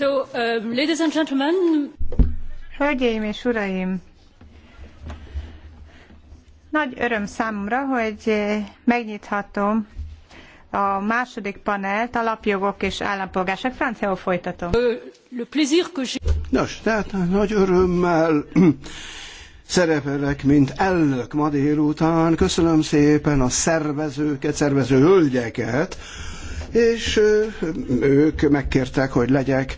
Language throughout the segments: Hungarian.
So, um, ladies and gentlemen... Hölgyeim és uraim! Nagy öröm számomra, hogy eh, megnyithatom a második panelt, alapjogok és állampolgárság. Franciául folytatom. Euh, Nos, tehát nagy örömmel szerepelek, mint elnök ma délután. Köszönöm szépen a szervezőket, szervező hölgyeket, és ők megkértek, hogy legyek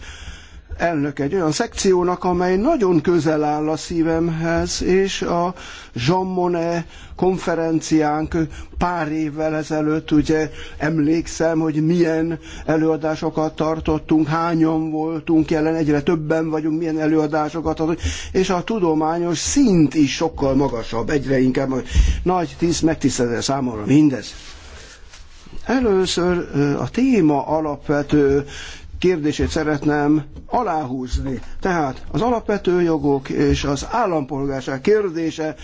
elnök egy olyan szekciónak, amely nagyon közel áll a szívemhez, és a Jean Monnet konferenciánk pár évvel ezelőtt, ugye emlékszem, hogy milyen előadásokat tartottunk, hányan voltunk jelen, egyre többen vagyunk, milyen előadásokat adunk, és a tudományos szint is sokkal magasabb, egyre inkább nagy tíz megtisztelő számomra mindez. Először a téma alapvető kérdését szeretném aláhúzni. Tehát az alapvető jogok és az állampolgárság kérdése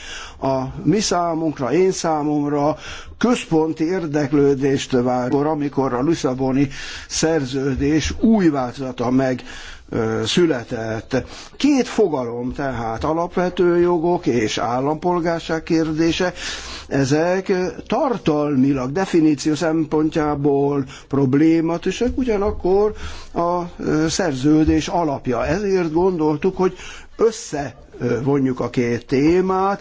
a mi számunkra, én számomra központi érdeklődést vált, amikor a Lisszaboni szerződés új változata meg született. Két fogalom tehát alapvető jogok és állampolgárság kérdése, ezek tartalmilag, definíció szempontjából problématűsek, ugyanakkor a szerződés alapja. Ezért gondoltuk, hogy összevonjuk a két témát,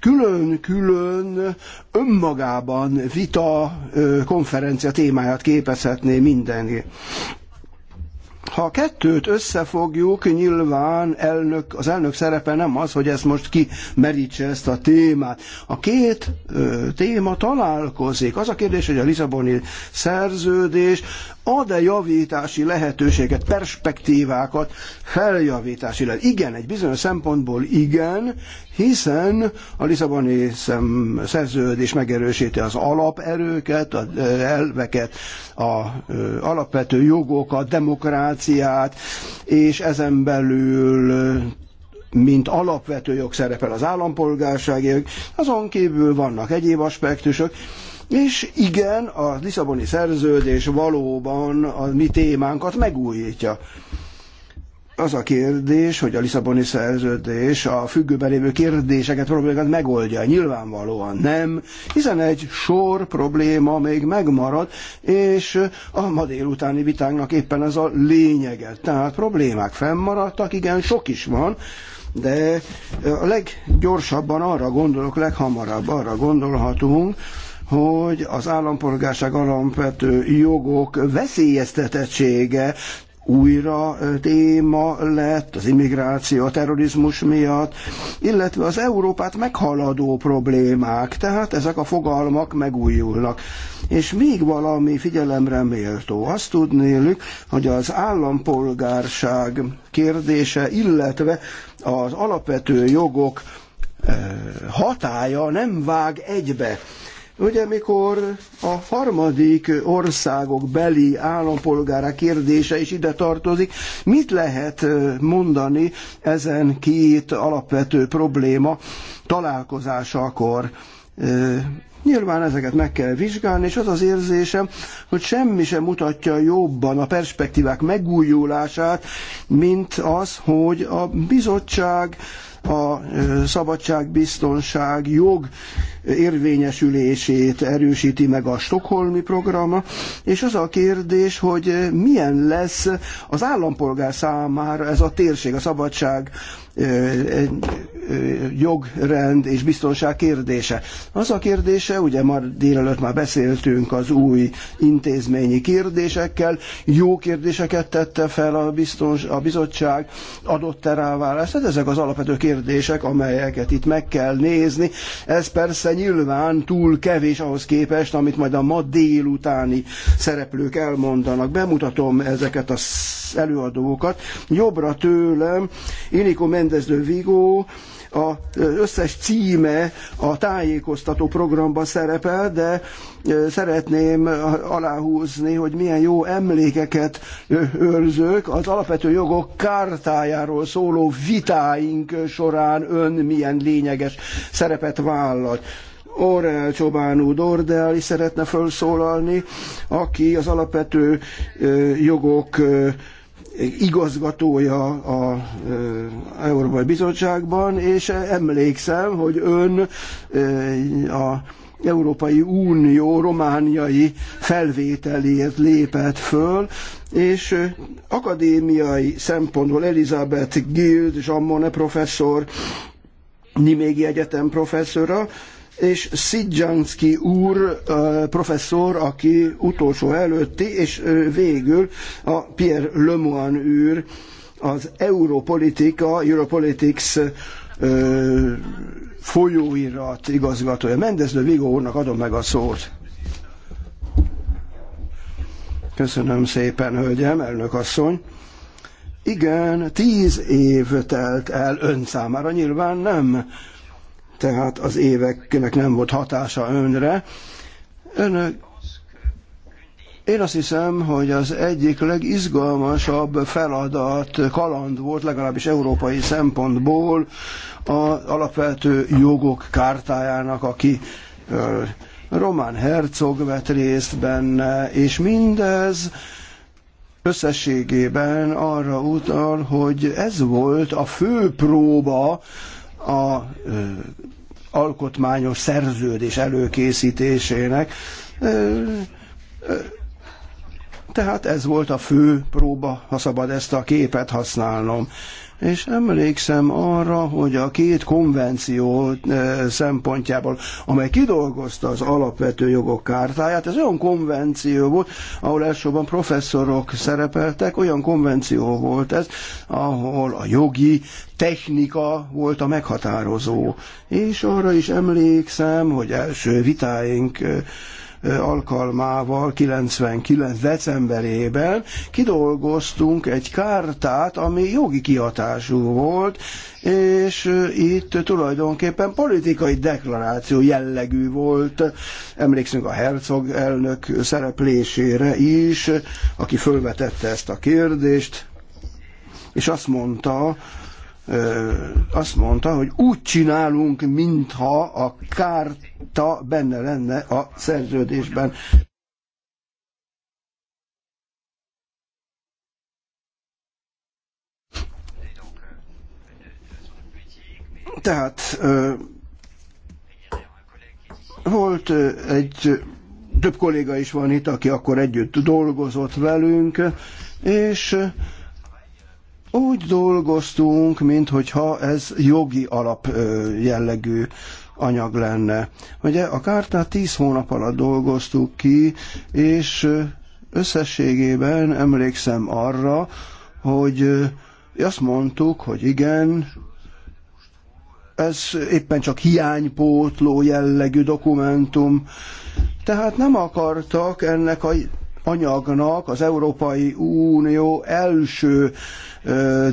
külön-külön önmagában vita konferencia témáját képezhetné mindenki. Ha a kettőt összefogjuk, nyilván elnök, az elnök szerepe nem az, hogy ezt most kimerítse ezt a témát. A két ö, téma találkozik. Az a kérdés, hogy a Lisszaboni szerződés ad-e javítási lehetőséget, perspektívákat, feljavítási lehet. Igen, egy bizonyos szempontból igen, hiszen a Lisszaboni szerződés megerősíti az alaperőket, az elveket, a alapvető jogokat, demokráciát, és ezen belül mint alapvető jog szerepel az állampolgársági jog, azon kívül vannak egyéb aspektusok, és igen, a Lisszaboni szerződés valóban a mi témánkat megújítja. Az a kérdés, hogy a Lisszaboni szerződés a függőben lévő kérdéseket, problémákat megoldja. Nyilvánvalóan nem, hiszen egy sor probléma még megmarad, és a ma délutáni vitánknak éppen ez a lényege. Tehát problémák fennmaradtak, igen, sok is van, de a leggyorsabban arra gondolok, leghamarabb arra gondolhatunk, hogy az állampolgárság alapvető jogok veszélyeztetettsége újra téma lett az immigráció, a terrorizmus miatt, illetve az Európát meghaladó problémák, tehát ezek a fogalmak megújulnak. És még valami figyelemre méltó. Azt tudnélük, hogy az állampolgárság kérdése, illetve az alapvető jogok hatája nem vág egybe. Ugye mikor a harmadik országok beli állampolgára kérdése is ide tartozik, mit lehet mondani ezen két alapvető probléma találkozásakor? Nyilván ezeket meg kell vizsgálni, és az az érzésem, hogy semmi sem mutatja jobban a perspektívák megújulását, mint az, hogy a bizottság a szabadság, biztonság, jog érvényesülését erősíti meg a Stockholmi programa, és az a kérdés, hogy milyen lesz az állampolgár számára ez a térség, a szabadság, jogrend és biztonság kérdése. Az a kérdése, ugye ma délelőtt már beszéltünk az új intézményi kérdésekkel, jó kérdéseket tette fel a, biztons, a bizottság, adott-e rá választ? Hát ezek az alapvető kérdések, amelyeket itt meg kell nézni. Ez persze nyilván túl kevés ahhoz képest, amit majd a ma délutáni szereplők elmondanak. Bemutatom ezeket az előadókat. Jobbra tőlem Inico rendező Vigó, az összes címe a tájékoztató programban szerepel, de szeretném aláhúzni, hogy milyen jó emlékeket őrzök. Az alapvető jogok kártájáról szóló vitáink során ön milyen lényeges szerepet vállalt. Orel Csobánú Dordel is szeretne felszólalni, aki az alapvető jogok igazgatója az Európai Bizottságban, és emlékszem, hogy ön a Európai Unió romániai felvételért lépett föl, és akadémiai szempontból Elizabeth Gild, Jean Monnet professzor, Nimégi Egyetem professzora, és Szidzsanszki úr professzor, aki utolsó előtti, és végül a Pierre Lemoine úr, az Europolitika, Europolitics folyóirat igazgatója. de Vigó úrnak adom meg a szót. Köszönöm szépen, hölgyem, elnök asszony. Igen, tíz év telt el ön számára, nyilván nem tehát az éveknek nem volt hatása önre. Önök én azt hiszem, hogy az egyik legizgalmasabb feladat, kaland volt, legalábbis európai szempontból, az alapvető jogok kártájának, aki román hercog vett részt benne, és mindez összességében arra utal, hogy ez volt a fő próba a alkotmányos szerződés előkészítésének. Tehát ez volt a fő próba, ha szabad ezt a képet használnom és emlékszem arra, hogy a két konvenció eh, szempontjából, amely kidolgozta az alapvető jogok kártáját, ez olyan konvenció volt, ahol elsősorban professzorok szerepeltek, olyan konvenció volt ez, ahol a jogi technika volt a meghatározó. És arra is emlékszem, hogy első vitáink eh, alkalmával 99. decemberében kidolgoztunk egy kártát, ami jogi kihatású volt, és itt tulajdonképpen politikai deklaráció jellegű volt. Emlékszünk a Herzog elnök szereplésére is, aki fölvetette ezt a kérdést, és azt mondta, azt mondta, hogy úgy csinálunk, mintha a kárta benne lenne a szerződésben. Tehát volt egy, több kolléga is van itt, aki akkor együtt dolgozott velünk, és úgy dolgoztunk, mint hogyha ez jogi alap jellegű anyag lenne. Ugye a kártát 10 hónap alatt dolgoztuk ki, és összességében emlékszem arra, hogy azt mondtuk, hogy igen, ez éppen csak hiánypótló jellegű dokumentum, tehát nem akartak ennek a anyagnak az Európai Unió első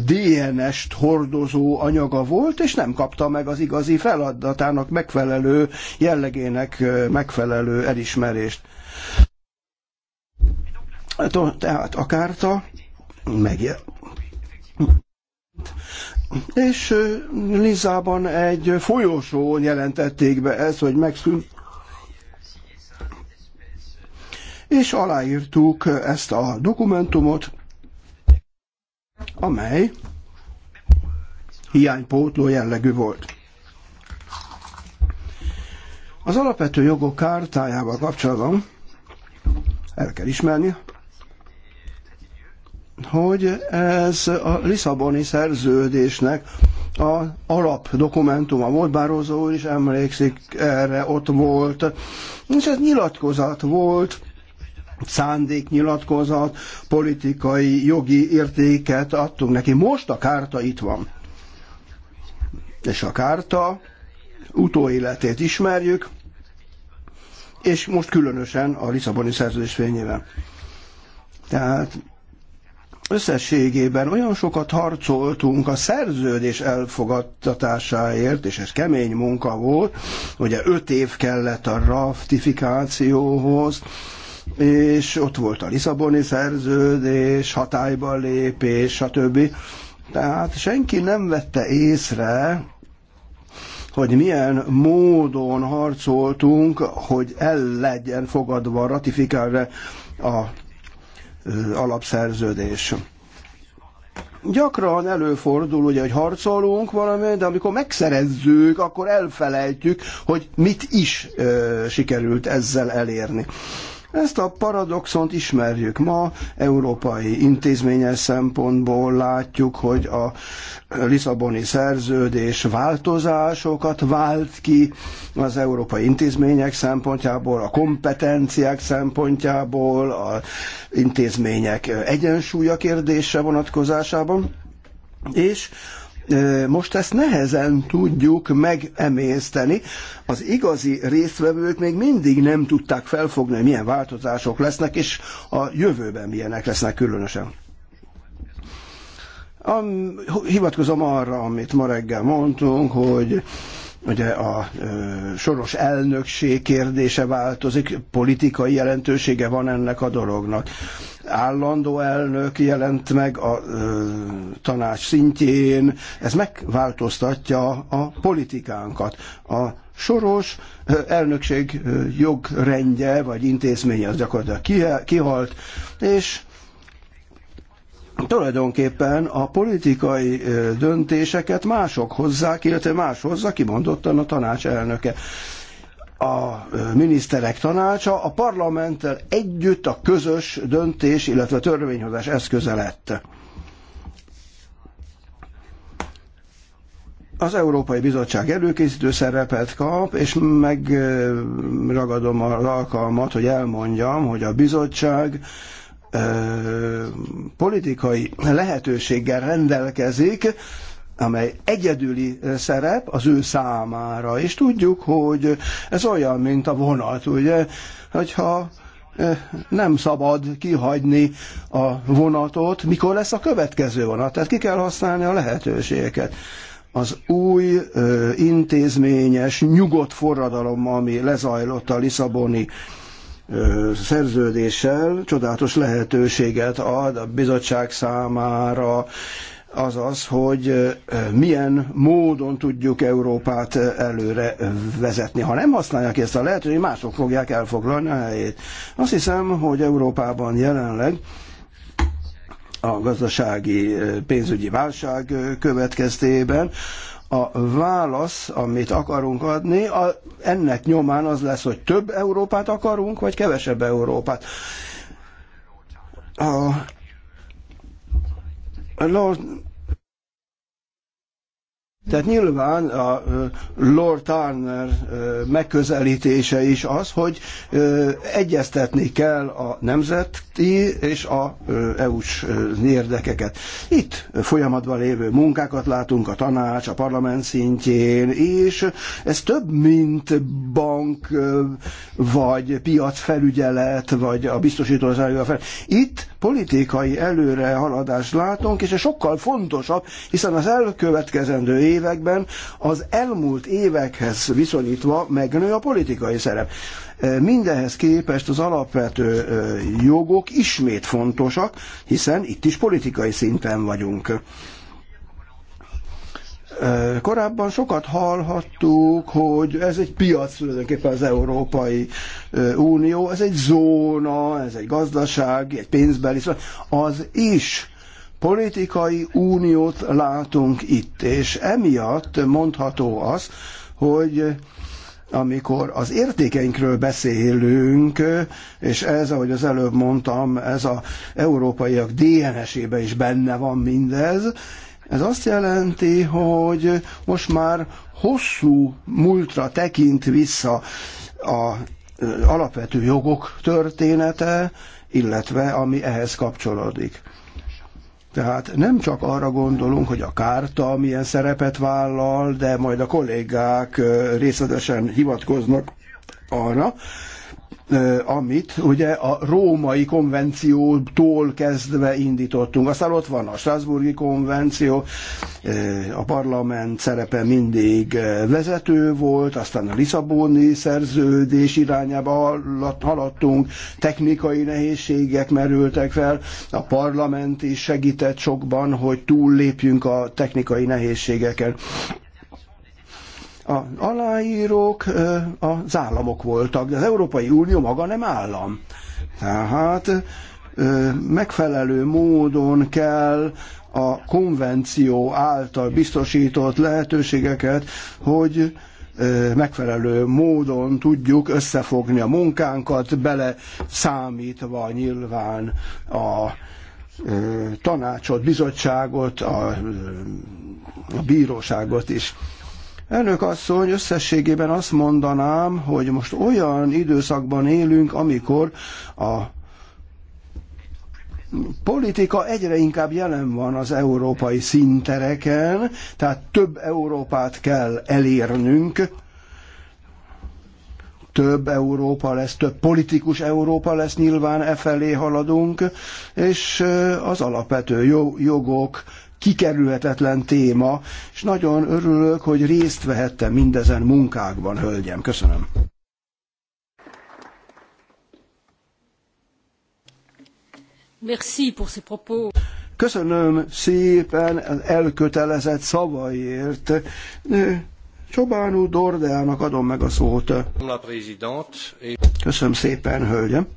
DNS-t hordozó anyaga volt, és nem kapta meg az igazi feladatának megfelelő jellegének megfelelő elismerést. Hát, tehát a kárta megjel. És Lizában egy folyosón jelentették be ezt, hogy megszűnt és aláírtuk ezt a dokumentumot, amely hiánypótló jellegű volt. Az alapvető jogok kártájával kapcsolatban el kell ismerni, hogy ez a Lisszaboni szerződésnek a alap dokumentuma volt, bár Rózó úr is emlékszik erre, ott volt, és ez nyilatkozat volt, szándéknyilatkozat, politikai, jogi értéket adtunk neki. Most a kárta itt van. És a kárta utóéletét ismerjük, és most különösen a Lisszaboni szerződés fényében. Tehát összességében olyan sokat harcoltunk a szerződés elfogadtatásáért, és ez kemény munka volt, ugye öt év kellett a ratifikációhoz, és ott volt a Lisszaboni szerződés, hatályba lépés, stb. Tehát senki nem vette észre, hogy milyen módon harcoltunk, hogy el legyen fogadva, ratifikálva a alapszerződés. Gyakran előfordul, ugye, hogy harcolunk valamit, de amikor megszerezzük, akkor elfelejtjük, hogy mit is ö, sikerült ezzel elérni. Ezt a paradoxont ismerjük ma, európai intézményes szempontból látjuk, hogy a Lisszaboni szerződés változásokat vált ki az európai intézmények szempontjából, a kompetenciák szempontjából, az intézmények egyensúlya kérdése vonatkozásában, és most ezt nehezen tudjuk megemészteni. Az igazi résztvevők még mindig nem tudták felfogni, hogy milyen változások lesznek, és a jövőben milyenek lesznek különösen. hivatkozom arra, amit ma reggel mondtunk, hogy ugye a soros elnökség kérdése változik, politikai jelentősége van ennek a dolognak. Állandó elnök jelent meg a tanács szintjén, ez megváltoztatja a politikánkat. A soros elnökség jogrendje vagy intézménye az gyakorlatilag kihalt, és tulajdonképpen a politikai döntéseket mások hozzák, illetve más hozza kimondottan a tanács elnöke. A miniszterek tanácsa a parlamenttel együtt a közös döntés, illetve törvényhozás eszköze lett. az Európai Bizottság előkészítő szerepet kap, és megragadom az alkalmat, hogy elmondjam, hogy a bizottság ö, politikai lehetőséggel rendelkezik, amely egyedüli szerep az ő számára. És tudjuk, hogy ez olyan, mint a vonat, ugye, hogyha nem szabad kihagyni a vonatot, mikor lesz a következő vonat. Tehát ki kell használni a lehetőségeket. Az új ö, intézményes, nyugodt forradalom, ami lezajlott a Lisszaboni szerződéssel csodálatos lehetőséget ad a bizottság számára, az az, hogy milyen módon tudjuk Európát előre vezetni. Ha nem használják ezt a lehetőséget, mások fogják elfoglalni a helyét. Azt hiszem, hogy Európában jelenleg a gazdasági pénzügyi válság következtében a válasz, amit akarunk adni, a, ennek nyomán az lesz, hogy több Európát akarunk, vagy kevesebb Európát. A Lord tehát nyilván a Lord Turner megközelítése is az, hogy egyeztetni kell a nemzeti és a EU-s érdekeket. Itt folyamatban lévő munkákat látunk a tanács, a parlament szintjén, és ez több, mint bank, vagy piacfelügyelet, vagy a biztosító fel. Itt politikai előrehaladást látunk, és ez sokkal fontosabb, hiszen az elkövetkezendő években az elmúlt évekhez viszonyítva megnő a politikai szerep. Mindehhez képest az alapvető jogok ismét fontosak, hiszen itt is politikai szinten vagyunk. Korábban sokat hallhattuk, hogy ez egy piac tulajdonképpen az Európai Unió, ez egy zóna, ez egy gazdaság, egy pénzbeli, az is Politikai uniót látunk itt, és emiatt mondható az, hogy amikor az értékeinkről beszélünk, és ez, ahogy az előbb mondtam, ez a európaiak DNS-ébe is benne van mindez, ez azt jelenti, hogy most már hosszú múltra tekint vissza a alapvető jogok története, illetve ami ehhez kapcsolódik. Tehát nem csak arra gondolunk, hogy a kárta milyen szerepet vállal, de majd a kollégák részletesen hivatkoznak arra, amit ugye a római konvenciótól kezdve indítottunk. Aztán ott van a Strasburgi konvenció, a parlament szerepe mindig vezető volt, aztán a Lisszaboni szerződés irányába haladtunk, technikai nehézségek merültek fel, a parlament is segített sokban, hogy túllépjünk a technikai nehézségeken. A aláírók az államok voltak, de az Európai Unió maga nem állam. Tehát megfelelő módon kell a konvenció által biztosított lehetőségeket, hogy megfelelő módon tudjuk összefogni a munkánkat, bele számítva nyilván a tanácsot, bizottságot, a, a bíróságot is. Elnök asszony, összességében azt mondanám, hogy most olyan időszakban élünk, amikor a politika egyre inkább jelen van az európai szintereken, tehát több Európát kell elérnünk, több Európa lesz, több politikus Európa lesz, nyilván e felé haladunk, és az alapvető jogok, kikerülhetetlen téma, és nagyon örülök, hogy részt vehettem mindezen munkákban, hölgyem. Köszönöm. Merci pour ces propos. Köszönöm szépen az elkötelezett szavaiért. Csobánú Dordeának adom meg a szót. Köszönöm szépen, hölgyem.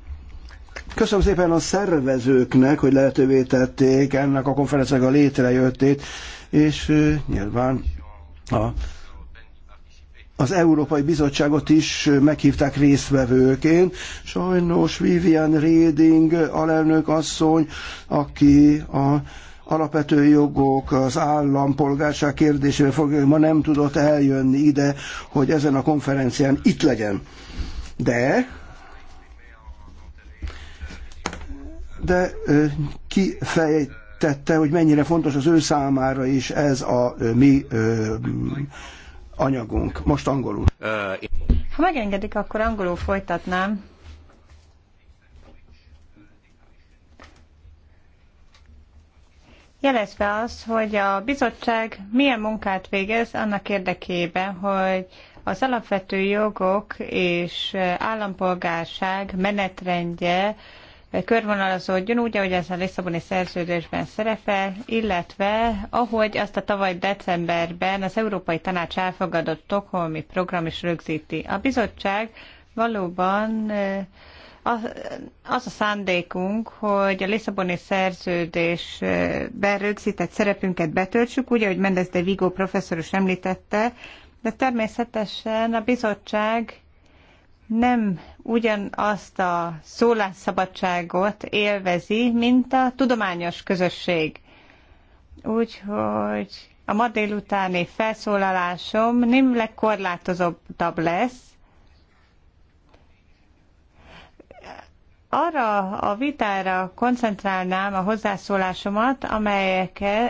Köszönöm szépen a szervezőknek, hogy lehetővé tették ennek a konferenciának a létrejöttét, és nyilván a az Európai Bizottságot is meghívták résztvevőként. Sajnos Vivian Reding, alelnök asszony, aki a alapvető jogok, az állampolgárság kérdésével fogja, ma nem tudott eljönni ide, hogy ezen a konferencián itt legyen. De de kifejtette, hogy mennyire fontos az ő számára is ez a mi anyagunk. Most angolul. Ha megengedik, akkor angolul folytatnám. jelezve az, hogy a bizottság milyen munkát végez annak érdekében, hogy az alapvető jogok és állampolgárság menetrendje körvonalazódjon úgy, ahogy ez a Lisszaboni szerződésben szerepel, illetve ahogy azt a tavaly decemberben az Európai Tanács elfogadott Stockholmi program is rögzíti. A bizottság valóban az a szándékunk, hogy a Lisszaboni szerződésben rögzített szerepünket betöltsük, úgy, ahogy Mendez de Vigo professzor is említette, de természetesen a bizottság nem ugyanazt a szólásszabadságot élvezi, mint a tudományos közösség. Úgyhogy a ma délutáni felszólalásom nem korlátozottabb lesz. Arra a vitára koncentrálnám a hozzászólásomat,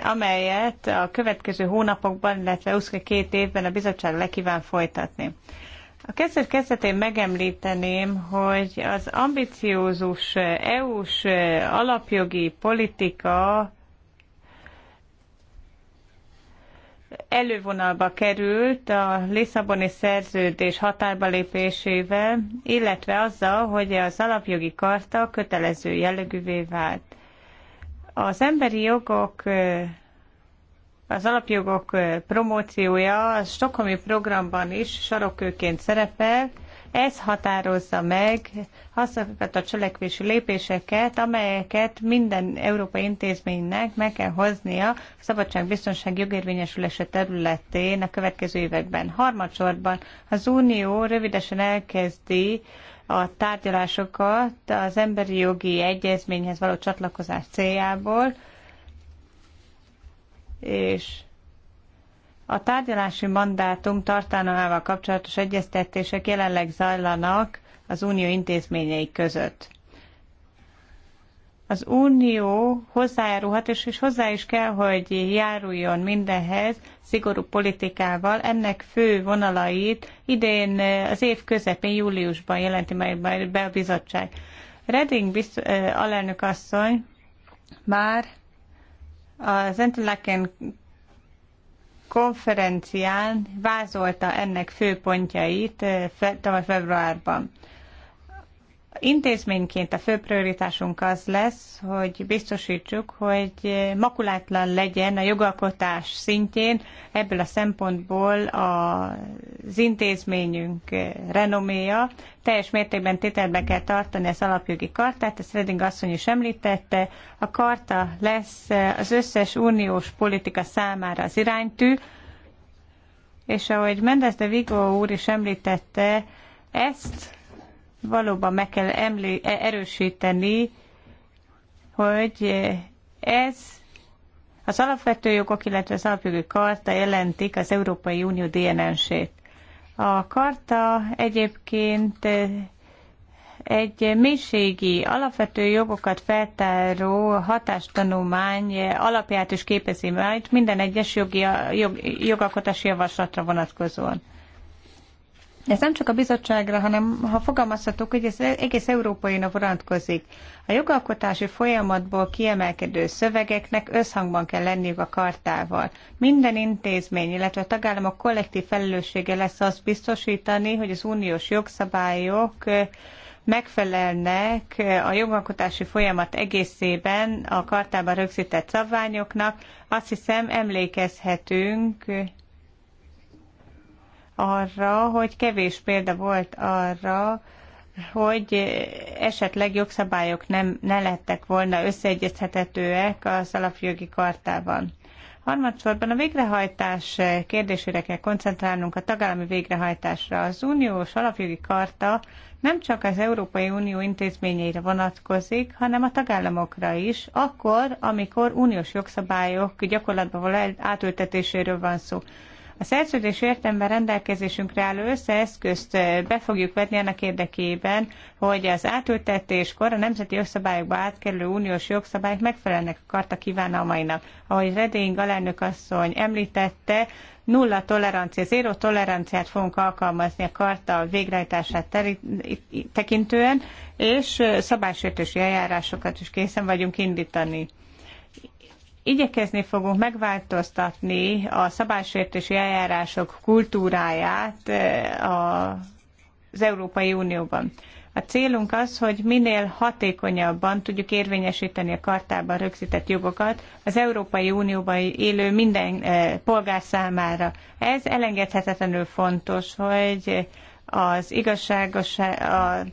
amelyet a következő hónapokban, illetve 22 évben a bizottság lekíván folytatni. A kezdet kezdetén megemlíteném, hogy az ambiciózus eh, EU-s eh, alapjogi politika elővonalba került a Lisszaboni szerződés határba lépésével, illetve azzal, hogy az alapjogi karta kötelező jellegűvé vált. Az emberi jogok eh, az alapjogok promóciója a Stockholmi programban is sarokkőként szerepel, ez határozza meg azokat a cselekvési lépéseket, amelyeket minden európai intézménynek meg kell hoznia a szabadságbiztonság jogérvényesülése területén a következő években. Harmadsorban az Unió rövidesen elkezdi a tárgyalásokat az emberi jogi egyezményhez való csatlakozás céljából, és a tárgyalási mandátum tartalmával kapcsolatos egyeztetések jelenleg zajlanak az unió intézményei között. Az unió hozzájárulhat, és, és hozzá is kell, hogy járuljon mindenhez szigorú politikával. Ennek fő vonalait idén eh, az év közepén, júliusban jelenti majd be a bizottság. Reding bizt, eh, alelnök asszony már az Entelaken konferencián vázolta ennek főpontjait eh, tavaly februárban. Intézményként a fő prioritásunk az lesz, hogy biztosítsuk, hogy makulátlan legyen a jogalkotás szintjén, ebből a szempontból az intézményünk renoméja. Teljes mértékben tételbe kell tartani az alapjogi kartát, ezt Reding asszony is említette. A karta lesz az összes uniós politika számára az iránytű, és ahogy Mendez de Vigo úr is említette, ezt valóban meg kell emlő, e, erősíteni, hogy ez az alapvető jogok, illetve az alapjogi karta jelentik az Európai Unió DNS-ét. A karta egyébként egy mélységi, alapvető jogokat feltáró hatástanulmány alapját is képezi majd minden egyes jogi, jog, jogalkotási javaslatra vonatkozóan ez nem csak a bizottságra, hanem ha fogalmazhatok, hogy ez egész európai nap vonatkozik. A jogalkotási folyamatból kiemelkedő szövegeknek összhangban kell lenniük a kartával. Minden intézmény, illetve a tagállamok kollektív felelőssége lesz azt biztosítani, hogy az uniós jogszabályok megfelelnek a jogalkotási folyamat egészében a kartában rögzített szabványoknak. Azt hiszem emlékezhetünk arra, hogy kevés példa volt arra, hogy esetleg jogszabályok nem, ne lettek volna összeegyezhetetőek az alapjogi kartában. Harmadsorban a végrehajtás kérdésére kell koncentrálnunk a tagállami végrehajtásra. Az uniós alapjogi karta nem csak az Európai Unió intézményeire vonatkozik, hanem a tagállamokra is, akkor, amikor uniós jogszabályok gyakorlatban való átültetéséről van szó. A szerződés értelemben rendelkezésünkre álló összeeszközt eh, be fogjuk vetni annak érdekében, hogy az átültetéskor a nemzeti jogszabályokba átkerülő uniós jogszabályok megfelelnek a karta kívánalmainak. Ahogy Reding alelnök asszony említette, nulla tolerancia, zéró toleranciát fogunk alkalmazni a karta végrehajtását tekintően, és eh, szabálysértési eljárásokat is készen vagyunk indítani. Igyekezni fogunk megváltoztatni a szabálysértési eljárások kultúráját eh, az Európai Unióban. A célunk az, hogy minél hatékonyabban tudjuk érvényesíteni a kartában rögzített jogokat az Európai Unióban élő minden eh, polgár számára. Ez elengedhetetlenül fontos, hogy az igazságos, a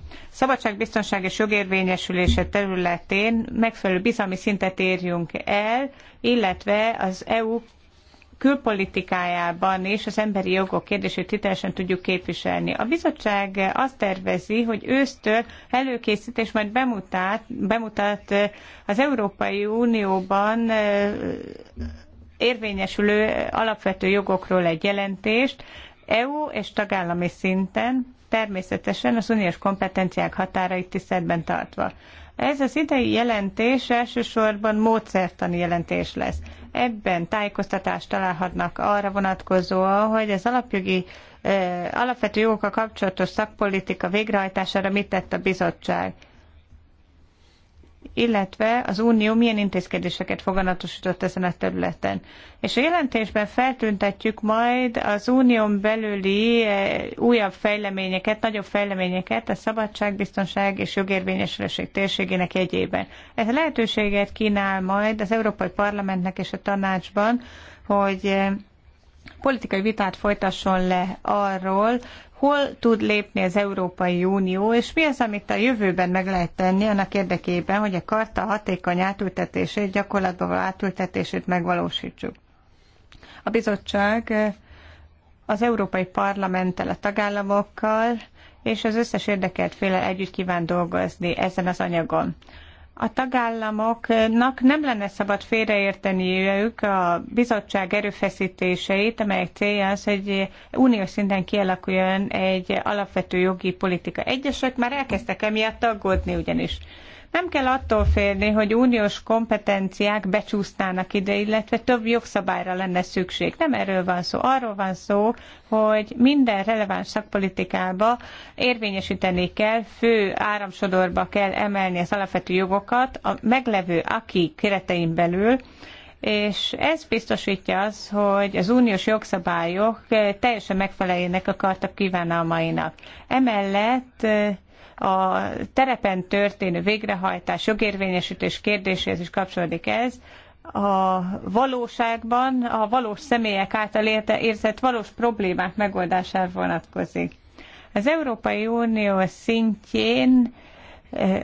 biztonság és jogérvényesülése területén megfelelő bizalmi szintet érjünk el, illetve az EU külpolitikájában és az emberi jogok kérdését hitelesen tudjuk képviselni. A bizottság azt tervezi, hogy ősztől előkészít és majd bemutat, bemutat az Európai Unióban érvényesülő alapvető jogokról egy jelentést, EU és tagállami szinten, természetesen az uniós kompetenciák határait tiszteletben tartva. Ez az idei jelentés elsősorban módszertani jelentés lesz. Ebben tájékoztatást találhatnak arra vonatkozóan, hogy az alapjogi eh, alapvető jogokkal kapcsolatos szakpolitika végrehajtására mit tett a bizottság illetve az Unió milyen intézkedéseket foganatosított ezen a területen. És a jelentésben feltüntetjük majd az Unión belüli eh, újabb fejleményeket, nagyobb fejleményeket a szabadság, biztonság és jogérvényesüléség térségének jegyében. Ez a lehetőséget kínál majd az Európai Parlamentnek és a tanácsban, hogy eh, politikai vitát folytasson le arról, hol tud lépni az Európai Unió, és mi az, amit a jövőben meg lehet tenni annak érdekében, hogy a karta hatékony átültetését, gyakorlatban való átültetését megvalósítsuk. A bizottság eh, az Európai Parlamenttel, a tagállamokkal és az összes érdekelt féle együtt kíván dolgozni ezen az anyagon a tagállamoknak nem lenne szabad félreérteniük a bizottság erőfeszítéseit, amelyek célja az, hogy uniós szinten kialakuljon egy alapvető jogi politika. Egyesek már elkezdtek emiatt aggódni ugyanis. Nem kell attól félni, hogy uniós kompetenciák becsúsztának ide, illetve több jogszabályra lenne szükség. Nem erről van szó. Arról van szó, hogy minden releváns szakpolitikába érvényesíteni kell, fő áramsodorba kell emelni az alapvető jogokat a meglevő aki keretein belül, és ez biztosítja az, hogy az uniós jogszabályok teljesen megfeleljenek a karta kívánalmainak. Emellett a terepen történő végrehajtás, jogérvényesítés kérdéséhez is kapcsolódik ez, a valóságban a valós személyek által érte, érzett valós problémák megoldására vonatkozik. Az Európai Unió szintjén eh,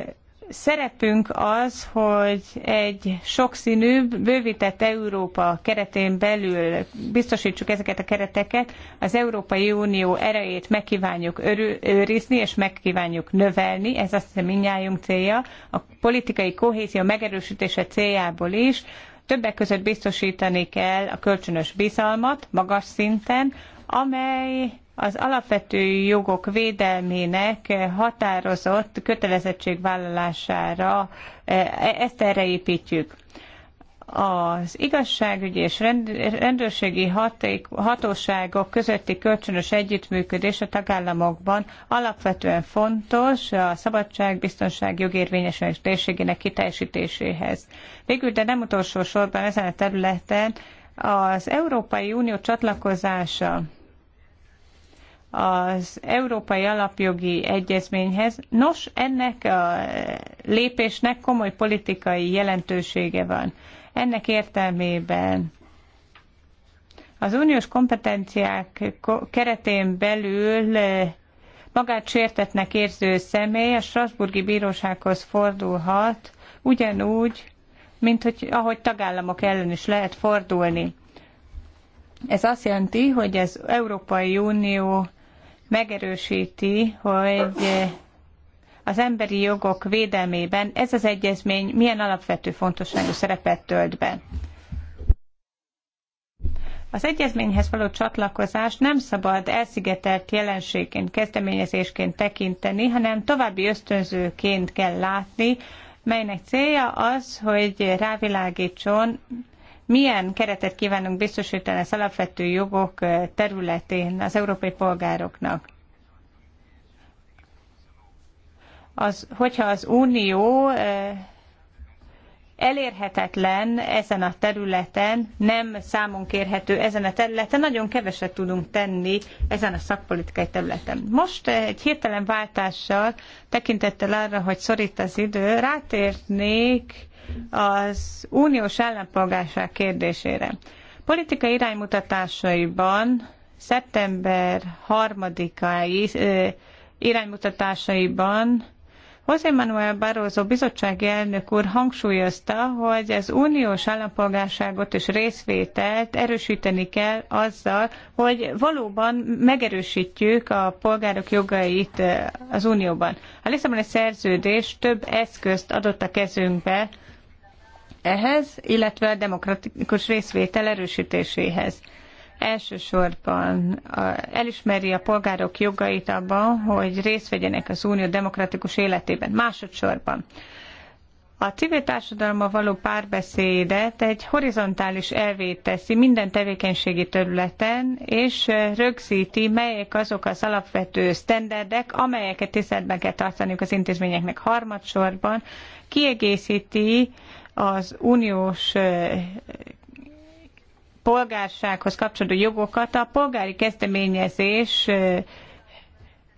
szerepünk az, hogy egy sokszínű, bővített Európa keretén belül biztosítsuk ezeket a kereteket, az Európai Unió erejét megkívánjuk őrizni és megkívánjuk növelni, ez azt hiszem mindnyájunk célja, a politikai kohézió megerősítése céljából is, többek között biztosítani kell a kölcsönös bizalmat magas szinten, amely az alapvető jogok védelmének határozott kötelezettségvállalására e, ezt erre építjük. Az igazságügyi és rendőrségi haték, hatóságok közötti kölcsönös együttműködés a tagállamokban alapvetően fontos a szabadság, biztonság, jogérvényesülés térségének kiteljesítéséhez. Végül, de nem utolsó sorban ezen a területen az Európai Unió csatlakozása az Európai Alapjogi Egyezményhez. Nos, ennek a lépésnek komoly politikai jelentősége van. Ennek értelmében az uniós kompetenciák keretén belül eh, magát sértetnek érző személy a Strasburgi Bírósághoz fordulhat, ugyanúgy, mint hogy, ahogy tagállamok ellen is lehet fordulni. Ez azt jelenti, hogy az Európai Unió megerősíti, hogy az emberi jogok védelmében ez az egyezmény milyen alapvető fontosságú szerepet tölt be. Az egyezményhez való csatlakozást nem szabad elszigetelt jelenségként, kezdeményezésként tekinteni, hanem további ösztönzőként kell látni, melynek célja az, hogy rávilágítson milyen keretet kívánunk biztosítani az alapvető jogok területén az európai polgároknak. Az, hogyha az Unió elérhetetlen ezen a területen, nem számon kérhető ezen a területen, nagyon keveset tudunk tenni ezen a szakpolitikai területen. Most egy hirtelen váltással tekintettel arra, hogy szorít az idő, rátérnék az uniós állampolgárság kérdésére. Politikai iránymutatásaiban szeptember 3-ai iránymutatásaiban José Manuel Barroso bizottsági elnök úr hangsúlyozta, hogy az uniós állampolgárságot és részvételt erősíteni kell azzal, hogy valóban megerősítjük a polgárok jogait az unióban. A Lisszaboni szerződés több eszközt adott a kezünkbe ehhez, illetve a demokratikus részvétel erősítéséhez. Elsősorban elismeri a polgárok jogait abban, hogy részt vegyenek az unió demokratikus életében. Másodszorban a civil társadalma való párbeszédet egy horizontális elvét teszi minden tevékenységi területen, és rögzíti, melyek azok az alapvető sztenderdek, amelyeket tiszteletben kell tartaniuk az intézményeknek harmadsorban, kiegészíti az uniós polgársághoz kapcsolódó jogokat a polgári kezdeményezés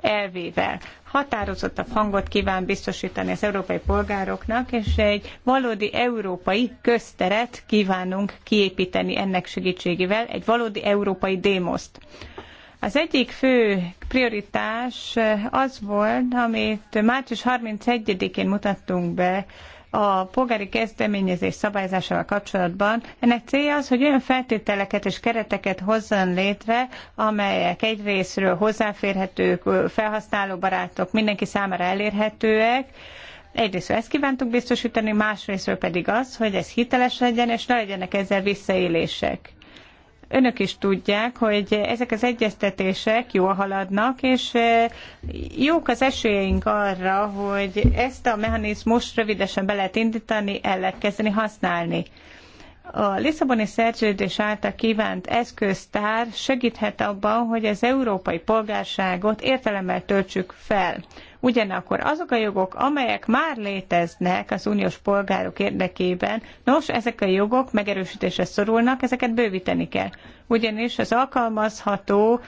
elvével. Határozottabb hangot kíván biztosítani az európai polgároknak, és egy valódi európai közteret kívánunk kiépíteni ennek segítségével, egy valódi európai démoszt. Az egyik fő prioritás az volt, amit március 31-én mutattunk be a polgári kezdeményezés szabályzásával kapcsolatban. Ennek célja az, hogy olyan feltételeket és kereteket hozzon létre, amelyek egyrésztről hozzáférhetők, felhasználóbarátok, mindenki számára elérhetőek, Egyrészt ezt kívántuk biztosítani, másrészt pedig az, hogy ez hiteles legyen, és ne legyenek ezzel visszaélések. Önök is tudják, hogy ezek az egyeztetések jól haladnak, és e, jók az esélyeink arra, hogy ezt a mechanizmust rövidesen be lehet indítani, el lehet kezdeni használni. A Lisszaboni szerződés által kívánt eszköztár segíthet abban, hogy az európai polgárságot értelemmel töltsük fel. Ugyanakkor azok a jogok, amelyek már léteznek az uniós polgárok érdekében, nos, ezek a jogok megerősítésre szorulnak, ezeket bővíteni kell. Ugyanis az alkalmazható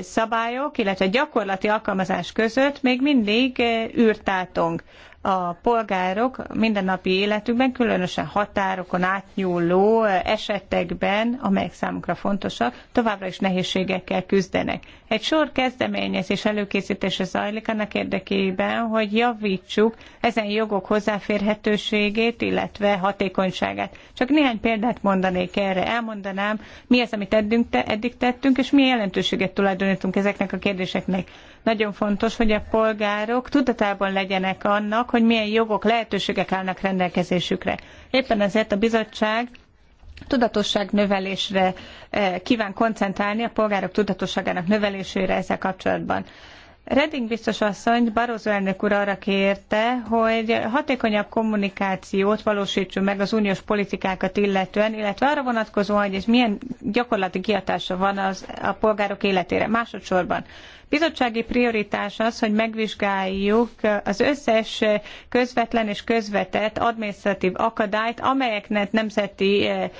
szabályok, illetve gyakorlati alkalmazás között még mindig űrtátong a polgárok mindennapi életükben, különösen határokon átnyúló esetekben, amelyek számukra fontosak, továbbra is nehézségekkel küzdenek. Egy sor kezdeményezés előkészítése zajlik annak érdekében, hogy javítsuk ezen jogok hozzáférhetőségét, illetve hatékonyságát. Csak néhány példát mondanék erre. Elmondanám, mi az, amit eddig tettünk, és mi jelentőséget tulajdonítunk ezeknek a kérdéseknek. Nagyon fontos, hogy a polgárok tudatában legyenek annak, hogy milyen jogok, lehetőségek állnak rendelkezésükre. Éppen ezért a bizottság tudatosság növelésre eh, kíván koncentrálni, a polgárok tudatosságának növelésére ezzel kapcsolatban. Reding biztos asszony Barroso elnök úr arra kérte, hogy hatékonyabb kommunikációt valósítsunk meg az uniós politikákat illetően, illetve arra vonatkozóan, hogy ez milyen gyakorlati kihatása van az, a polgárok életére. Másodszorban bizottsági prioritás az, hogy megvizsgáljuk az összes közvetlen és közvetett adminisztratív akadályt, amelyeknek nemzeti eh,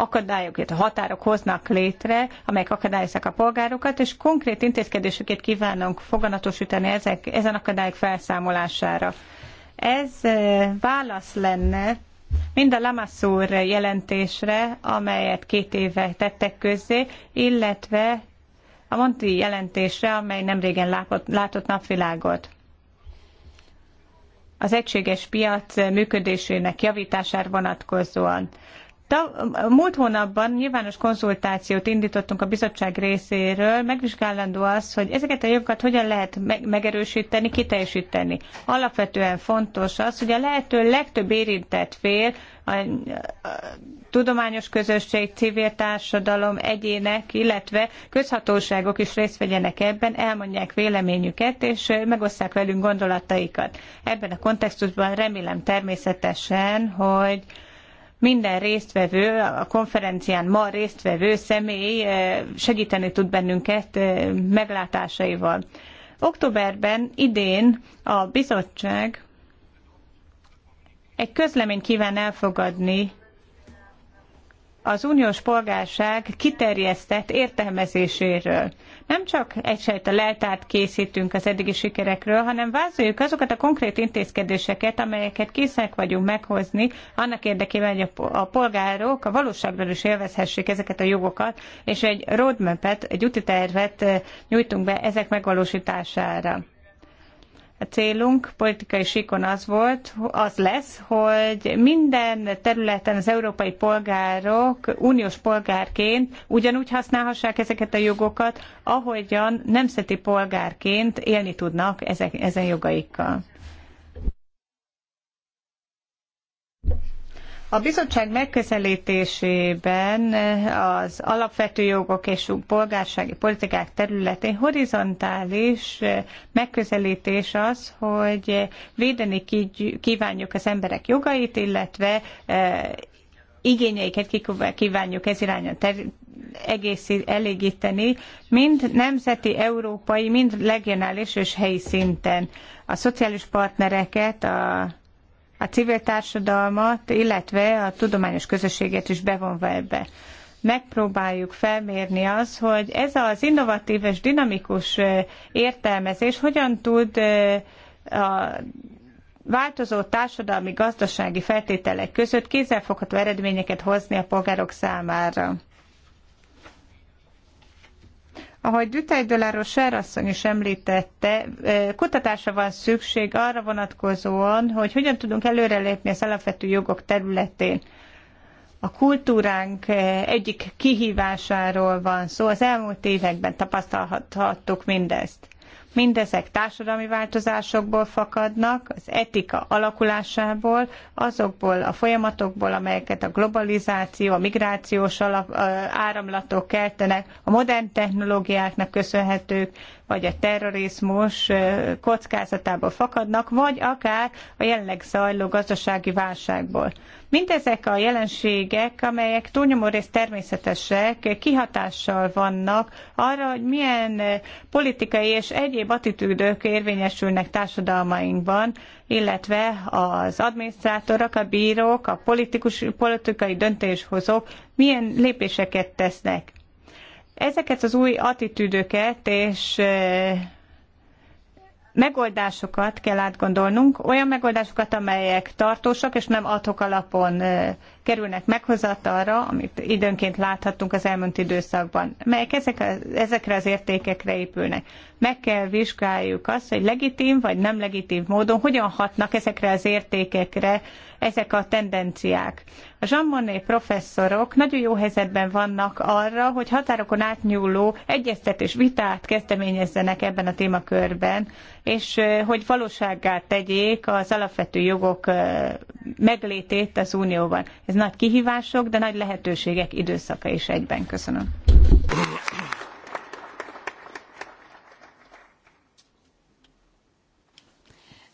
akadályok, illetve határok hoznak létre, amelyek akadályozzák a polgárokat, és konkrét intézkedéseket kívánunk foganatosítani ezek, ezen akadályok felszámolására. Ez eh, válasz lenne mind a Lamassur jelentésre, amelyet két éve tettek közzé, illetve a Monti jelentésre, amely nemrégen látott, látott napvilágot. Az egységes piac működésének javítására vonatkozóan. Múlt hónapban nyilvános konzultációt indítottunk a bizottság részéről, megvizsgálandó az, hogy ezeket a jogokat hogyan lehet megerősíteni, kiteljesíteni. Alapvetően fontos az, hogy a lehető legtöbb érintett fél a tudományos közösség, civil társadalom, egyének, illetve közhatóságok is részt vegyenek ebben, elmondják véleményüket, és megosszák velünk gondolataikat. Ebben a kontextusban remélem természetesen, hogy minden résztvevő, a konferencián ma résztvevő személy segíteni tud bennünket meglátásaival. Októberben idén a bizottság egy közleményt kíván elfogadni az uniós polgárság kiterjesztett értelmezéséről. Nem csak egyfajta leltárt készítünk az eddigi sikerekről, hanem vázoljuk azokat a konkrét intézkedéseket, amelyeket készek vagyunk meghozni, annak érdekében, hogy a polgárok a valóságban is élvezhessék ezeket a jogokat, és egy roadmap-et, egy útitervet eh, nyújtunk be ezek megvalósítására a célunk, politikai síkon az volt, az lesz, hogy minden területen az európai polgárok uniós polgárként ugyanúgy használhassák ezeket a jogokat, ahogyan nemzeti polgárként élni tudnak ezek, ezen jogaikkal. A bizottság megközelítésében az alapvető jogok és polgársági politikák területén horizontális megközelítés az, hogy védeni kívánjuk az emberek jogait, illetve e, igényeiket kívánjuk ez irányon egész elégíteni, mind nemzeti, európai, mind regionális és helyi szinten. A szociális partnereket, a a civil társadalmat, illetve a tudományos közösséget is bevonva ebbe. Megpróbáljuk felmérni az, hogy ez az innovatív és dinamikus értelmezés hogyan tud a változó társadalmi-gazdasági feltételek között kézzelfogható eredményeket hozni a polgárok számára. Ahogy Dütej Döláról asszony is említette, kutatásra van szükség arra vonatkozóan, hogy hogyan tudunk előrelépni az alapvető jogok területén. A kultúránk egyik kihívásáról van szó, az elmúlt években tapasztalhattuk mindezt. Mindezek társadalmi változásokból fakadnak, az etika alakulásából, azokból a folyamatokból, amelyeket a globalizáció, a migrációs alap, áramlatok keltenek, a modern technológiáknak köszönhetők, vagy a terrorizmus kockázatából fakadnak, vagy akár a jelenleg zajló gazdasági válságból. Mindezek a jelenségek, amelyek túlnyomó részt természetesek, kihatással vannak arra, hogy milyen politikai és egyéb attitűdök érvényesülnek társadalmainkban, illetve az adminisztrátorok, a bírók, a politikus, politikai döntéshozók milyen lépéseket tesznek. Ezeket az új attitűdöket és megoldásokat kell átgondolnunk, olyan megoldásokat, amelyek tartósak és nem adhok alapon kerülnek meghozatalra, amit időnként láthattunk az elmúlt időszakban, melyek ezek, ezekre az értékekre épülnek. Meg kell vizsgáljuk azt, hogy legitim vagy nem legitim módon hogyan hatnak ezekre az értékekre ezek a tendenciák. A Jean Monnet professzorok nagyon jó helyzetben vannak arra, hogy határokon átnyúló egyeztetés vitát kezdeményezzenek ebben a témakörben, és hogy valósággá tegyék az alapvető jogok meglétét az Unióban. Ez nagy kihívások, de nagy lehetőségek időszaka is egyben. Köszönöm.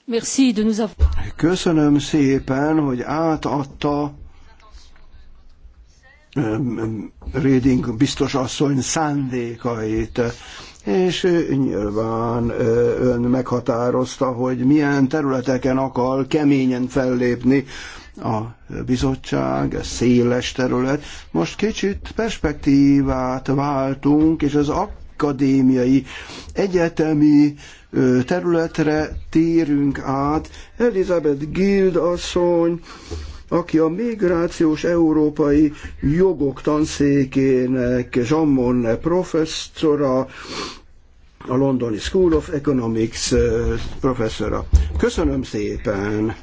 Merci de nous avoir... Köszönöm szépen, hogy átadta Reading biztos asszony szándékait, és nyilván ön meghatározta, hogy milyen területeken akar keményen fellépni a bizottság, széles terület. Most kicsit perspektívát váltunk, és az akadémiai, egyetemi területre térünk át. Elizabeth Gild asszony, aki a Migrációs Európai Jogok Tanszékének Zsammon professzora, a Londoni School of Economics professzora. Köszönöm szépen!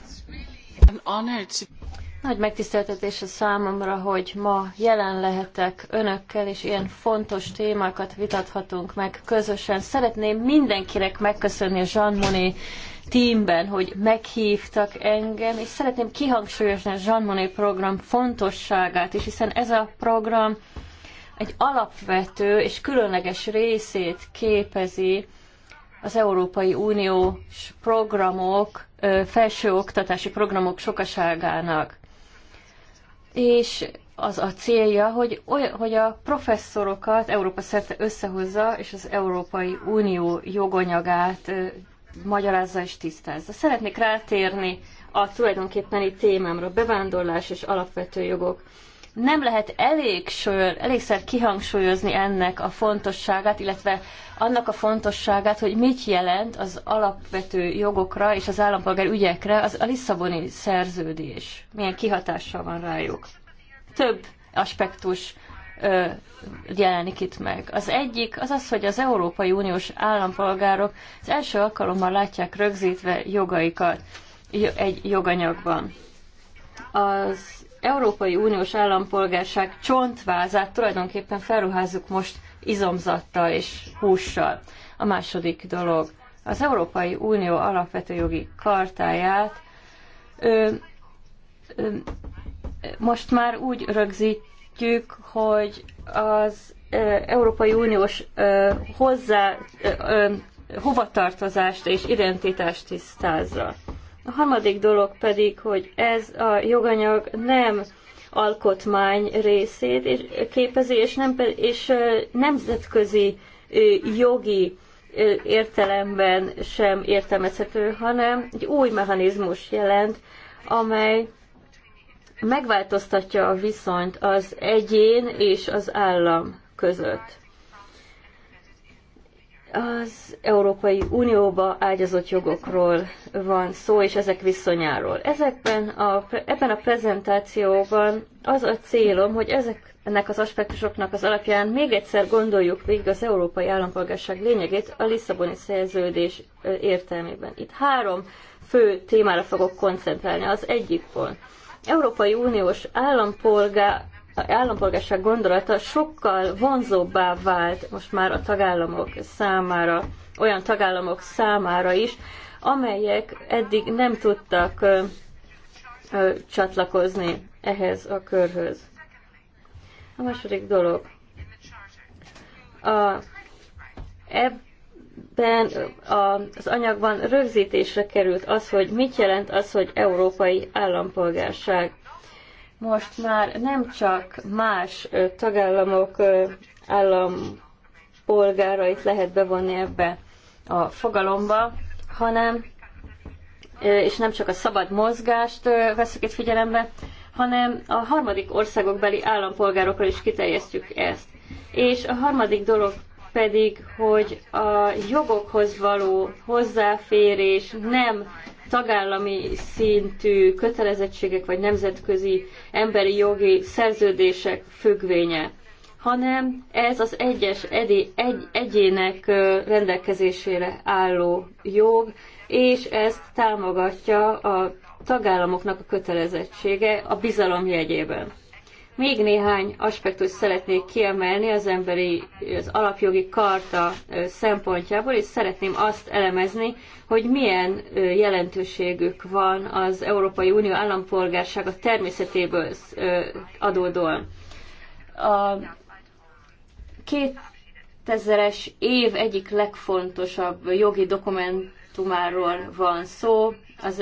Nagy megtiszteltetés a számomra, hogy ma jelen lehetek önökkel, és ilyen fontos témákat vitathatunk meg közösen. Szeretném mindenkinek megköszönni a Jean Monnet teamben, hogy meghívtak engem, és szeretném kihangsúlyozni a Jean Monnet program fontosságát is, hiszen ez a program egy alapvető és különleges részét képezi az Európai Uniós programok, felsőoktatási programok sokaságának és az a célja, hogy, oly, hogy a professzorokat Európa szerte összehozza, és az Európai Unió joganyagát magyarázza és tisztázza. Szeretnék rátérni a tulajdonképpeni témámra, bevándorlás és alapvető jogok nem lehet elégsör, elégszer kihangsúlyozni ennek a fontosságát, illetve annak a fontosságát, hogy mit jelent az alapvető jogokra és az állampolgár ügyekre az a Lisszaboni szerződés. Milyen kihatással van rájuk. Több aspektus ö, jelenik itt meg. Az egyik az az, hogy az Európai Uniós állampolgárok az első alkalommal látják rögzítve jogaikat egy joganyagban. Az Európai Uniós állampolgárság csontvázát tulajdonképpen felruházzuk most izomzattal és hússal. A második dolog, az Európai Unió alapvető jogi kartáját ö, ö, most már úgy rögzítjük, hogy az Európai Uniós ö, hozzá ö, ö, hovatartozást és identitást tisztázza. A harmadik dolog pedig, hogy ez a joganyag nem alkotmány részét és, képezi, és, nem, és nemzetközi jogi értelemben sem értelmezhető, hanem egy új mechanizmus jelent, amely megváltoztatja a viszonyt az egyén és az állam között az Európai Unióba ágyazott jogokról van szó, és ezek viszonyáról. Ezekben a, ebben a prezentációban az a célom, hogy ezeknek az aspektusoknak az alapján még egyszer gondoljuk végig az európai állampolgárság lényegét a Lisszaboni szerződés értelmében. Itt három fő témára fogok koncentrálni. Az egyik pont. Európai Uniós állampolgár, állampolgárság gondolata sokkal vonzóbbá vált most már a tagállamok számára, olyan tagállamok számára is, amelyek eddig nem tudtak ö, ö, csatlakozni ehhez a körhöz. A második dolog. A, ebben a, az anyagban rögzítésre került az, hogy mit jelent az, hogy európai állampolgárság most már nem csak más tagállamok állampolgárait lehet bevonni ebbe a fogalomba, hanem és nem csak a szabad mozgást veszük itt figyelembe, hanem a harmadik országokbeli állampolgárokra is kiterjesztjük ezt. És a harmadik dolog pedig, hogy a jogokhoz való hozzáférés nem tagállami szintű kötelezettségek vagy nemzetközi emberi jogi szerződések függvénye, hanem ez az egyes edi, egy, egyének rendelkezésére álló jog, és ezt támogatja a tagállamoknak a kötelezettsége a bizalom jegyében. Még néhány aspektust szeretnék kiemelni az emberi, az alapjogi karta szempontjából, és szeretném azt elemezni, hogy milyen jelentőségük van az Európai Unió állampolgársága természetéből adódóan. A 2000-es év egyik legfontosabb jogi dokumentumáról van szó az,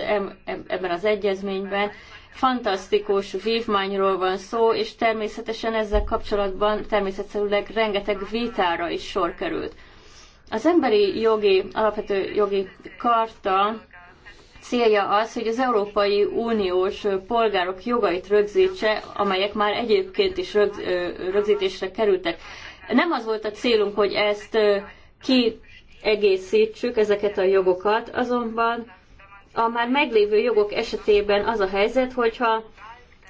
ebben az egyezményben, fantasztikus vívmányról van szó, és természetesen ezzel kapcsolatban természetszerűleg rengeteg vitára is sor került. Az emberi jogi, alapvető jogi karta célja az, hogy az Európai Uniós polgárok jogait rögzítse, amelyek már egyébként is rögz, rögzítésre kerültek. Nem az volt a célunk, hogy ezt kiegészítsük, ezeket a jogokat, azonban a már meglévő jogok esetében az a helyzet, hogyha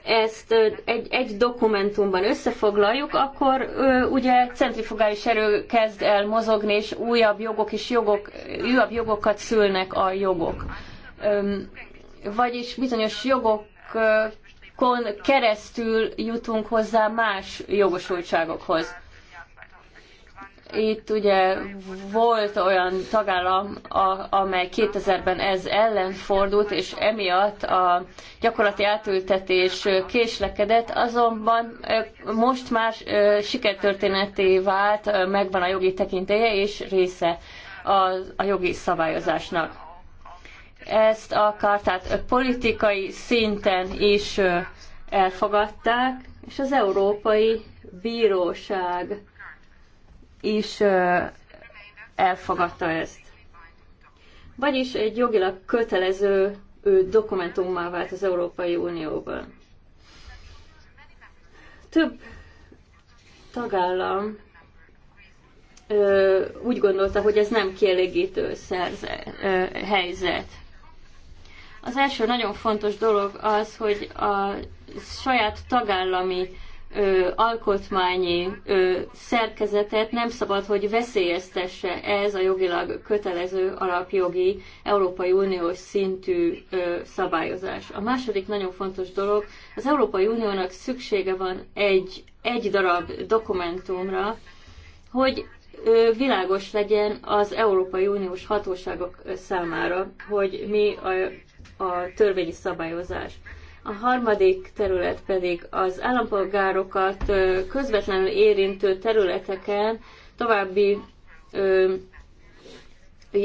ezt egy, egy dokumentumban összefoglaljuk, akkor ö, ugye centrifugális erő kezd el mozogni, és újabb jogok és jogok, újabb jogokat szülnek a jogok. Ö, vagyis bizonyos jogokon keresztül jutunk hozzá más jogosultságokhoz. Itt ugye volt olyan tagállam, a, amely 2000-ben ez ellen fordult, és emiatt a gyakorlati átültetés késlekedett, azonban most már sikertörténeti vált, megvan a jogi tekintélye, és része a, a jogi szabályozásnak. Ezt a kartát politikai szinten is elfogadták, és az Európai Bíróság is elfogadta ezt. Vagyis egy jogilag kötelező dokumentummá vált az Európai Unióban. Több tagállam ö, úgy gondolta, hogy ez nem kielégítő szerze, ö, helyzet. Az első nagyon fontos dolog az, hogy a saját tagállami ö, alkotmányi ö, szerkezetet nem szabad, hogy veszélyeztesse ez a jogilag kötelező alapjogi Európai Uniós szintű ö, szabályozás. A második nagyon fontos dolog, az Európai Uniónak szüksége van egy, egy darab dokumentumra, hogy világos legyen az Európai Uniós hatóságok számára, hogy mi a, a törvényi szabályozás. A harmadik terület pedig az állampolgárokat közvetlenül érintő területeken további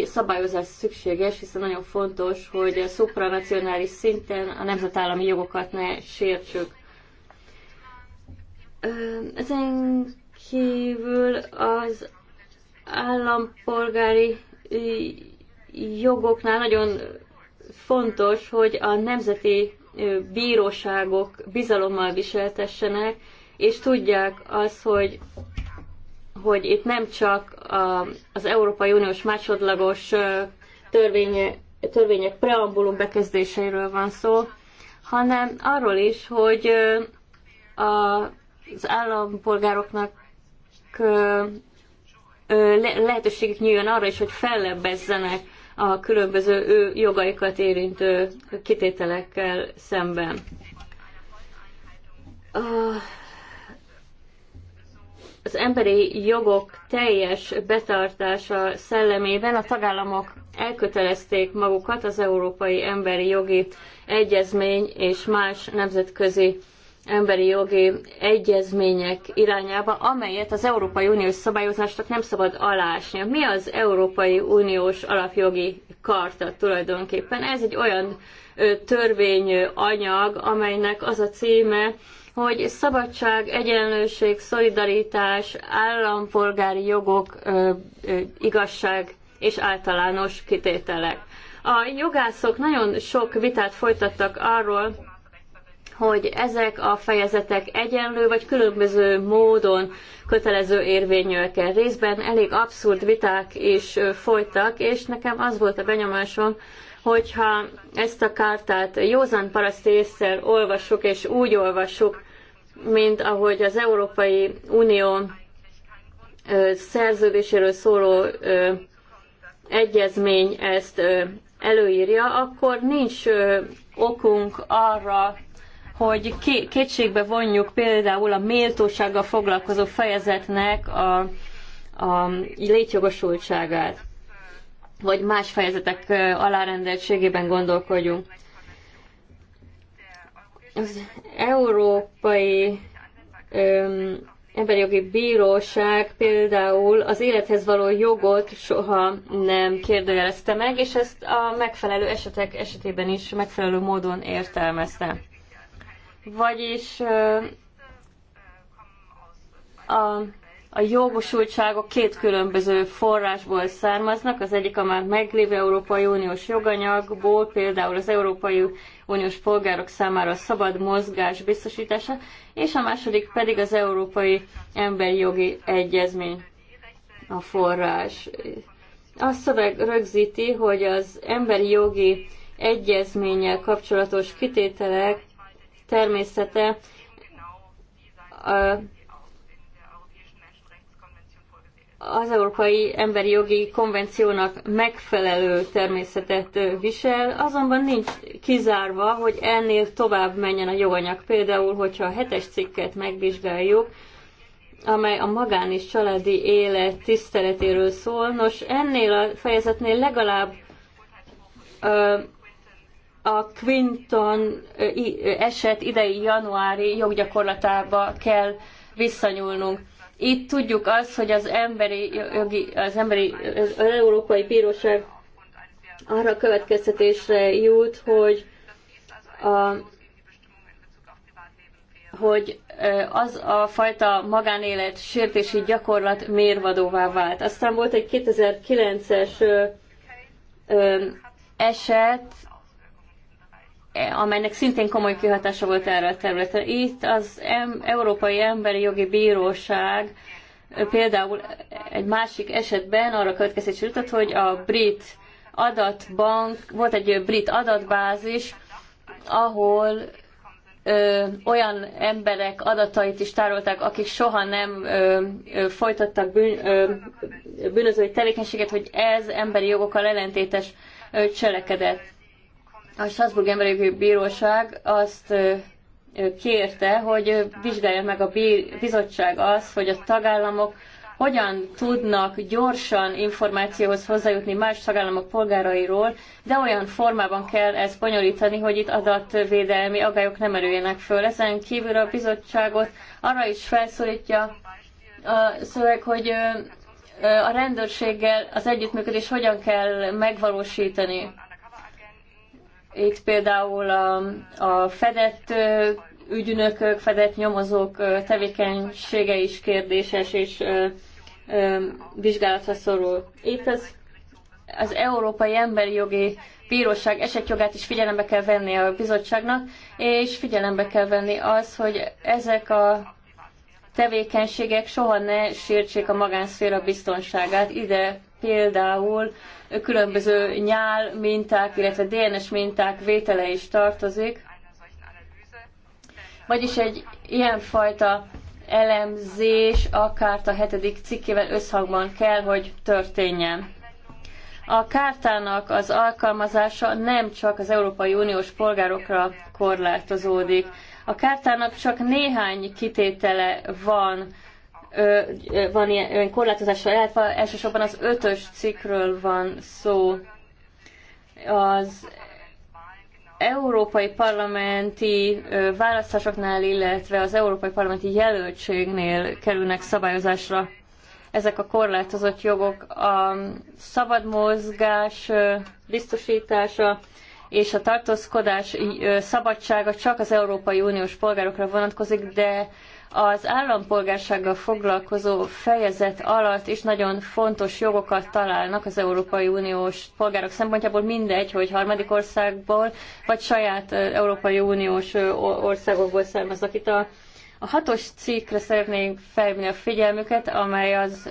szabályozás szükséges, hiszen nagyon fontos, hogy a szupranacionális szinten a nemzetállami jogokat ne sértsük. Ezen kívül az állampolgári jogoknál nagyon fontos, hogy a nemzeti bíróságok bizalommal viseltessenek, és tudják az, hogy hogy itt nem csak a, az Európai Uniós másodlagos törvények preambulum bekezdéseiről van szó, hanem arról is, hogy a, az állampolgároknak lehetőségük nyíljon arra is, hogy fellebbezzenek a különböző ő jogaikat érintő kitételekkel szemben. Az emberi jogok teljes betartása szellemében a tagállamok elkötelezték magukat az Európai Emberi Jogi Egyezmény és más nemzetközi emberi jogi egyezmények irányába, amelyet az Európai Uniós szabályozásnak nem szabad alásnia. Mi az Európai Uniós alapjogi karta tulajdonképpen? Ez egy olyan törvényanyag, amelynek az a címe, hogy szabadság, egyenlőség, szolidaritás, állampolgári jogok, igazság és általános kitételek. A jogászok nagyon sok vitát folytattak arról, hogy ezek a fejezetek egyenlő vagy különböző módon kötelező érvényűek-e. Részben elég abszurd viták is folytak, és nekem az volt a benyomásom, hogyha ezt a kártát józan paraszt észsel olvassuk, és úgy olvassuk, mint ahogy az Európai Unió szerződéséről szóló egyezmény ezt előírja, akkor nincs okunk arra, hogy kétségbe vonjuk például a méltósággal foglalkozó fejezetnek a, a létjogosultságát, vagy más fejezetek alárendeltségében gondolkodjunk. Az európai öm, emberi jogi bíróság például az élethez való jogot soha nem kérdőjelezte meg, és ezt a megfelelő esetek esetében is megfelelő módon értelmezte vagyis a, a jogosultságok két különböző forrásból származnak, az egyik a már meglévő Európai Uniós joganyagból, például az Európai Uniós polgárok számára a szabad mozgás biztosítása, és a második pedig az Európai Emberi Jogi Egyezmény a forrás. A szöveg rögzíti, hogy az emberi jogi egyezménnyel kapcsolatos kitételek természete az Európai Emberi Jogi Konvenciónak megfelelő természetet visel, azonban nincs kizárva, hogy ennél tovább menjen a joganyag. Például, hogyha a hetes cikket megvizsgáljuk, amely a magán és családi élet tiszteletéről szól. Nos, ennél a fejezetnél legalább ö, a Quinton eset idei januári joggyakorlatába kell visszanyúlnunk. Itt tudjuk azt, hogy az emberi jogi, az emberi, az Európai Bíróság arra a következtetésre jut, hogy a, hogy az a fajta magánélet sértési gyakorlat mérvadóvá vált. Aztán volt egy 2009-es eset, amelynek szintén komoly kihatása volt erre a területre. Itt az Európai Emberi Jogi Bíróság például egy másik esetben arra következés jutott, hogy a brit adatbank, volt egy brit adatbázis, ahol ö, olyan emberek adatait is tárolták, akik soha nem ö, ö, folytattak bűn, ö, bűnözői tevékenységet, hogy ez emberi jogokkal ellentétes ö, cselekedet a Strasbourg Emberi Bíróság azt kérte, hogy vizsgálja meg a bizottság azt, hogy a tagállamok hogyan tudnak gyorsan információhoz hozzájutni más tagállamok polgárairól, de olyan formában kell ezt bonyolítani, hogy itt adatvédelmi agályok nem erüljenek föl. Ezen kívül a bizottságot arra is felszólítja a szöveg, hogy a rendőrséggel az együttműködés hogyan kell megvalósítani itt például a, a fedett ügynökök, fedett nyomozók tevékenysége is kérdéses és ö, ö, vizsgálatra szorul. Itt az, az Európai Emberi Jogi Bíróság esetjogát is figyelembe kell venni a bizottságnak, és figyelembe kell venni az, hogy ezek a tevékenységek soha ne sértsék a magánszféra biztonságát. Ide például különböző nyál minták, illetve DNS minták vétele is tartozik. Vagyis egy ilyenfajta elemzés akár a hetedik cikkével összhangban kell, hogy történjen. A kártának az alkalmazása nem csak az Európai Uniós polgárokra korlátozódik. A kártának csak néhány kitétele van van ilyen, ilyen korlátozással elsősorban az ötös cikkről van szó. Az európai parlamenti választásoknál, illetve az európai parlamenti jelöltségnél kerülnek szabályozásra ezek a korlátozott jogok, a szabad mozgás biztosítása és a tartózkodás szabadsága csak az Európai Uniós polgárokra vonatkozik, de az állampolgársággal foglalkozó fejezet alatt is nagyon fontos jogokat találnak az Európai Uniós polgárok szempontjából, mindegy, hogy harmadik országból vagy saját Európai Uniós országokból származnak. Itt a, a hatos cikkre szeretnénk felhívni a figyelmüket, amely az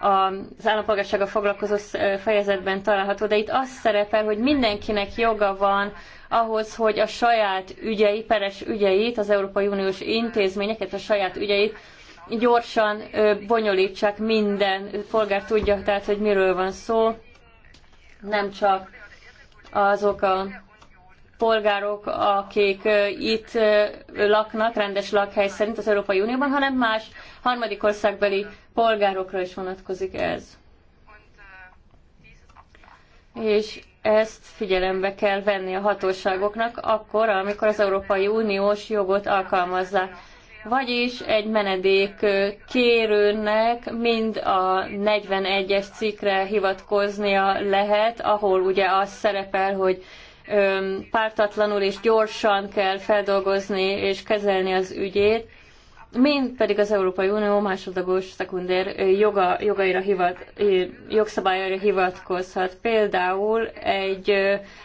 az állampolgársággal foglalkozó fejezetben található, de itt az szerepel, hogy mindenkinek joga van ahhoz, hogy a saját ügyei, peres ügyeit, az Európai Uniós intézményeket, a saját ügyeit gyorsan bonyolítsák minden polgár tudja, tehát hogy miről van szó, nem csak azok a polgárok, akik itt laknak, rendes lakhely szerint az Európai Unióban, hanem más harmadik országbeli polgárokra is vonatkozik ez. És ezt figyelembe kell venni a hatóságoknak akkor, amikor az Európai Uniós jogot alkalmazzák. Vagyis egy menedék kérőnek mind a 41-es cikkre hivatkoznia lehet, ahol ugye az szerepel, hogy pártatlanul és gyorsan kell feldolgozni és kezelni az ügyét mint pedig az Európai Unió másodlagos szekundér joga, jogaira hivat, jogszabályaira hivatkozhat. Például egy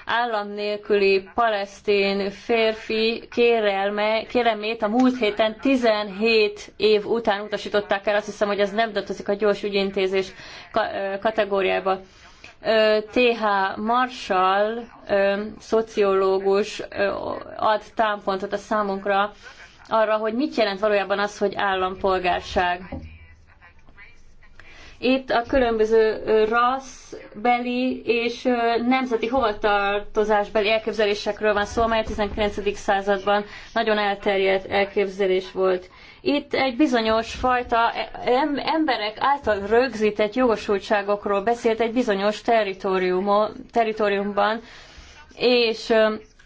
állam nélküli palesztin férfi kérelme, kérelmét a múlt héten 17 év után utasították el. Azt hiszem, hogy ez nem tartozik a gyors ügyintézés kategóriába. TH Marshall szociológus ad támpontot a számunkra arra, hogy mit jelent valójában az, hogy állampolgárság. Itt a különböző rasszbeli és nemzeti hovatartozásbeli elképzelésekről van szó, amely a 19. században nagyon elterjedt elképzelés volt. Itt egy bizonyos fajta emberek által rögzített jogosultságokról beszélt egy bizonyos teritoriumban, és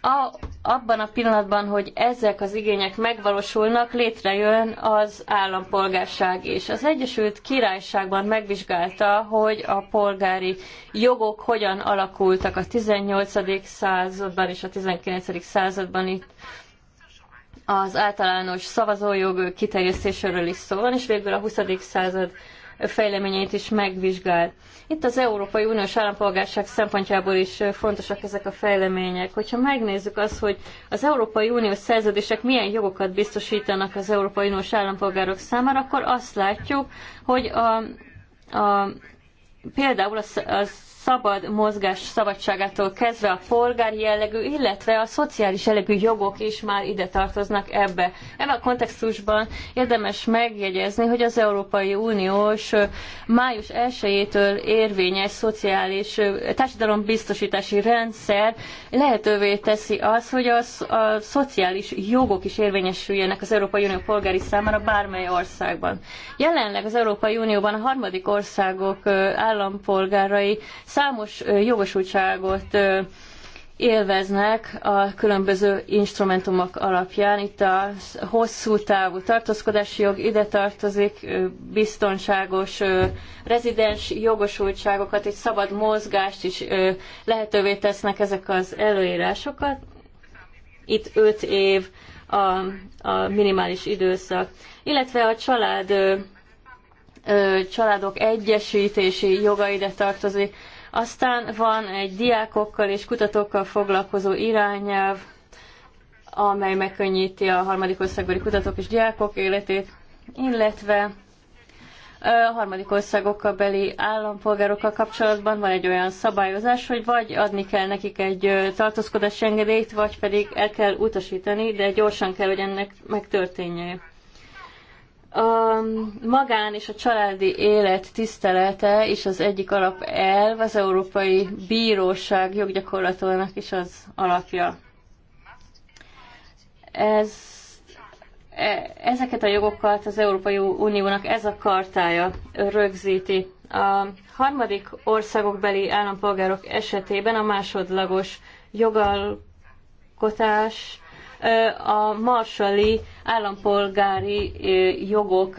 a, abban a pillanatban, hogy ezek az igények megvalósulnak, létrejön az állampolgárság is. Az Egyesült Királyságban megvizsgálta, hogy a polgári jogok hogyan alakultak a 18. században és a 19. században itt az általános szavazójog kiterjesztéséről is szó van, és végül a 20. század fejleményeit is megvizsgál. Itt az Európai Uniós állampolgárság szempontjából is fontosak ezek a fejlemények. Hogyha megnézzük azt, hogy az Európai Uniós szerződések milyen jogokat biztosítanak az Európai Uniós állampolgárok számára, akkor azt látjuk, hogy a, a, például a, a szabad mozgás szabadságától kezdve a polgári jellegű, illetve a szociális jellegű jogok is már ide tartoznak ebbe. Ebben a kontextusban érdemes megjegyezni, hogy az Európai Uniós május 1-től érvényes szociális társadalombiztosítási rendszer lehetővé teszi az, hogy az, a szociális jogok is érvényesüljenek az Európai Unió polgári számára bármely országban. Jelenleg az Európai Unióban a harmadik országok állampolgárai számos jogosultságot élveznek a különböző instrumentumok alapján. Itt a hosszú távú tartózkodási jog ide tartozik, biztonságos rezidens jogosultságokat, egy szabad mozgást is lehetővé tesznek ezek az előírásokat. Itt öt év a, a minimális időszak, illetve a család családok egyesítési joga ide tartozik aztán van egy diákokkal és kutatókkal foglalkozó irányelv, amely megkönnyíti a harmadik országbeli kutatók és diákok életét, illetve a harmadik országokkal beli állampolgárokkal kapcsolatban van egy olyan szabályozás, hogy vagy adni kell nekik egy tartózkodási engedélyt, vagy pedig el kell utasítani, de gyorsan kell, hogy ennek megtörténjen a magán és a családi élet tisztelete is az egyik alapelv, az Európai Bíróság joggyakorlatának is az alapja. Ez, e, ezeket a jogokat az Európai Uniónak ez a kartája rögzíti. A harmadik országokbeli állampolgárok esetében a másodlagos jogalkotás a marsali állampolgári jogok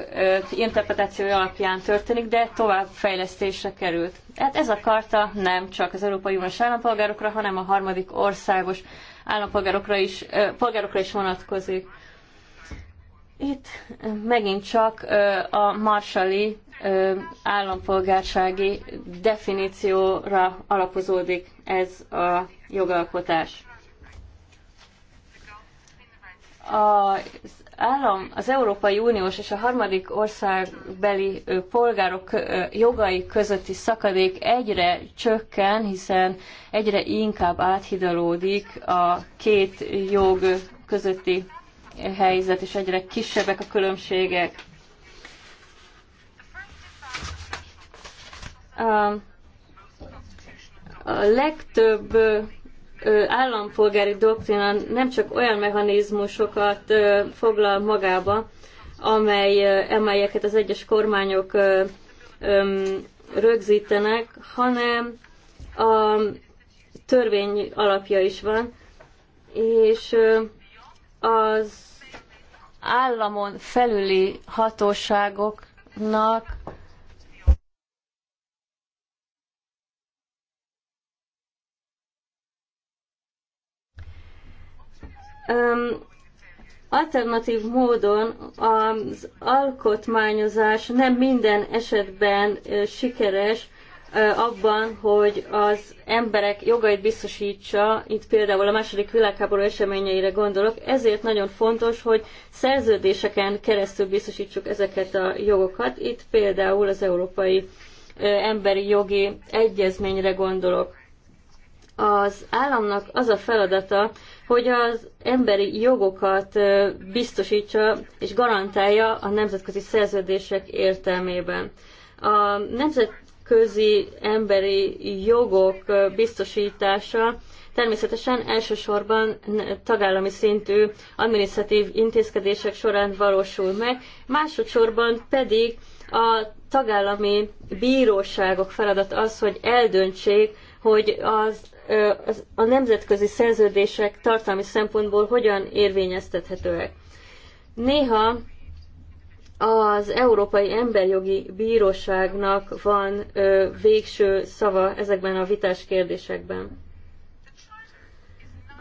interpretációja alapján történik, de tovább fejlesztésre került. Hát ez a karta nem csak az Európai Uniós állampolgárokra, hanem a harmadik országos állampolgárokra is, polgárokra is vonatkozik. Itt megint csak a marsali állampolgársági definícióra alapozódik ez a jogalkotás az állam, az Európai Uniós és a harmadik országbeli polgárok jogai közötti szakadék egyre csökken, hiszen egyre inkább áthidalódik a két jog közötti helyzet, és egyre kisebbek a különbségek. A legtöbb állampolgári doktrina nem csak olyan mechanizmusokat foglal magába, amely, amelyeket az egyes kormányok rögzítenek, hanem a törvény alapja is van, és az államon felüli hatóságoknak alternatív módon az alkotmányozás nem minden esetben sikeres abban, hogy az emberek jogait biztosítsa, itt például a második világháború eseményeire gondolok, ezért nagyon fontos, hogy szerződéseken keresztül biztosítsuk ezeket a jogokat. Itt például az Európai Emberi Jogi Egyezményre gondolok. Az államnak az a feladata, hogy az emberi jogokat biztosítsa és garantálja a nemzetközi szerződések értelmében. A nemzetközi emberi jogok biztosítása természetesen elsősorban tagállami szintű administratív intézkedések során valósul meg, másodszorban pedig a tagállami bíróságok feladat az, hogy eldöntsék, hogy az a nemzetközi szerződések tartalmi szempontból hogyan érvényeztethetőek. Néha az Európai Emberjogi Bíróságnak van végső szava ezekben a vitás kérdésekben.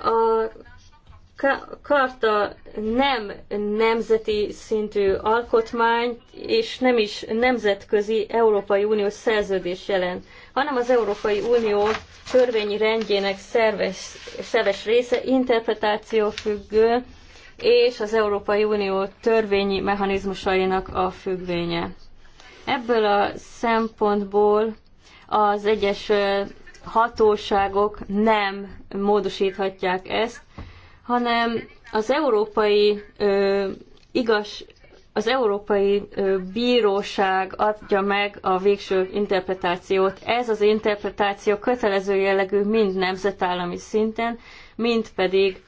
A karta nem nemzeti szintű alkotmány, és nem is nemzetközi Európai Uniós szerződés jelent hanem az Európai Unió törvényi rendjének szerves, szerves része interpretáció függő, és az Európai Unió törvényi mechanizmusainak a függvénye. Ebből a szempontból az egyes hatóságok nem módosíthatják ezt, hanem az európai ö, igaz, az Európai Bíróság adja meg a végső interpretációt. Ez az interpretáció kötelező jellegű mind nemzetállami szinten, mind pedig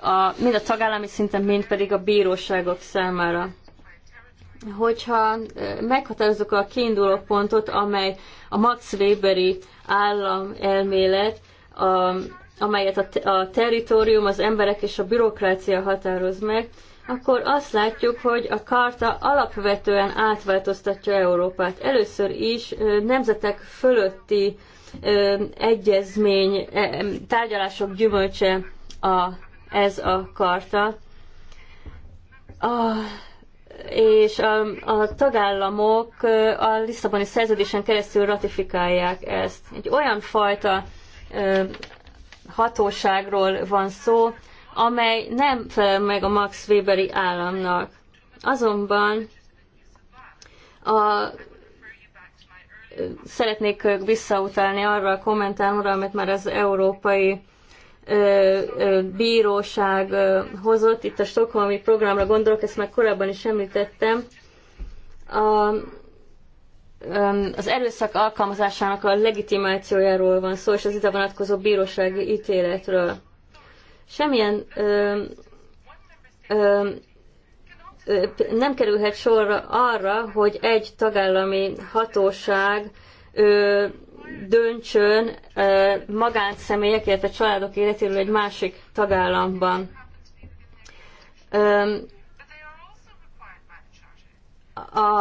a, mind a tagállami szinten, mind pedig a bíróságok számára. Hogyha meghatározzuk a kiinduló pontot, amely a Max Weberi államelmélet, a, amelyet a, a az emberek és a bürokrácia határoz meg, akkor azt látjuk, hogy a karta alapvetően átváltoztatja Európát. Először is nemzetek fölötti egyezmény, tárgyalások gyümölcse a, ez a karta. A, és a, a tagállamok a Lisszaboni szerződésen keresztül ratifikálják ezt. Egy olyan fajta hatóságról van szó, amely nem felel meg a Max Weberi államnak. Azonban a szeretnék visszautalni arra a kommentáromra, amit már az Európai Bíróság hozott. Itt a Stockholmi programra gondolok, ezt már korábban is említettem. A, az erőszak alkalmazásának a legitimációjáról van szó, és az ide vonatkozó bírósági ítéletről semmilyen ö, ö, ö, nem kerülhet sorra arra, hogy egy tagállami hatóság ö, döntsön ö, magánszemélyek, illetve családok életéről egy másik tagállamban. Ö, a,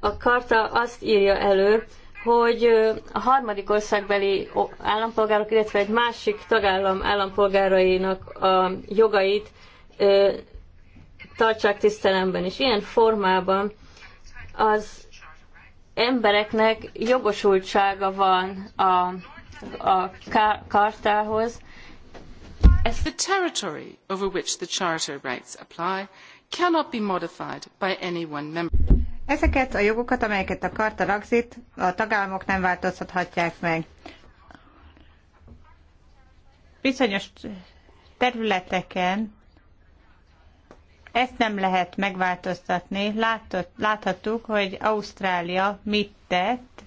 a karta azt írja elő, hogy a harmadik országbeli állampolgárok, illetve egy másik tagállam állampolgárainak a jogait tartsák tisztelemben. És ilyen formában az embereknek jogosultsága van a, a kártához. Ezt... The territory over which the charter rights apply cannot be modified by any one member Ezeket a jogokat, amelyeket a karta ragzít, a tagállamok nem változtathatják meg. Bizonyos területeken ezt nem lehet megváltoztatni. Látott, láthattuk, hogy Ausztrália mit tett.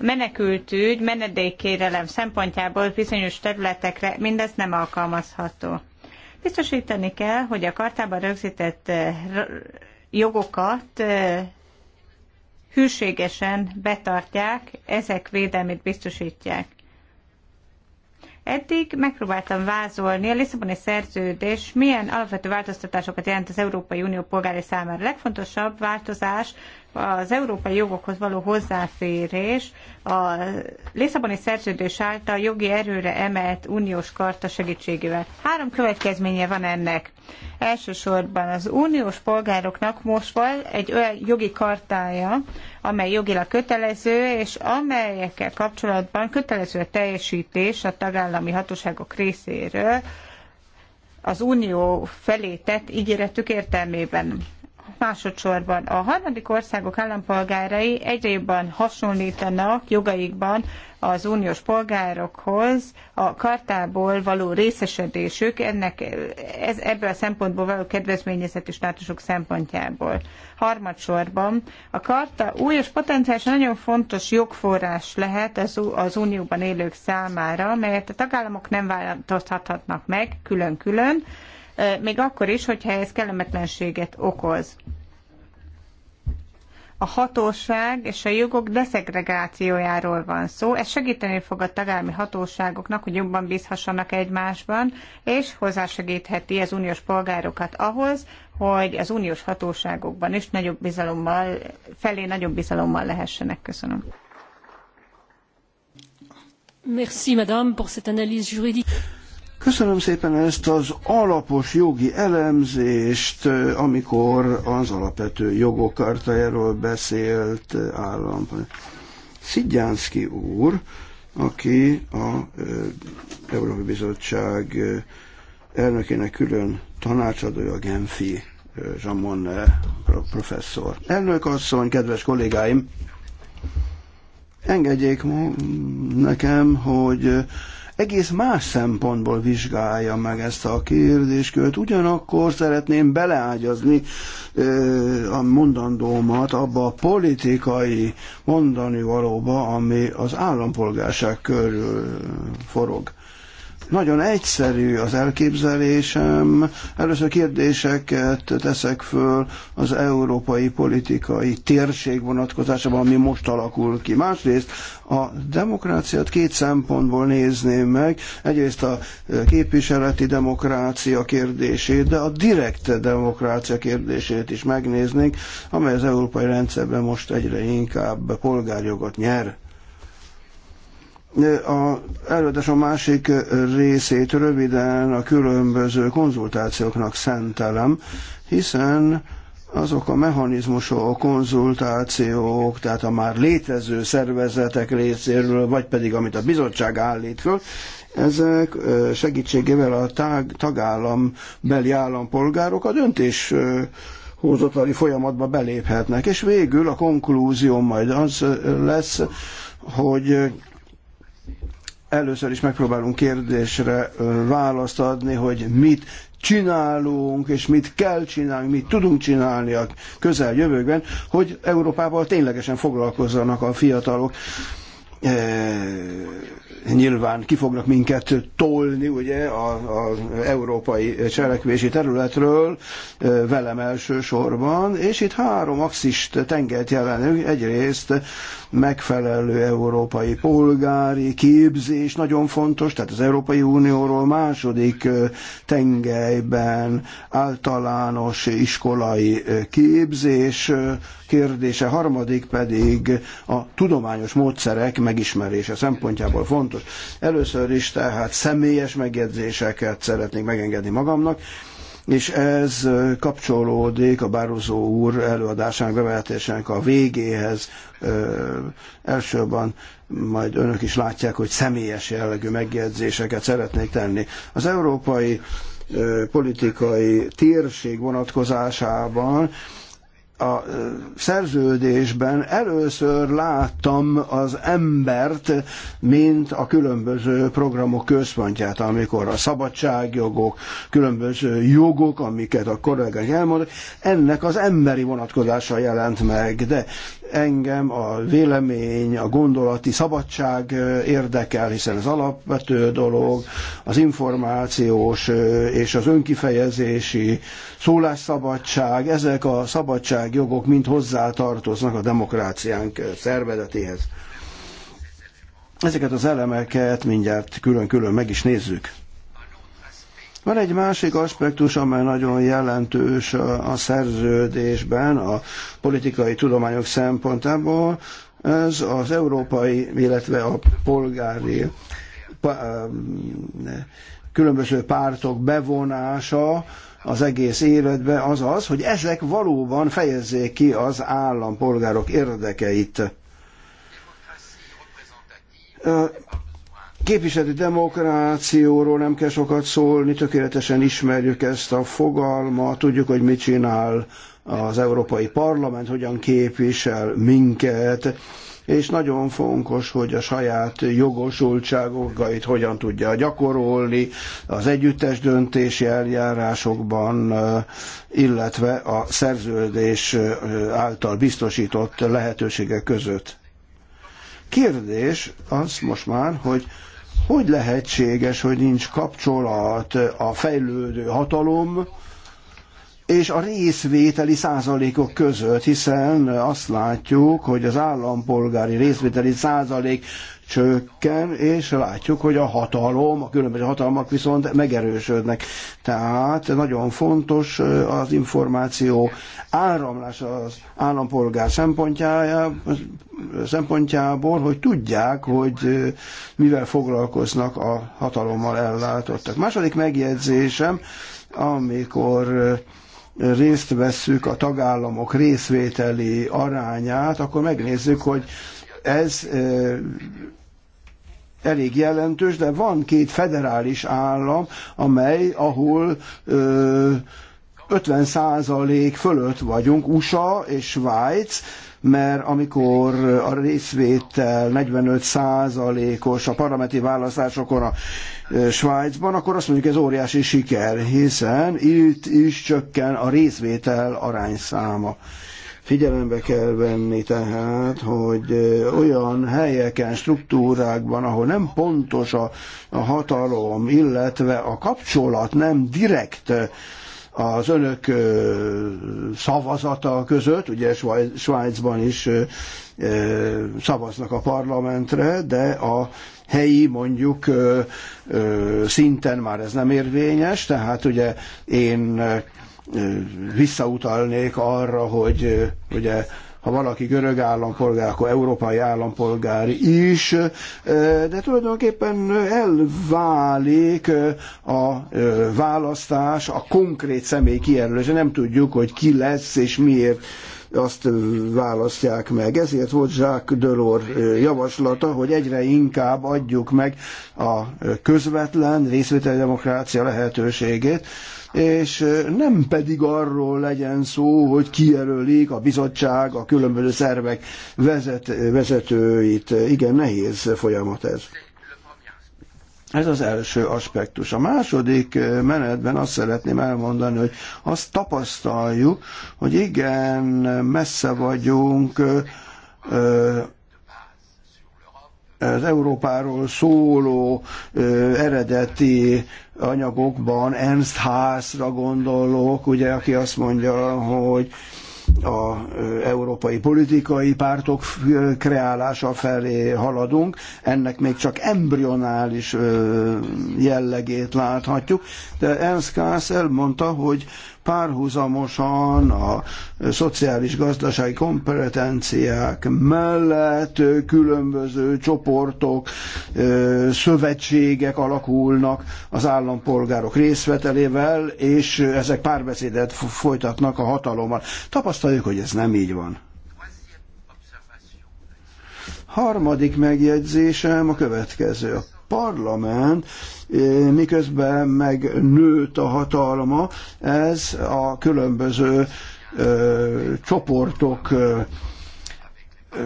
A menekültügy, menedékkérelem szempontjából bizonyos területekre mindez nem alkalmazható. Biztosítani kell, hogy a kartában rögzített jogokat hűségesen betartják, ezek védelmét biztosítják. Eddig megpróbáltam vázolni a Lisszaboni szerződés milyen alapvető változtatásokat jelent az Európai Unió polgári számára. A legfontosabb változás az európai jogokhoz való hozzáférés, a Lisszaboni szerződés által jogi erőre emelt uniós karta segítségével. Három következménye van ennek. Elsősorban az uniós polgároknak most van egy olyan jogi kartája, amely jogilag kötelező, és amelyekkel kapcsolatban kötelező a teljesítés a tagállami hatóságok részéről az Unió felé tett ígéretük értelmében. Másodszorban a harmadik országok állampolgárai egyre jobban hasonlítanak jogaikban az uniós polgárokhoz, a kartából való részesedésük, ennek, ez, ebből a szempontból való kedvezményezeti státusok szempontjából. Harmadsorban a karta új és potenciálisan nagyon fontos jogforrás lehet az, az unióban élők számára, melyet a tagállamok nem változhatnak meg külön-külön, még akkor is, hogyha ez kellemetlenséget okoz. A hatóság és a jogok deszegregációjáról van szó. Ez segíteni fog a tagállami hatóságoknak, hogy jobban bízhassanak egymásban, és hozzásegítheti az uniós polgárokat ahhoz, hogy az uniós hatóságokban is nagyobb bizalommal, felé nagyobb bizalommal lehessenek. Köszönöm. Merci, madame, pour cette analyse juridique. Köszönöm szépen ezt az alapos jogi elemzést, amikor az alapvető jogok kartájáról beszélt állam. Szigyánszki úr, aki a Európai Bizottság elnökének külön tanácsadója, Genfi Zsamon professzor. Elnök asszony, kedves kollégáim, engedjék nekem, hogy egész más szempontból vizsgálja meg ezt a kérdéskört. Ugyanakkor szeretném beleágyazni ö, a mondandómat abba a politikai mondani valóba, ami az állampolgárság körül forog. Nagyon egyszerű az elképzelésem. Először kérdéseket teszek föl az európai politikai térség vonatkozásában, ami most alakul ki. Másrészt a demokráciát két szempontból nézném meg. Egyrészt a képviseleti demokrácia kérdését, de a direkt demokrácia kérdését is megnéznénk, amely az európai rendszerben most egyre inkább polgárjogot nyer. A előadás a másik részét röviden a különböző konzultációknak szentelem, hiszen azok a mechanizmusok, a konzultációk, tehát a már létező szervezetek részéről, vagy pedig amit a bizottság állít föl, ezek segítségével a tag, tagállam beli állampolgárok a döntés hozatali folyamatba beléphetnek. És végül a konklúzió majd az lesz, hogy először is megpróbálunk kérdésre választ adni, hogy mit csinálunk, és mit kell csinálni, mit tudunk csinálni a jövőben, hogy Európával ténylegesen foglalkozzanak a fiatalok nyilván ki fognak minket tolni ugye az európai cselekvési területről, velem elsősorban, és itt három axist tengelt jelenünk, egyrészt megfelelő európai polgári képzés nagyon fontos, tehát az Európai Unióról második tengelyben általános iskolai képzés kérdése, harmadik pedig a tudományos módszerek megismerése szempontjából fontos fontos. Először is tehát személyes megjegyzéseket szeretnék megengedni magamnak, és ez kapcsolódik a Bározó úr előadásának, bevezetésének a végéhez. Elsőban majd önök is látják, hogy személyes jellegű megjegyzéseket szeretnék tenni. Az európai politikai térség vonatkozásában a szerződésben először láttam az embert, mint a különböző programok központját, amikor a szabadságjogok, különböző jogok, amiket a kollégák elmondtak, ennek az emberi vonatkozása jelent meg, de engem a vélemény, a gondolati szabadság érdekel, hiszen ez alapvető dolog, az információs és az önkifejezési szólásszabadság, ezek a szabadságjogok mind hozzátartoznak a demokráciánk szervezetéhez. Ezeket az elemeket mindjárt külön-külön meg is nézzük. Van egy másik aspektus, amely nagyon jelentős a szerződésben, a politikai tudományok szempontából, ez az európai, illetve a polgári um, különböző pártok bevonása az egész életbe, az az, hogy ezek valóban fejezzék ki az állampolgárok érdekeit Képviseleti demokrációról nem kell sokat szólni, tökéletesen ismerjük ezt a fogalmat, tudjuk, hogy mit csinál az Európai Parlament, hogyan képvisel minket, és nagyon fontos, hogy a saját jogosultságokait hogyan tudja gyakorolni az együttes döntési eljárásokban, illetve a szerződés által biztosított lehetőségek között. Kérdés az most már, hogy hogy lehetséges, hogy nincs kapcsolat a fejlődő hatalom és a részvételi százalékok között, hiszen azt látjuk, hogy az állampolgári részvételi százalék csökken, és látjuk, hogy a hatalom, a különböző hatalmak viszont megerősödnek. Tehát nagyon fontos az információ áramlás az állampolgár szempontjából, hogy tudják, hogy mivel foglalkoznak a hatalommal ellátottak. Második megjegyzésem, amikor részt vesszük a tagállamok részvételi arányát, akkor megnézzük, hogy ez elég jelentős, de van két federális állam, amely, ahol ö, 50 százalék fölött vagyunk, USA és Svájc, mert amikor a részvétel 45 százalékos a parlamenti választásokon a Svájcban, akkor azt mondjuk ez óriási siker, hiszen itt is csökken a részvétel arányszáma. Figyelembe kell venni tehát, hogy olyan helyeken, struktúrákban, ahol nem pontos a, a hatalom, illetve a kapcsolat nem direkt az önök szavazata között, ugye Svájcban is szavaznak a parlamentre, de a helyi mondjuk szinten már ez nem érvényes, tehát ugye én visszautalnék arra, hogy ugye ha valaki görög állampolgár, akkor európai állampolgár is, de tulajdonképpen elválik a választás, a konkrét személy kijelölése, nem tudjuk, hogy ki lesz és miért azt választják meg. Ezért volt Jacques Delors javaslata, hogy egyre inkább adjuk meg a közvetlen részvételi demokrácia lehetőségét, és nem pedig arról legyen szó, hogy kijelölik a bizottság, a különböző szervek vezet, vezetőit. Igen, nehéz folyamat ez. Ez az első aspektus. A második menetben azt szeretném elmondani, hogy azt tapasztaljuk, hogy igen, messze vagyunk az Európáról szóló ö, eredeti anyagokban Ernst Haasra gondolok, ugye, aki azt mondja, hogy a európai politikai pártok kreálása felé haladunk, ennek még csak embryonális jellegét láthatjuk, de Ernst Haas elmondta, hogy párhuzamosan a szociális-gazdasági kompetenciák mellett különböző csoportok, szövetségek alakulnak az állampolgárok részvetelével, és ezek párbeszédet folytatnak a hatalommal. Tapasztaljuk, hogy ez nem így van. Harmadik megjegyzésem a következő parlament, eh, miközben meg nőtt a hatalma, ez a különböző ö, eh, csoportok ö, eh,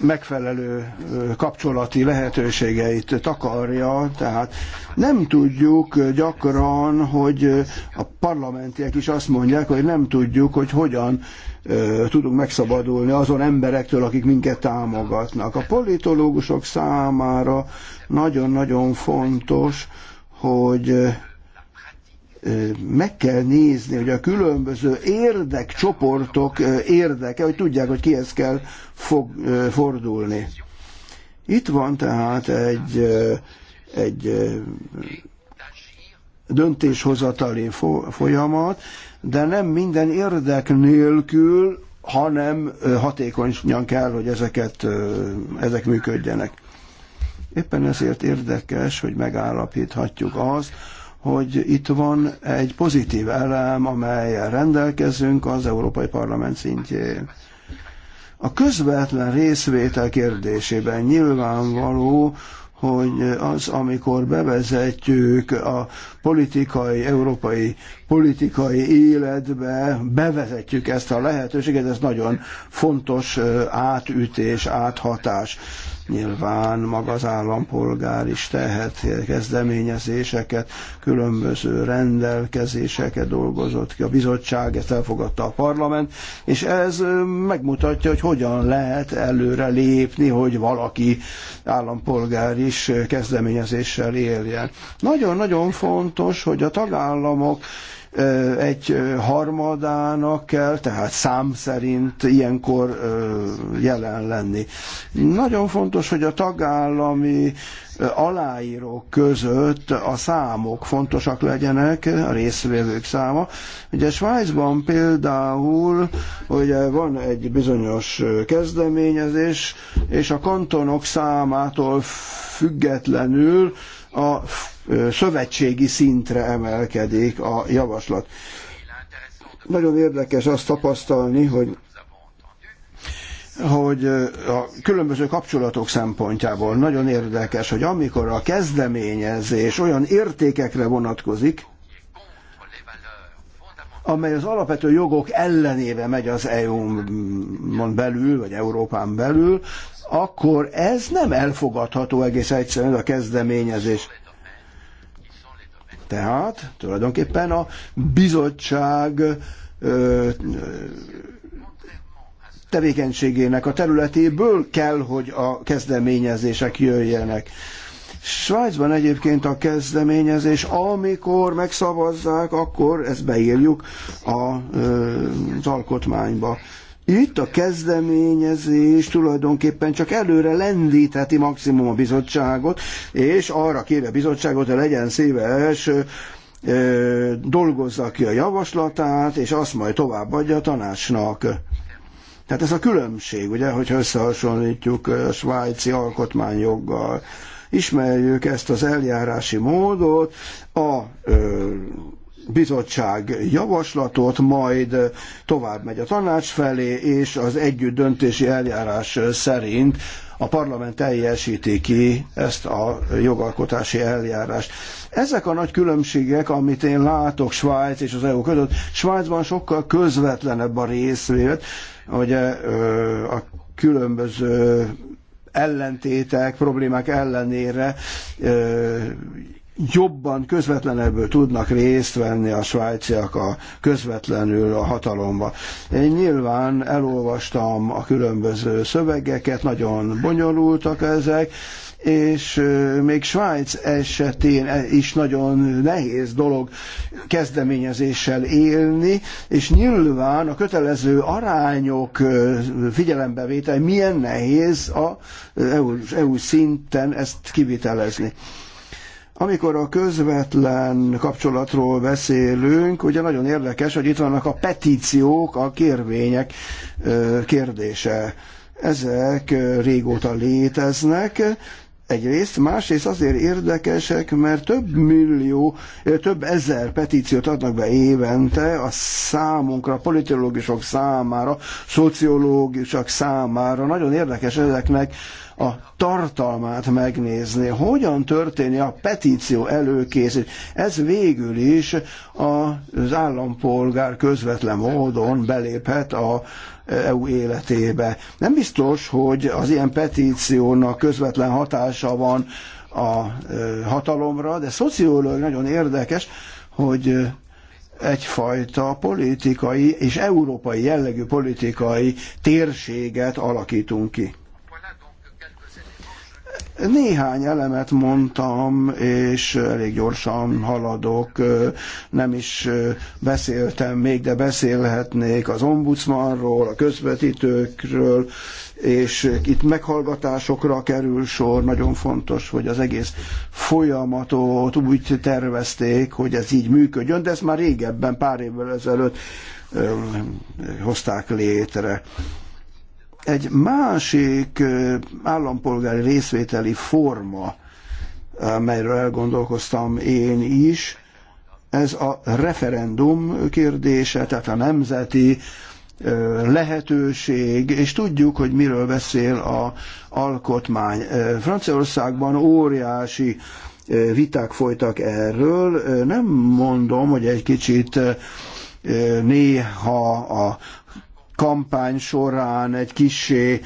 megfelelő kapcsolati lehetőségeit takarja, tehát nem tudjuk gyakran, hogy a parlamentiek is azt mondják, hogy nem tudjuk, hogy hogyan tudunk megszabadulni azon emberektől, akik minket támogatnak. A politológusok számára nagyon-nagyon fontos, hogy meg kell nézni, hogy a különböző érdekcsoportok érdeke, hogy tudják, hogy kihez kell fog, fordulni. Itt van tehát egy, egy döntéshozatali folyamat, de nem minden érdek nélkül, hanem hatékonyan kell, hogy ezeket, ezek működjenek. Éppen ezért érdekes, hogy megállapíthatjuk azt, hogy itt van egy pozitív elem, amelyel rendelkezünk az Európai Parlament szintjén. A közvetlen részvétel kérdésében nyilvánvaló, hogy az, amikor bevezetjük a politikai, európai politikai életbe bevezetjük ezt a lehetőséget, ez nagyon fontos átütés, áthatás. Nyilván maga az állampolgár is tehet kezdeményezéseket, különböző rendelkezéseket dolgozott ki a bizottság, ezt elfogadta a parlament, és ez megmutatja, hogy hogyan lehet előre lépni, hogy valaki állampolgár is kezdeményezéssel éljen. Nagyon-nagyon fontos, hogy a tagállamok egy harmadának kell, tehát szám szerint ilyenkor jelen lenni. Nagyon fontos, hogy a tagállami aláírók között a számok fontosak legyenek, a részvevők száma. Ugye Svájcban például ugye van egy bizonyos kezdeményezés, és a kantonok számától függetlenül a szövetségi szintre emelkedik a javaslat. Nagyon érdekes azt tapasztalni, hogy hogy a különböző kapcsolatok szempontjából nagyon érdekes, hogy amikor a kezdeményezés olyan értékekre vonatkozik, amely az alapvető jogok ellenébe megy az EU-on belül, vagy Európán belül, akkor ez nem elfogadható egész egyszerűen a kezdeményezés. Tehát tulajdonképpen a bizottság ö, tevékenységének a területéből kell, hogy a kezdeményezések jöjjenek. Svájcban egyébként a kezdeményezés, amikor megszavazzák, akkor ezt beírjuk a, az alkotmányba. Itt a kezdeményezés tulajdonképpen csak előre lendítheti maximum a bizottságot, és arra kéri a bizottságot, hogy legyen szíves dolgozza ki a javaslatát, és azt majd továbbadja a tanácsnak. Tehát ez a különbség, ugye, hogyha összehasonlítjuk a svájci alkotmányjoggal. Ismerjük ezt az eljárási módot, a ö, bizottság javaslatot, majd tovább megy a tanács felé, és az együtt döntési eljárás szerint a parlament teljesíti ki ezt a jogalkotási eljárást. Ezek a nagy különbségek, amit én látok Svájc és az EU között, Svájcban sokkal közvetlenebb a részvét, hogy a különböző ellentétek, problémák ellenére jobban, közvetlenebből tudnak részt venni a svájciak a közvetlenül a hatalomba. Én nyilván elolvastam a különböző szövegeket, nagyon bonyolultak ezek, és még Svájc esetén e is nagyon nehéz dolog kezdeményezéssel élni, és nyilván a kötelező arányok figyelembevétel milyen nehéz a EU, EU szinten ezt kivitelezni. Amikor a közvetlen kapcsolatról beszélünk, ugye nagyon érdekes, hogy itt vannak a petíciók, a kérvények kérdése. Ezek régóta léteznek, egyrészt, másrészt azért érdekesek, mert több millió, több ezer petíciót adnak be évente a számunkra, a politológusok számára, szociológusok számára. Nagyon érdekes ezeknek a tartalmát megnézni, hogyan történik a petíció előkészítés, Ez végül is az állampolgár közvetlen módon beléphet a EU életébe. Nem biztos, hogy az ilyen petíciónak közvetlen hatása van a hatalomra, de szociológ nagyon érdekes, hogy egyfajta politikai és európai jellegű politikai térséget alakítunk ki. Néhány elemet mondtam, és elég gyorsan haladok, nem is beszéltem még, de beszélhetnék az ombudsmanról, a közvetítőkről, és itt meghallgatásokra kerül sor, nagyon fontos, hogy az egész folyamatot úgy tervezték, hogy ez így működjön, de ezt már régebben, pár évvel ezelőtt hozták létre egy másik állampolgári részvételi forma, melyről elgondolkoztam én is, ez a referendum kérdése, tehát a nemzeti lehetőség, és tudjuk, hogy miről beszél a alkotmány. Franciaországban óriási viták folytak erről. Nem mondom, hogy egy kicsit néha a kampány során egy kissé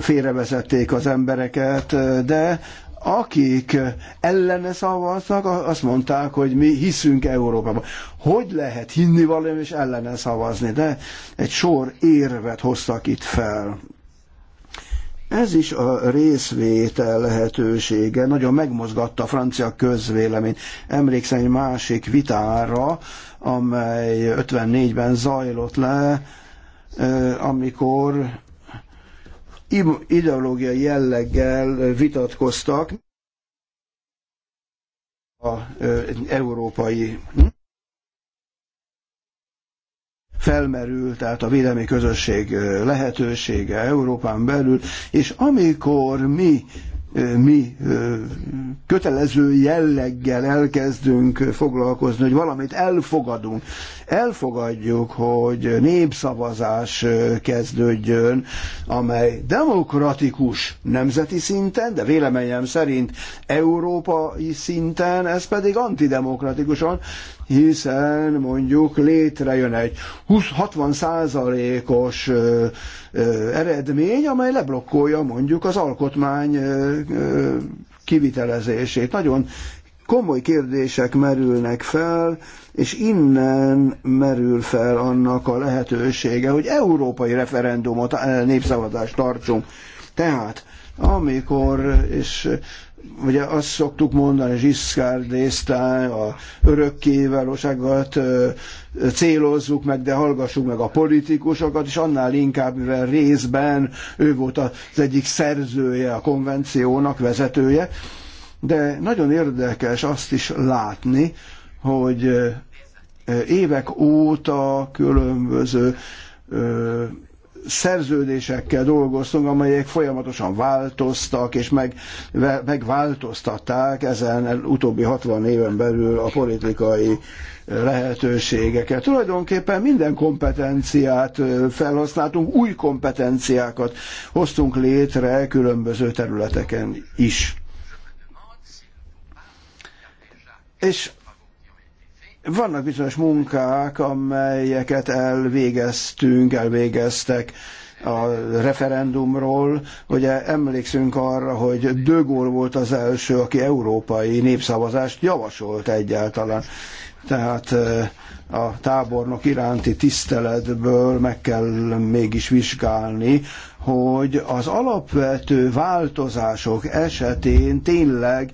félrevezették az embereket, de akik ellene szavaztak, azt mondták, hogy mi hiszünk Európában. Hogy lehet hinni valami és ellene szavazni? De egy sor érvet hoztak itt fel. Ez is a részvétel lehetősége nagyon megmozgatta a francia közvéleményt. Emlékszem egy másik vitára, amely 54-ben zajlott le, amikor ideológiai jelleggel vitatkoztak a európai felmerült, tehát a védelmi közösség lehetősége Európán belül, és amikor mi mi kötelező jelleggel elkezdünk foglalkozni, hogy valamit elfogadunk, elfogadjuk, hogy népszavazás kezdődjön, amely demokratikus nemzeti szinten, de véleményem szerint európai szinten, ez pedig antidemokratikusan, hiszen mondjuk létrejön egy 60 százalékos eredmény, amely leblokkolja mondjuk az alkotmány kivitelezését. Nagyon komoly kérdések merülnek fel, és innen merül fel annak a lehetősége, hogy európai referendumot, eh, népszavazást tartsunk. Tehát, amikor, és ugye azt szoktuk mondani, Zsiszkár Désztán a örökkévalóságot eh, célozzuk meg, de hallgassuk meg a politikusokat, és annál inkább, mivel részben ő volt az egyik szerzője a konvenciónak, vezetője, de nagyon érdekes azt is látni, hogy évek óta különböző szerződésekkel dolgoztunk, amelyek folyamatosan változtak, és meg, megváltoztatták ezen utóbbi 60 éven belül a politikai lehetőségeket. Tulajdonképpen minden kompetenciát felhasználtunk, új kompetenciákat hoztunk létre különböző területeken is. És vannak bizonyos munkák, amelyeket elvégeztünk, elvégeztek a referendumról. Ugye emlékszünk arra, hogy De Gaulle volt az első, aki európai népszavazást javasolt egyáltalán. Tehát a tábornok iránti tiszteletből meg kell mégis vizsgálni, hogy az alapvető változások esetén tényleg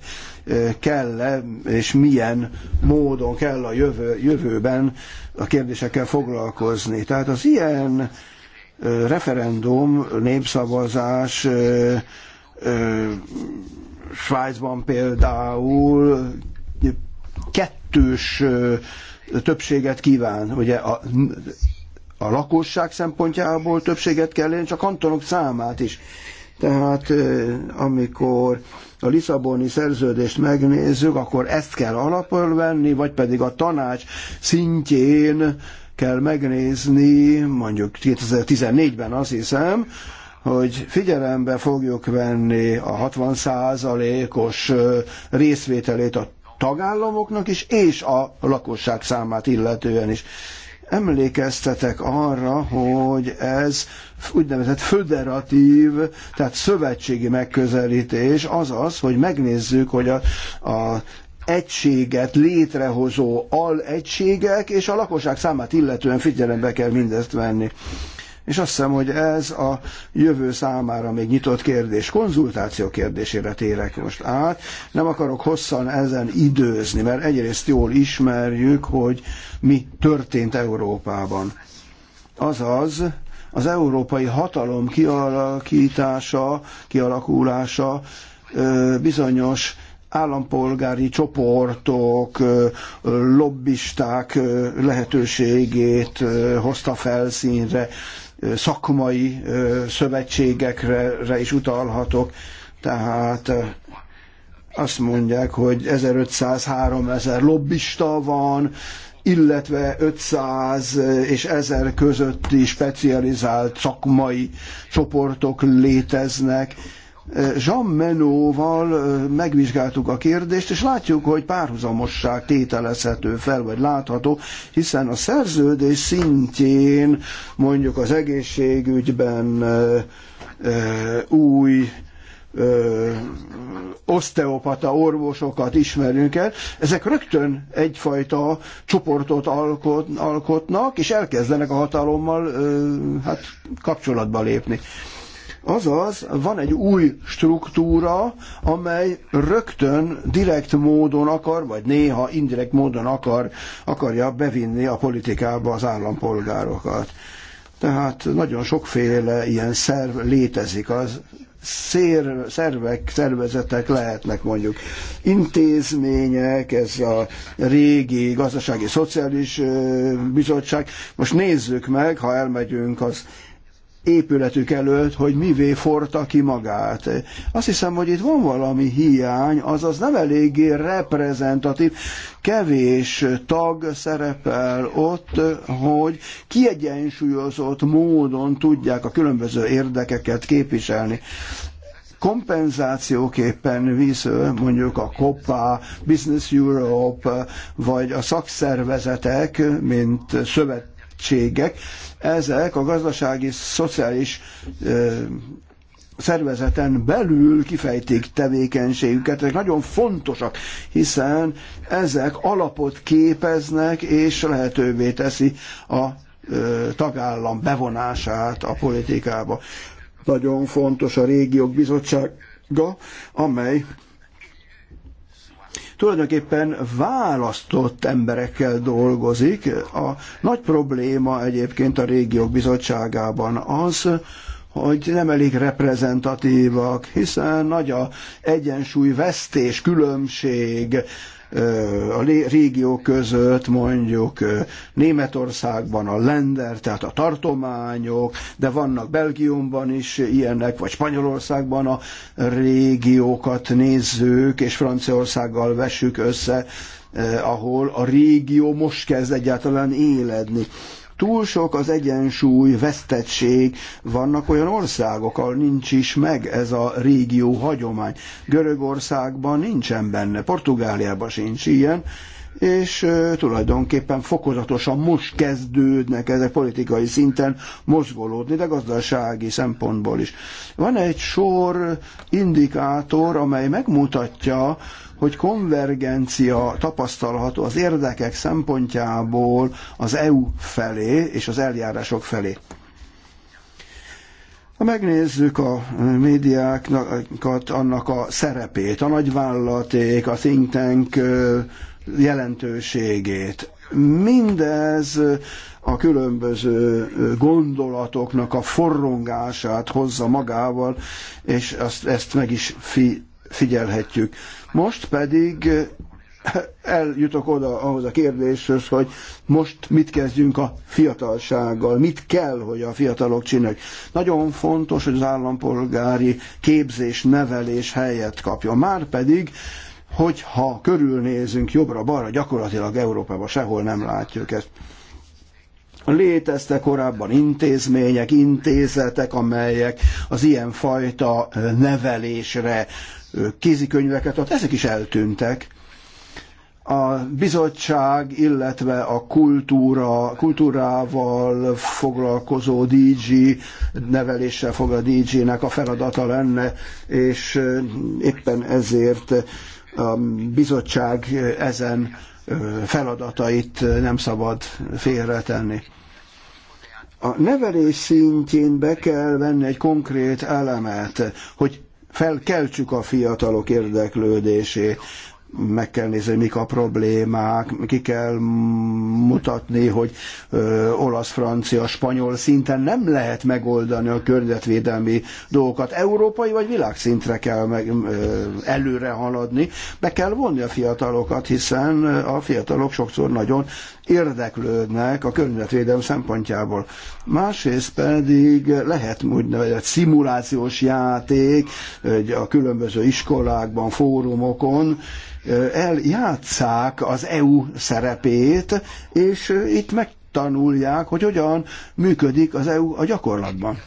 kell -e, és milyen módon kell a jövő, jövőben a kérdésekkel foglalkozni. Tehát az ilyen referendum, népszavazás, Svájcban például kettős többséget kíván. Ugye a, a lakosság szempontjából többséget kell élni, csak kantonok számát is. Tehát amikor a Lisszaboni szerződést megnézzük, akkor ezt kell alapul venni, vagy pedig a tanács szintjén kell megnézni, mondjuk 2014-ben azt hiszem, hogy figyelembe fogjuk venni a 60 os részvételét a tagállamoknak is, és a lakosság számát illetően is. Emlékeztetek arra, hogy ez úgynevezett föderatív, tehát szövetségi megközelítés, azaz, hogy megnézzük, hogy a, a egységet létrehozó alegységek és a lakosság számát illetően figyelembe kell mindezt venni és azt hiszem, hogy ez a jövő számára még nyitott kérdés. Konzultáció kérdésére térek most át. Nem akarok hosszan ezen időzni, mert egyrészt jól ismerjük, hogy mi történt Európában. Azaz, az európai hatalom kialakítása, kialakulása bizonyos állampolgári csoportok, lobbisták lehetőségét hozta felszínre szakmai szövetségekre is utalhatok. Tehát azt mondják, hogy 1500-3000 lobbista van, illetve 500 és 1000 közötti specializált szakmai csoportok léteznek Jean Menóval megvizsgáltuk a kérdést, és látjuk, hogy párhuzamosság tételezhető fel, vagy látható, hiszen a szerződés szintjén mondjuk az egészségügyben új osteopata oszteopata orvosokat ismerünk el, ezek rögtön egyfajta csoportot alkot, alkotnak, és elkezdenek a hatalommal ö, hát kapcsolatba lépni. Azaz, van egy új struktúra, amely rögtön direkt módon akar, vagy néha indirekt módon akar, akarja bevinni a politikába az állampolgárokat. Tehát nagyon sokféle ilyen szerv létezik az szér, szervek, szervezetek lehetnek mondjuk intézmények, ez a régi gazdasági szociális bizottság. Most nézzük meg, ha elmegyünk az épületük előtt, hogy mivé forta ki magát. Azt hiszem, hogy itt van valami hiány, azaz nem eléggé reprezentatív, kevés tag szerepel ott, hogy kiegyensúlyozott módon tudják a különböző érdekeket képviselni kompenzációképpen visz mondjuk a COPA, Business Europe, vagy a szakszervezetek, mint szövet, költségek, ezek a gazdasági, szociális szervezeten belül kifejtik tevékenységüket. Ezek nagyon fontosak, hiszen ezek alapot képeznek és lehetővé teszi a tagállam bevonását a politikába. Nagyon fontos a régiók bizottsága, amely tulajdonképpen választott emberekkel dolgozik. A nagy probléma egyébként a régiók bizottságában az, hogy nem elég reprezentatívak, hiszen nagy a egyensúlyvesztés, különbség a régió között, mondjuk Németországban a lender, tehát a tartományok, de vannak Belgiumban is ilyenek, vagy Spanyolországban a régiókat nézzük, és Franciaországgal vessük össze, ahol a régió most kezd egyáltalán éledni túl sok az egyensúly, vesztettség. Vannak olyan országok, ahol nincs is meg ez a régió hagyomány. Görögországban nincsen benne, Portugáliában sincs ilyen és tulajdonképpen fokozatosan most kezdődnek ezek politikai szinten mozgolódni, de gazdasági szempontból is. Van egy sor indikátor, amely megmutatja, hogy konvergencia tapasztalható az érdekek szempontjából az EU felé és az eljárások felé. Ha megnézzük a médiákat, annak a szerepét, a nagyvállalaték, a think tank jelentőségét, mindez a különböző gondolatoknak a forrongását hozza magával, és azt, ezt meg is fi, figyelhetjük. Most pedig eh, eljutok oda ahhoz a kérdéshez, hogy most mit kezdjünk a fiatalsággal, mit kell, hogy a fiatalok csinálják. Nagyon fontos, hogy az állampolgári képzés, nevelés helyet kapja. Már pedig, hogyha körülnézünk jobbra-balra, gyakorlatilag Európában sehol nem látjuk ezt. Léteztek korábban intézmények, intézetek, amelyek az ilyenfajta nevelésre kézikönyveket, ad, ezek is eltűntek. A bizottság, illetve a kultúra, kultúrával foglalkozó DG, neveléssel a DG-nek a feladata lenne, és éppen ezért a bizottság ezen feladatait nem szabad félretenni. A nevelés szintjén be kell venni egy konkrét elemet, hogy felkeltsük a fiatalok érdeklődését, meg kell nézni, mik a problémák, ki kell mutatni, hogy ö, olasz, francia, spanyol szinten nem lehet megoldani a környezetvédelmi dolgokat. Európai vagy világszintre kell meg, ö, előre haladni, be kell vonni a fiatalokat, hiszen a fiatalok sokszor nagyon érdeklődnek a környezetvédelem szempontjából. Másrészt pedig lehet egy szimulációs játék a különböző iskolákban, fórumokon, eljátszák az EU szerepét, és itt megtanulják, hogy hogyan működik az EU a gyakorlatban.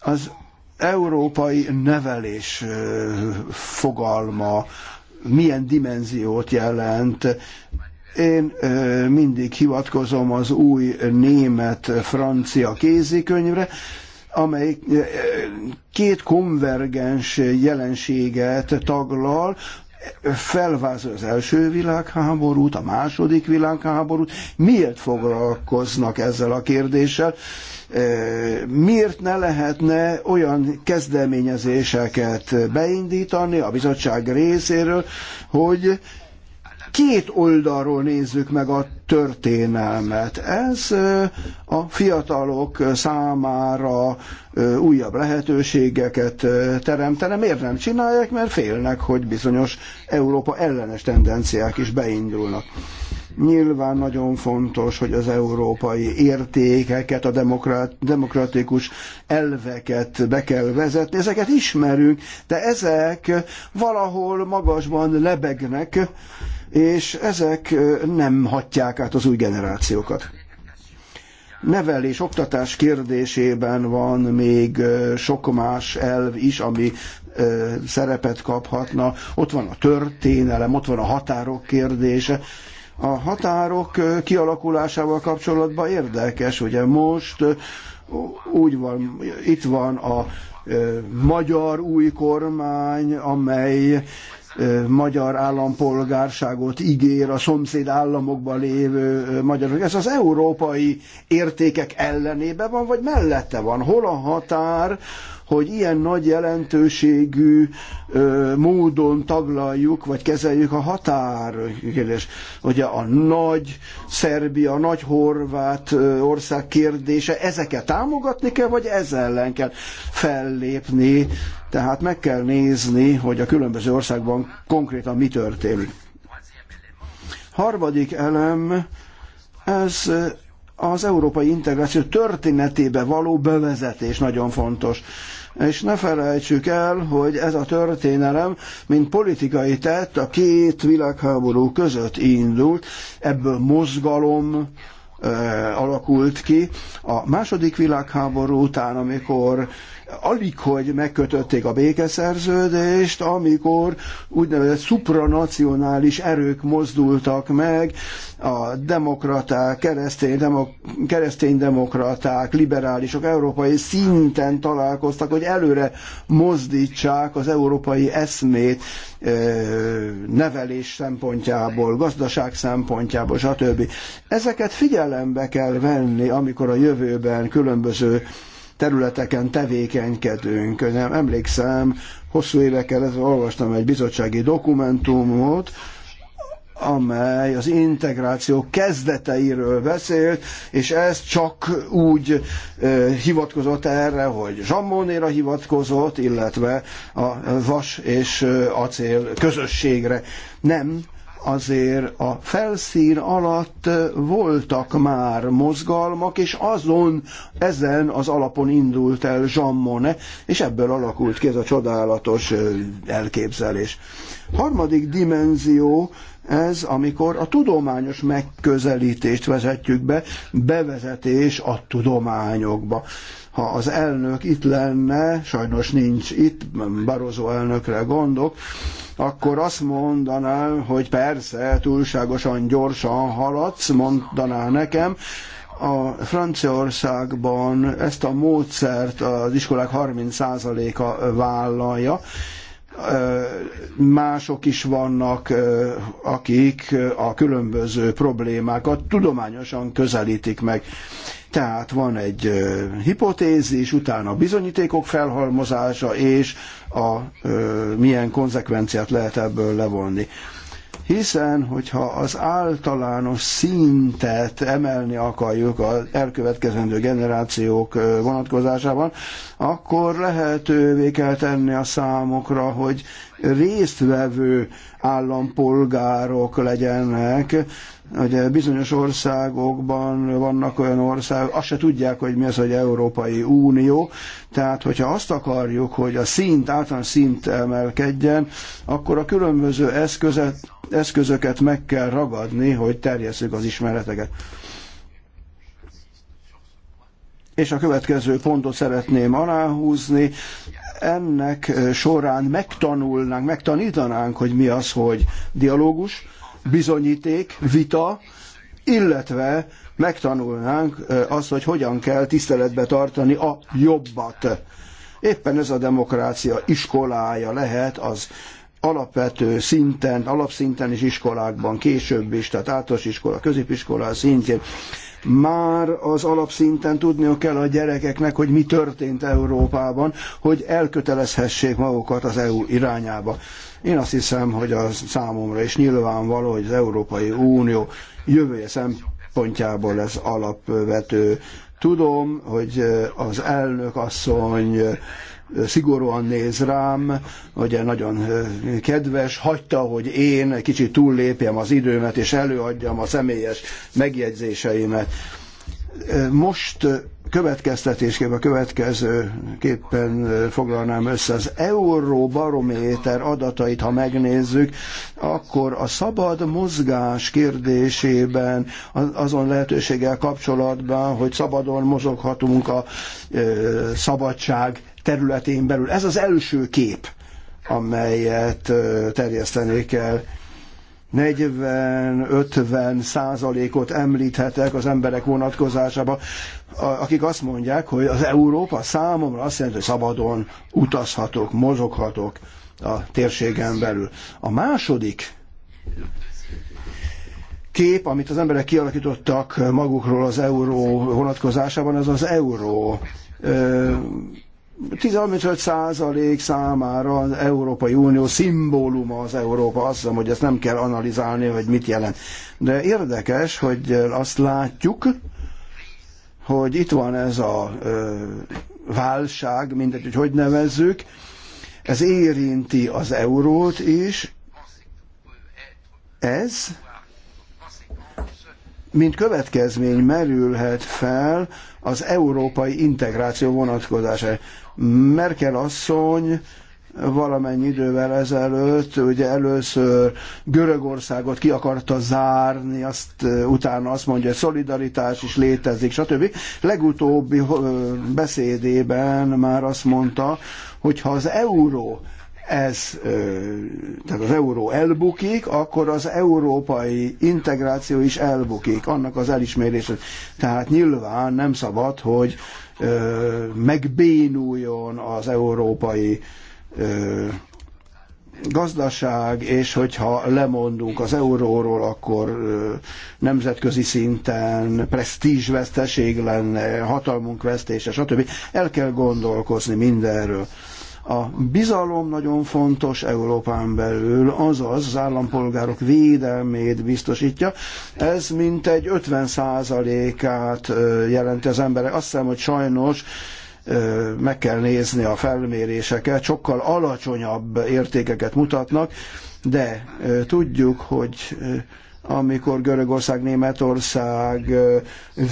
Az európai nevelés fogalma milyen dimenziót jelent, én mindig hivatkozom az új német-francia kézikönyvre, amely két konvergens jelenséget taglal, felvázol az első világháborút, a második világháborút, miért foglalkoznak ezzel a kérdéssel, miért ne lehetne olyan kezdeményezéseket beindítani a bizottság részéről, hogy két oldalról nézzük meg a történelmet. Ez a fiatalok számára újabb lehetőségeket teremtene. Miért nem csinálják? Mert félnek, hogy bizonyos Európa ellenes tendenciák is beindulnak. Nyilván nagyon fontos, hogy az európai értékeket, a demokratikus elveket be kell vezetni. Ezeket ismerünk, de ezek valahol magasban lebegnek, és ezek nem hatják át az új generációkat nevelés, oktatás kérdésében van még sok más elv is, ami szerepet kaphatna. Ott van a történelem, ott van a határok kérdése. A határok kialakulásával kapcsolatban érdekes, ugye most úgy van, itt van a magyar új kormány, amely magyar állampolgárságot ígér a szomszéd államokban lévő magyarok. Ez az európai értékek ellenébe van, vagy mellette van? Hol a határ hogy ilyen nagy jelentőségű módon taglaljuk, vagy kezeljük a határ kérdés. Ugye a nagy Szerbia, a nagy Horvát ország kérdése, ezeket támogatni kell, vagy ez ellen kell fellépni? Tehát meg kell nézni, hogy a különböző országban konkrétan mi történik. Harmadik elem, ez az európai integráció történetébe való bevezetés nagyon fontos. És ne felejtsük el, hogy ez a történelem, mint politikai tett, a két világháború között indult, ebből mozgalom, eh, alakult ki. A második világháború után, amikor alig, hogy megkötötték a békeszerződést, amikor úgynevezett supranacionális erők mozdultak meg, a demokraták, keresztény, demok, keresztény demokraták, liberálisok európai szinten találkoztak, hogy előre mozdítsák az európai eszmét nevelés szempontjából, gazdaság szempontjából, stb. Ezeket figyelembe kell venni, amikor a jövőben különböző területeken tevékenykedünk. Nem emlékszem, hosszú évekkel ezelőtt olvastam egy bizottsági dokumentumot, amely az integráció kezdeteiről beszélt, és ez csak úgy hivatkozott erre, hogy Zsammonéra hivatkozott, illetve a vas és acél közösségre. Nem, azért a felszín alatt voltak már mozgalmak, és azon, ezen az alapon indult el Jean Monnet, és ebből alakult ki ez a csodálatos elképzelés. Harmadik dimenzió, ez, amikor a tudományos megközelítést vezetjük be, bevezetés a tudományokba ha az elnök itt lenne, sajnos nincs itt, Barozó elnökre gondok, akkor azt mondaná, hogy persze, túlságosan gyorsan haladsz, mondaná nekem, a Franciaországban ezt a módszert az iskolák 30%-a vállalja, mások is vannak, akik a különböző problémákat tudományosan közelítik meg. Tehát van egy hipotézis, utána a bizonyítékok felhalmozása, és a ö, milyen konzekvenciát lehet ebből levonni hiszen hogyha az általános szintet emelni akarjuk az elkövetkezendő generációk vonatkozásában, akkor lehetővé kell tenni a számokra, hogy résztvevő állampolgárok legyenek, Ugye bizonyos országokban vannak olyan országok, azt se tudják, hogy mi az, hogy Európai Unió, tehát hogyha azt akarjuk, hogy a szint, általános szint emelkedjen, akkor a különböző eszközet, eszközöket meg kell ragadni, hogy terjesszük az ismereteket. És a következő pontot szeretném aláhúzni, ennek során megtanulnánk, megtanítanánk, hogy mi az, hogy dialógus, bizonyíték, vita, illetve megtanulnánk azt, hogy hogyan kell tiszteletbe tartani a jobbat. Éppen ez a demokrácia iskolája lehet az alapvető szinten, alapszinten is iskolákban, később is, tehát általános iskola, középiskola szintjén. Már az alapszinten tudniuk kell a gyerekeknek, hogy mi történt Európában, hogy elkötelezhessék magukat az EU irányába. Én azt hiszem, hogy a számomra is nyilvánvaló, hogy az Európai Unió jövője szempontjából ez alapvető. Tudom, hogy eh, az elnök asszony eh, szigorúan néz rám, ugye nagyon eh, kedves, hagyta, hogy én kicsit túllépjem az időmet, és előadjam a személyes megjegyzéseimet most következtetésképp a következőképpen foglalnám össze. Az euróbarométer adatait, ha megnézzük, akkor a szabad mozgás kérdésében, azon lehetőséggel kapcsolatban, hogy szabadon mozoghatunk a szabadság területén belül. Ez az első kép, amelyet terjesztenék el 40-50 százalékot említhetek az emberek vonatkozásába, akik azt mondják, hogy az Európa számomra azt jelenti, hogy szabadon utazhatok, mozoghatok a térségen belül. A második kép, amit az emberek kialakítottak magukról az euró vonatkozásában, az az euró 15 százalék számára az Európai Unió szimbóluma az Európa, azt hiszem, hogy ezt nem kell analizálni, hogy mit jelent. De érdekes, hogy azt látjuk, hogy itt van ez a ö, válság, mindegy, hogy hogy nevezzük, ez érinti az eurót is, ez mint következmény merülhet fel az európai integráció vonatkozása. Merkel asszony valamennyi idővel ezelőtt, ugye először Görögországot ki akarta zárni, azt utána azt mondja, hogy szolidaritás is létezik, stb. Legutóbbi beszédében már azt mondta, hogy ha az euró ez, tehát az euró elbukik, akkor az európai integráció is elbukik, annak az elismerése. Tehát nyilván nem szabad, hogy megbénuljon az európai gazdaság, és hogyha lemondunk az euróról, akkor nemzetközi szinten presztízsveszteség lenne, hatalmunk vesztése, stb. El kell gondolkozni mindenről. A bizalom nagyon fontos Európán belül, azaz az állampolgárok védelmét biztosítja. Ez mintegy 50%-át jelenti az emberek. Azt hiszem, hogy sajnos meg kell nézni a felméréseket, sokkal alacsonyabb értékeket mutatnak, de tudjuk, hogy amikor Görögország, Németország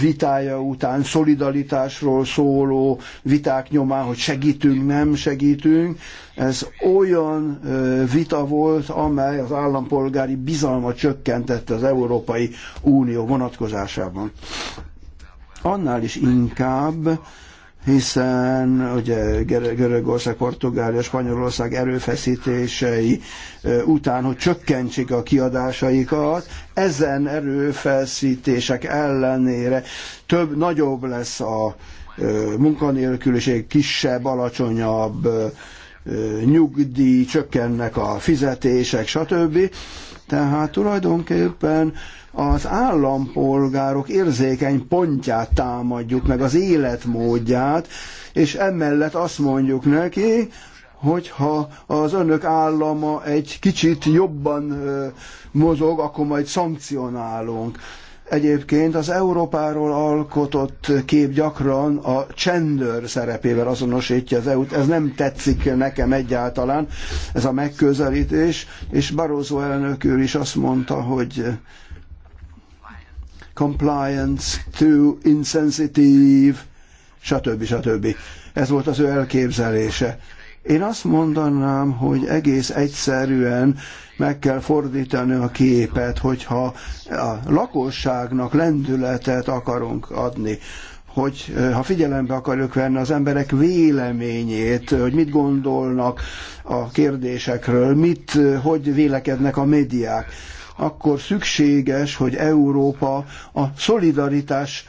vitája után szolidaritásról szóló viták nyomán, hogy segítünk, nem segítünk. Ez olyan vita volt, amely az állampolgári bizalmat csökkentette az Európai Unió vonatkozásában. Annál is inkább, hiszen ugye Görögország, Portugália, Spanyolország erőfeszítései után, hogy csökkentsék a kiadásaikat, ezen erőfeszítések ellenére több, nagyobb lesz a munkanélküliség, kisebb, alacsonyabb nyugdíj, csökkennek a fizetések, stb. Tehát tulajdonképpen az állampolgárok érzékeny pontját támadjuk meg, az életmódját, és emellett azt mondjuk neki, hogyha az önök állama egy kicsit jobban mozog, akkor majd szankcionálunk. Egyébként az Európáról alkotott kép gyakran a csendőr szerepével azonosítja az EU-t. Ez nem tetszik nekem egyáltalán, ez a megközelítés, és Barroso elnök úr is azt mondta, hogy compliance, too insensitive, stb. stb. Ez volt az ő elképzelése. Én azt mondanám, hogy egész egyszerűen meg kell fordítani a képet, hogyha a lakosságnak lendületet akarunk adni, hogy ha figyelembe akarjuk venni az emberek véleményét, hogy mit gondolnak a kérdésekről, mit, hogy vélekednek a médiák akkor szükséges, hogy Európa a szolidaritás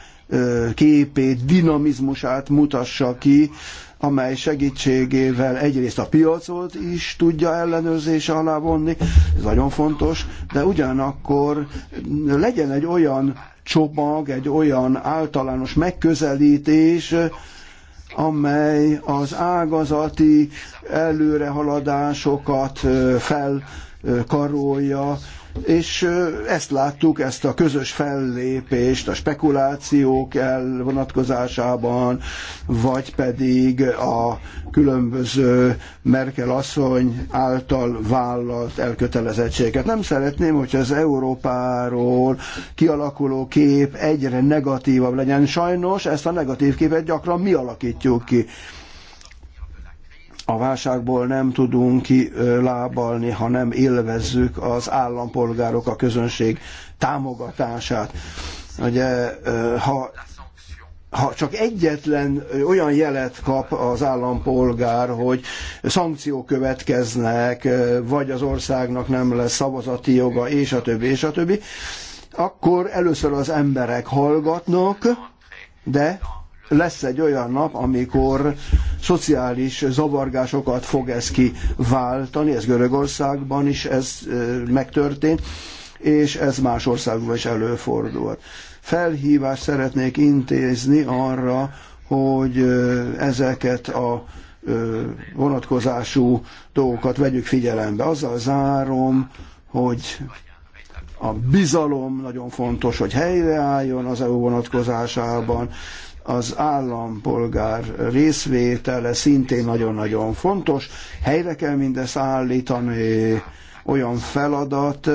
képét, dinamizmusát mutassa ki, amely segítségével egyrészt a piacot is tudja ellenőrzése alá vonni, ez nagyon fontos, de ugyanakkor legyen egy olyan csomag, egy olyan általános megközelítés, amely az ágazati előrehaladásokat felkarolja, és ezt láttuk, ezt a közös fellépést a spekulációk elvonatkozásában, vagy pedig a különböző Merkel asszony által vállalt elkötelezettséget. Nem szeretném, hogy az Európáról kialakuló kép egyre negatívabb legyen. Sajnos ezt a negatív képet gyakran mi alakítjuk ki a válságból nem tudunk ki ha nem élvezzük az állampolgárok, a közönség támogatását. Ugye, ha ha csak egyetlen olyan jelet kap az állampolgár, hogy szankciók következnek, vagy az országnak nem lesz szavazati joga, és a többi, és a többi, akkor először az emberek hallgatnak, de lesz egy olyan nap, amikor szociális zavargásokat fog ez kiváltani, ez Görögországban is ez megtörtént, és ez más országban is előfordulhat. Felhívást szeretnék intézni arra, hogy ezeket a vonatkozású dolgokat vegyük figyelembe. Azzal zárom, hogy a bizalom nagyon fontos, hogy helyreálljon az EU vonatkozásában, az állampolgár részvétele szintén nagyon-nagyon fontos. Helyre kell mindezt állítani, olyan feladat,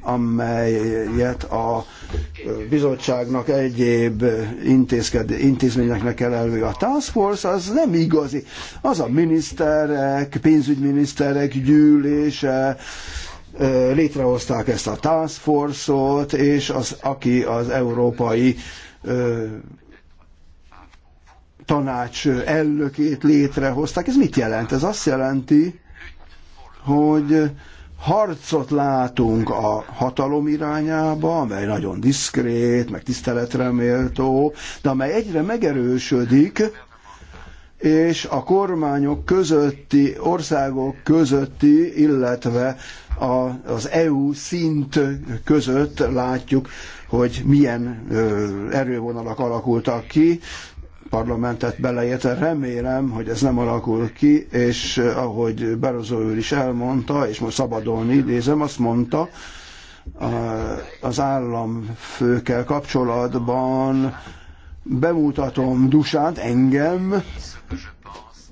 amelyet a bizottságnak egyéb intézményeknek kell elvő. A Task Force az nem igazi. Az a miniszterek, pénzügyminiszterek gyűlése, létrehozták ezt a Task Force-ot, és az, aki az európai tanács elnökét létrehozták. Ez mit jelent? Ez azt jelenti, hogy harcot látunk a hatalom irányába, amely nagyon diszkrét, meg tiszteletre méltó, de amely egyre megerősödik, és a kormányok közötti, országok közötti, illetve a, az EU szint között látjuk, hogy milyen ö, erővonalak alakultak ki parlamentet beleértve. Remélem, hogy ez nem alakul ki, és eh, ahogy Barozó úr is elmondta, és most szabadon idézem, azt mondta, az államfőkkel kapcsolatban bemutatom Dusát, engem,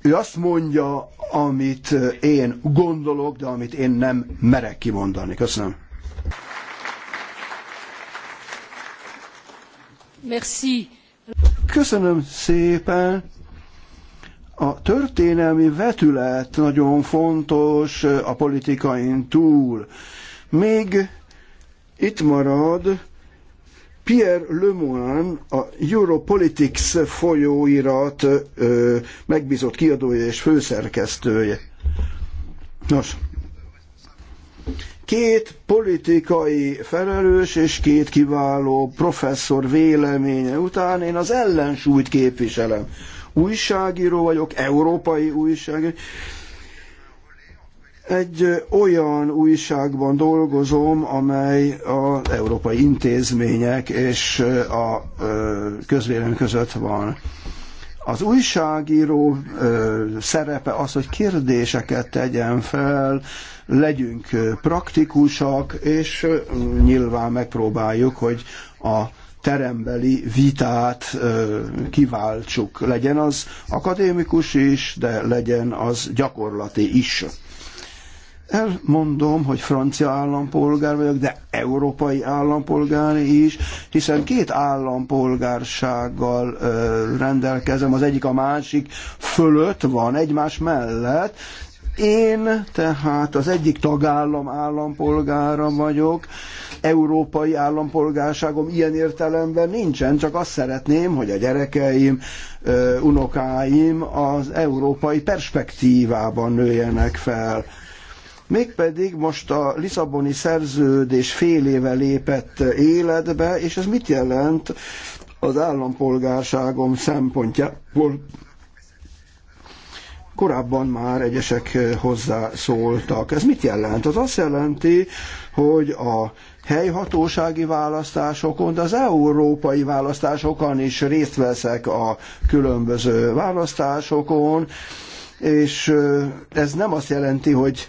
ő azt mondja, amit én gondolok, de amit én nem merek kimondani. Köszönöm. Merci. Köszönöm szépen. A történelmi vetület nagyon fontos a politikain túl. Még itt marad Pierre Lemoine, a Europolitics folyóirat ö, megbízott kiadója és főszerkesztője. Nos, Két politikai felelős és két kiváló professzor véleménye után én az ellensúlyt képviselem. Újságíró vagyok, európai újságíró. Egy olyan újságban dolgozom, amely az európai intézmények és a közvélemény között van az újságíró ö, szerepe az, hogy kérdéseket tegyen fel, legyünk praktikusak, és nyilván megpróbáljuk, hogy a terembeli vitát kiváltsuk. Legyen az akadémikus is, de legyen az gyakorlati is. Elmondom, hogy francia állampolgár vagyok, de európai állampolgár is, hiszen két állampolgársággal ö, rendelkezem, az egyik a másik fölött van, egymás mellett. Én tehát az egyik tagállam állampolgára vagyok, európai állampolgárságom ilyen értelemben nincsen, csak azt szeretném, hogy a gyerekeim, unokáim az európai perspektívában nőjenek fel Mégpedig most a Lisszaboni szerződés fél éve lépett életbe, és ez mit jelent az állampolgárságom szempontjából? korábban már egyesek hozzászóltak. Ez mit jelent? Az azt jelenti, hogy a helyhatósági választásokon, de az európai választásokon is részt veszek a különböző választásokon, és ez nem azt jelenti, hogy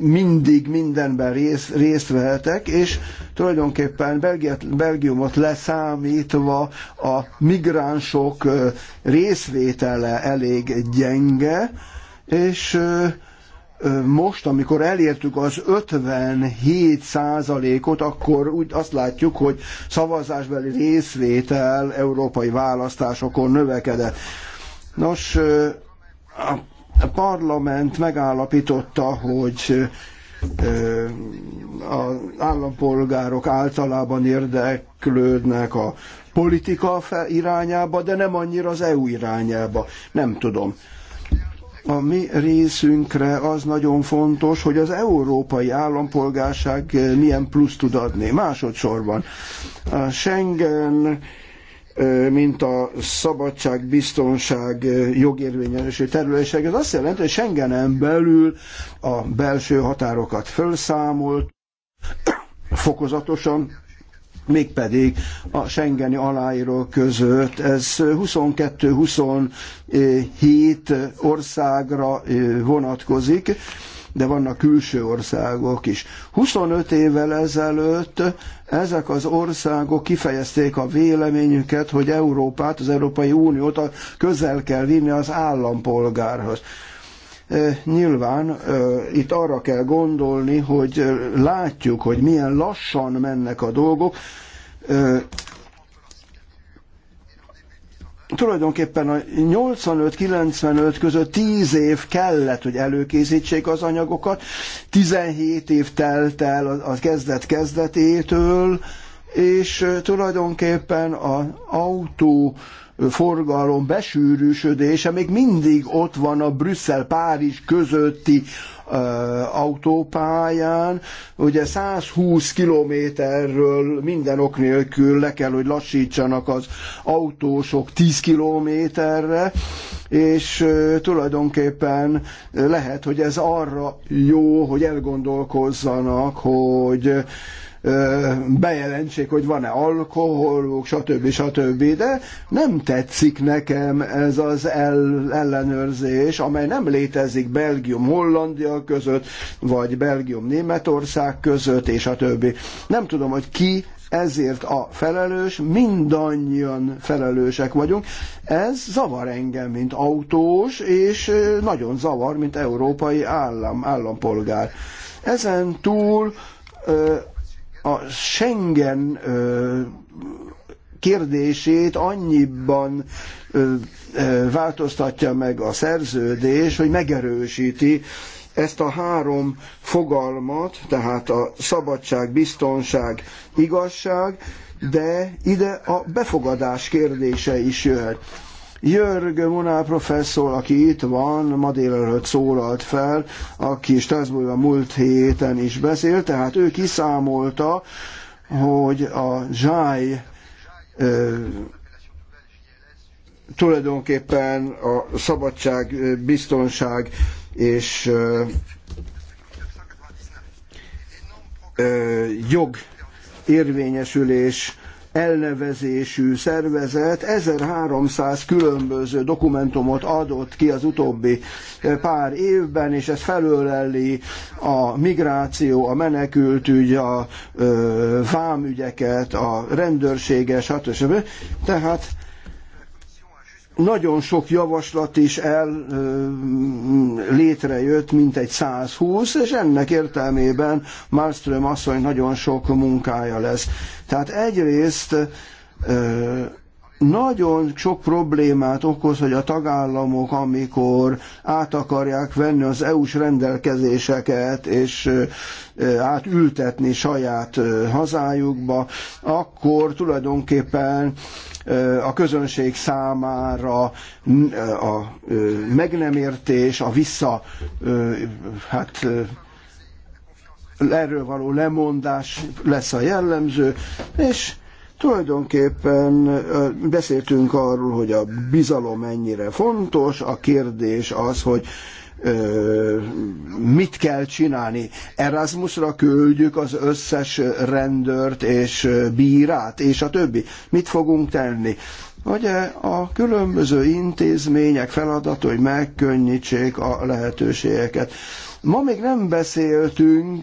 mindig mindenben rész, részt vehetek, és tulajdonképpen Belgiát, Belgiumot leszámítva a migránsok részvétele elég gyenge, és most, amikor elértük az 57 százalékot, akkor úgy azt látjuk, hogy szavazásbeli részvétel európai választásokon növekedett. Nos, a a parlament megállapította, hogy az állampolgárok általában érdeklődnek a politika irányába, de nem annyira az EU irányába. Nem tudom. A mi részünkre az nagyon fontos, hogy az európai állampolgárság milyen plusz tud adni. Másodszorban a Schengen mint a szabadság, biztonság, jogérvényesítő területeség. Ez azt jelenti, hogy Schengenen belül a belső határokat felszámolt, fokozatosan, mégpedig a Schengeni aláíró között. Ez 22-27 országra vonatkozik de vannak külső országok is. 25 évvel ezelőtt ezek az országok kifejezték a véleményüket, hogy Európát, az Európai Uniót közel kell vinni az állampolgárhoz e, nyilván e, itt arra kell gondolni, hogy látjuk, hogy milyen lassan mennek a dolgok, e, tulajdonképpen a 85-95 között 10 év kellett, hogy előkészítsék az anyagokat, 17 év telt el a kezdet kezdetétől, és tulajdonképpen az autó forgalom besűrűsödése még mindig ott van a Brüsszel-Párizs közötti autópályán, ugye 120 kilométerről minden ok nélkül le kell, hogy lassítsanak az autósok 10 kilométerre, és tulajdonképpen lehet, hogy ez arra jó, hogy elgondolkozzanak, hogy bejelentsék, hogy van-e alkoholuk, stb. stb. De nem tetszik nekem ez az el, ellenőrzés, amely nem létezik Belgium-Hollandia között, vagy Belgium-Németország között, és a többi. Nem tudom, hogy ki ezért a felelős, mindannyian felelősek vagyunk. Ez zavar engem, mint autós, és nagyon zavar, mint európai állam, állampolgár. Ezen túl a Schengen kérdését annyiban változtatja meg a szerződés, hogy megerősíti ezt a három fogalmat, tehát a szabadság, biztonság, igazság, de ide a befogadás kérdése is jöhet. Jörg Monál professzor, aki itt van, ma délelőtt szólalt fel, aki Strasbourgban múlt héten is beszélt, tehát ő kiszámolta, hogy a zsáj e, tulajdonképpen a szabadság, biztonság és e, e, jog érvényesülés elnevezésű szervezet 1300 különböző dokumentumot adott ki az utóbbi eh, pár évben, és ez felöleli a migráció, a menekültügy, a eh, vámügyeket, a rendőrséges, stb. Tehát nagyon sok javaslat is el létrejött, mint egy 120, és ennek értelmében Malmström asszony nagyon sok munkája lesz. Tehát egyrészt nagyon sok problémát okoz, hogy a tagállamok, amikor át akarják venni az EU-s rendelkezéseket, és átültetni saját hazájukba, akkor tulajdonképpen a közönség számára a meg nem értés, a vissza, hát erről való lemondás lesz a jellemző, és Tulajdonképpen beszéltünk arról, hogy a bizalom mennyire fontos, a kérdés az, hogy mit kell csinálni. Erasmusra küldjük az összes rendőrt és bírát, és a többi. Mit fogunk tenni? Ugye a különböző intézmények feladata, hogy megkönnyítsék a lehetőségeket. Ma még nem beszéltünk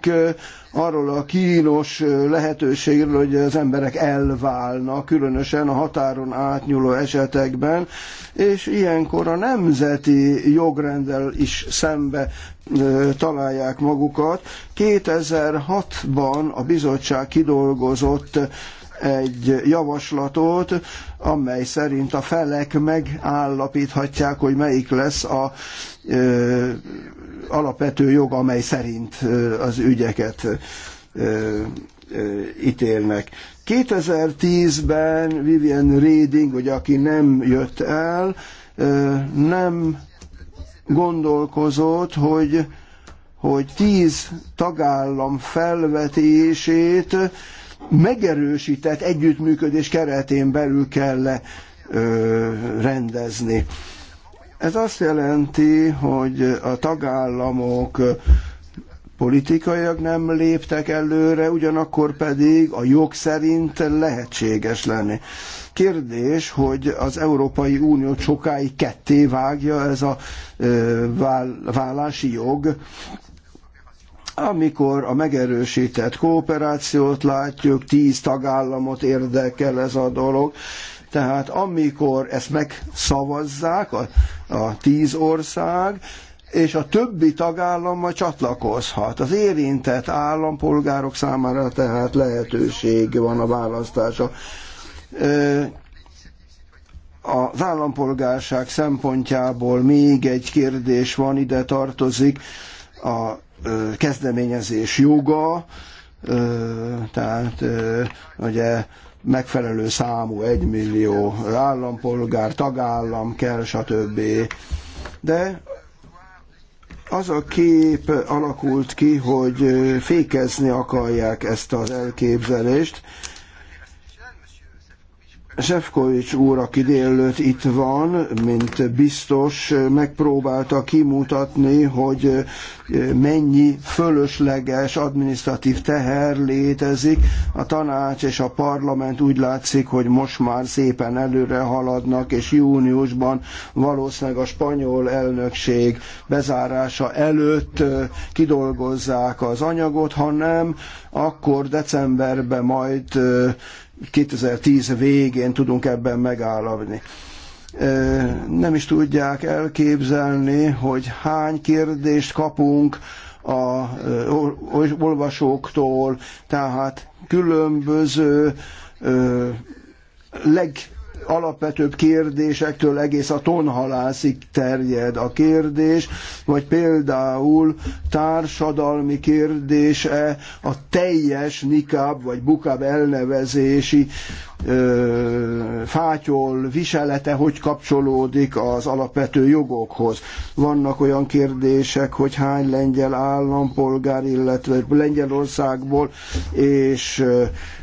arról a kínos lehetőségről, hogy az emberek elválnak, különösen a határon átnyúló esetekben, és ilyenkor a nemzeti jogrendel is szembe találják magukat. 2006-ban a bizottság kidolgozott egy javaslatot, amely szerint a felek megállapíthatják, hogy melyik lesz a alapvető jog, amely szerint az ügyeket ítélnek. 2010-ben Vivian Reading, ugye, aki nem jött el, nem gondolkozott, hogy, hogy tíz tagállam felvetését megerősített együttműködés keretén belül kell rendezni. Ez azt jelenti, hogy a tagállamok politikaiak nem léptek előre, ugyanakkor pedig a jog szerint lehetséges lenni. Kérdés, hogy az Európai Unió sokáig ketté vágja ez a vállási jog, amikor a megerősített kooperációt látjuk, tíz tagállamot érdekel ez a dolog, tehát amikor ezt megszavazzák, a, a tíz ország, és a többi tagállam majd csatlakozhat. Az érintett állampolgárok számára tehát lehetőség van a választása. Az állampolgárság szempontjából még egy kérdés van, ide tartozik a kezdeményezés joga, tehát ugye megfelelő számú egymillió állampolgár, tagállam kell, stb. De az a kép alakult ki, hogy fékezni akarják ezt az elképzelést, Zsefkovics úr, aki délelőtt itt van, mint biztos, megpróbálta kimutatni, hogy mennyi fölösleges adminisztratív teher létezik. A tanács és a parlament úgy látszik, hogy most már szépen előre haladnak, és júniusban valószínűleg a spanyol elnökség bezárása előtt kidolgozzák az anyagot, ha nem, akkor decemberben majd 2010 végén tudunk ebben megállapodni. Nem is tudják elképzelni, hogy hány kérdést kapunk a olvasóktól, tehát különböző leg legalapvetőbb kérdésektől egész a tonhalászig terjed a kérdés, vagy például társadalmi kérdése a teljes nikab vagy bukab elnevezési ö, fátyol viselete hogy kapcsolódik az alapvető jogokhoz. Vannak olyan kérdések, hogy hány lengyel állampolgár, illetve Lengyelországból és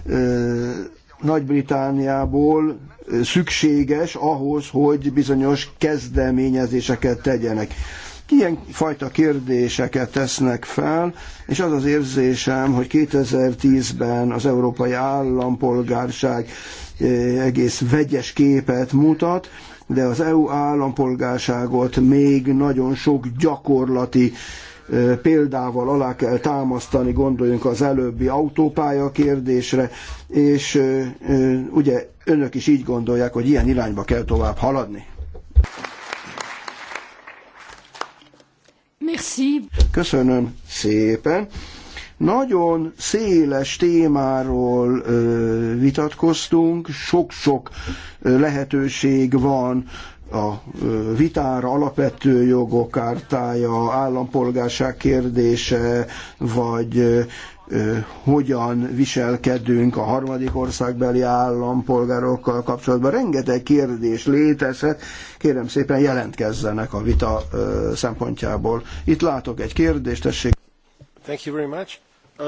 ö, Nagy-Britániából szükséges ahhoz, hogy bizonyos kezdeményezéseket tegyenek. Ilyen fajta kérdéseket tesznek fel, és az az érzésem, hogy 2010-ben az európai állampolgárság eh, egész vegyes képet mutat, de az EU állampolgárságot még nagyon sok gyakorlati példával alá kell támasztani, gondoljunk az előbbi autópálya kérdésre, és ugye önök is így gondolják, hogy ilyen irányba kell tovább haladni. Merci. Köszönöm szépen. Nagyon széles témáról vitatkoztunk, sok-sok lehetőség van a vitára, alapvető jogok kártája, állampolgárság kérdése, vagy hogyan viselkedünk a harmadik országbeli állampolgárokkal kapcsolatban. Rengeteg kérdés létezhet. Kérem szépen jelentkezzenek a vita szempontjából. Itt látok egy kérdést, tessék. Thank you very much. Uh...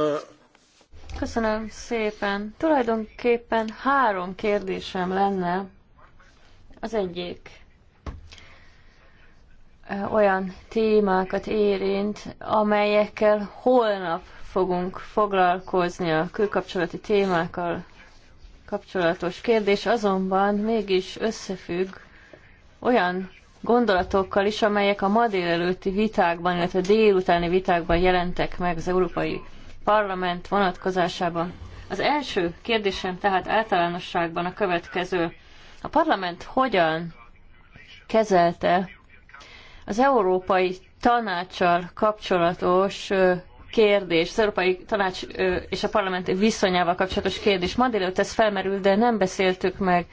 Köszönöm szépen. Tulajdonképpen három kérdésem lenne. Az egyik olyan témákat érint, amelyekkel holnap fogunk foglalkozni a külkapcsolati témákkal kapcsolatos kérdés, azonban mégis összefügg olyan gondolatokkal is, amelyek a ma délelőtti vitákban, illetve délutáni vitákban jelentek meg az Európai Parlament vonatkozásában. Az első kérdésem tehát általánosságban a következő. A parlament hogyan kezelte az Európai Tanácssal kapcsolatos kérdés, az Európai Tanács és a Parlament viszonyával kapcsolatos kérdés. Ma délőtt ez felmerült, de nem beszéltük meg.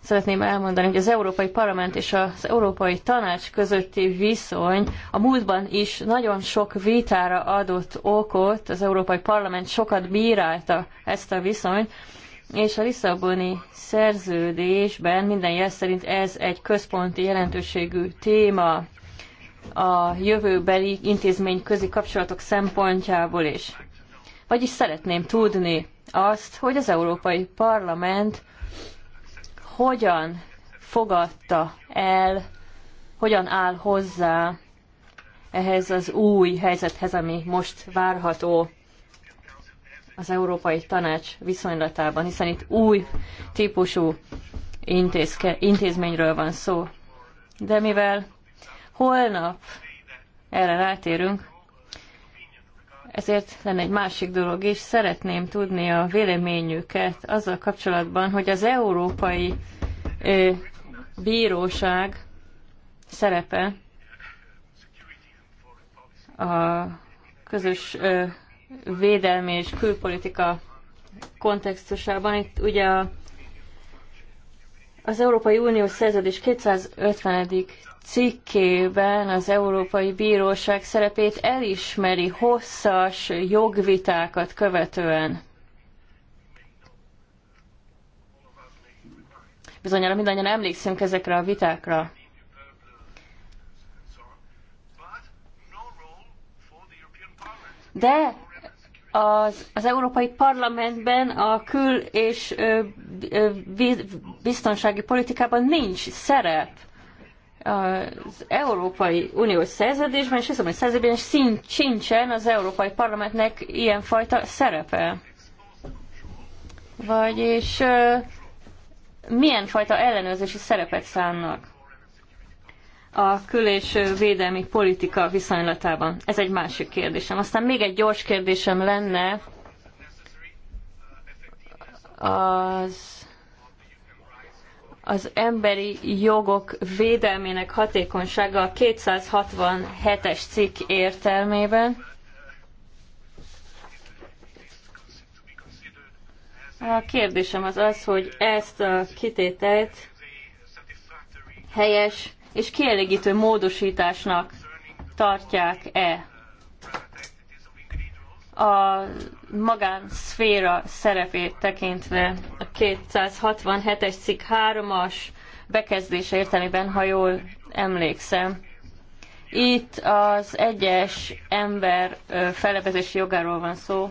Szeretném elmondani, hogy az Európai Parlament és az Európai Tanács közötti viszony a múltban is nagyon sok vitára adott okot. Az Európai Parlament sokat bírálta ezt a viszonyt, és a Lisszaboni szerződésben minden jel szerint ez egy központi jelentőségű téma a jövőbeli intézmény kapcsolatok szempontjából is. Vagyis szeretném tudni azt, hogy az Európai Parlament hogyan fogadta el, hogyan áll hozzá ehhez az új helyzethez, ami most várható az Európai Tanács viszonylatában, hiszen itt új típusú intézményről van szó. De mivel Holnap erre rátérünk, ezért lenne egy másik dolog is. Szeretném tudni a véleményüket azzal kapcsolatban, hogy az Európai ö, Bíróság szerepe a közös ö, védelmi és külpolitika kontextusában. Itt ugye a az Európai Unió szerződés 250. cikkében az Európai Bíróság szerepét elismeri hosszas jogvitákat követően. Bizonyára mindannyian emlékszünk ezekre a vitákra. De az, az Európai Parlamentben a kül- és ö, ö, biztonsági politikában nincs szerep az Európai Uniós szerződésben, és hiszem, hogy szerződésben szint, sincsen az Európai Parlamentnek ilyenfajta szerepe. Vagyis ö, milyen fajta ellenőrzési szerepet szánnak? a kül- és védelmi politika viszonylatában? Ez egy másik kérdésem. Aztán még egy gyors kérdésem lenne az az emberi jogok védelmének hatékonysága a 267-es cikk értelmében. A kérdésem az az, hogy ezt a kitételt helyes és kielégítő módosításnak tartják-e a magánszféra szerepét tekintve a 267-es cikk 3-as bekezdése értelmében, ha jól emlékszem. Itt az egyes ember felebezési jogáról van szó,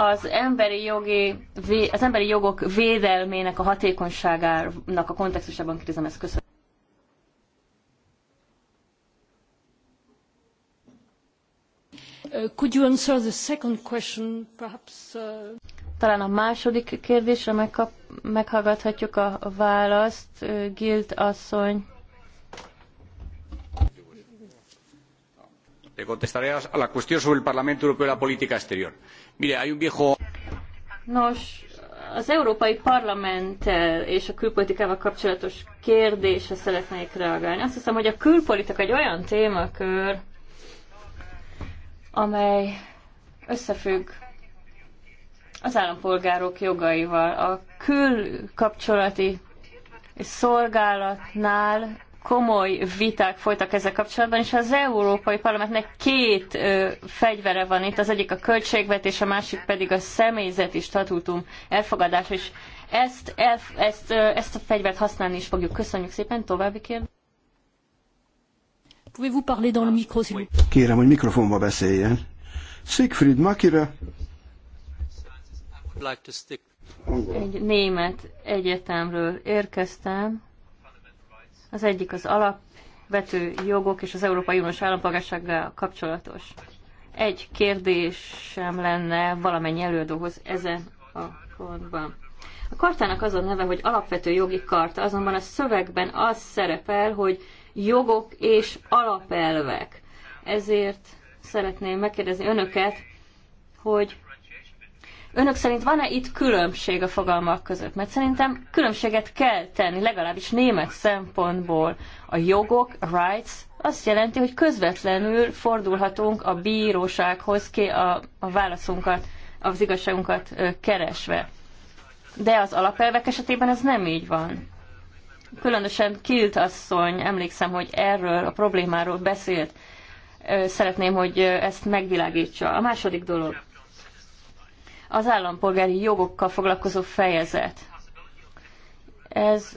az emberi, jogi, az emberi jogok védelmének a hatékonyságának a kontextusában kérdezem ezt. Köszönöm. Uh, could you answer the second question, perhaps? Uh, Talán a második kérdésre meghallgathatjuk a választ, uh, Gilt asszony. le contestaré a la cuestión sobre el Parlamento Europeo y la política exterior. Mire, hay un viejo... Nos, az Európai Parlamenttel és a külpolitikával kapcsolatos kérdésre szeretnék reagálni. Azt hiszem, hogy a külpolitika egy olyan témakör, amely összefügg az állampolgárok jogaival. A külkapcsolati szolgálatnál komoly viták folytak ezzel kapcsolatban, és az Európai Parlamentnek két ö, fegyvere van itt, az egyik a költségvetés, a másik pedig a személyzeti statútum elfogadása, és ezt, ezt, ö, ezt a fegyvert használni is fogjuk. Köszönjük szépen, további kérdés. Kérem, hogy mikrofonba beszéljen. Siegfried Makira. Egy német egyetemről érkeztem, az egyik az alapvető jogok és az Európai Uniós állampolgársággal kapcsolatos. Egy kérdésem lenne valamennyi előadóhoz ezen a pontban. A kartának az a neve, hogy alapvető jogi karta, azonban a szövegben az szerepel, hogy jogok és alapelvek. Ezért szeretném megkérdezni önöket, hogy Önök szerint van-e itt különbség a fogalmak között? Mert szerintem különbséget kell tenni, legalábbis német szempontból. A jogok, rights, azt jelenti, hogy közvetlenül fordulhatunk a bírósághoz ki a, a válaszunkat, az igazságunkat keresve. De az alapelvek esetében ez nem így van. Különösen Kilt asszony, emlékszem, hogy erről a problémáról beszélt. Szeretném, hogy ezt megvilágítsa. A második dolog az állampolgári jogokkal foglalkozó fejezet. Ez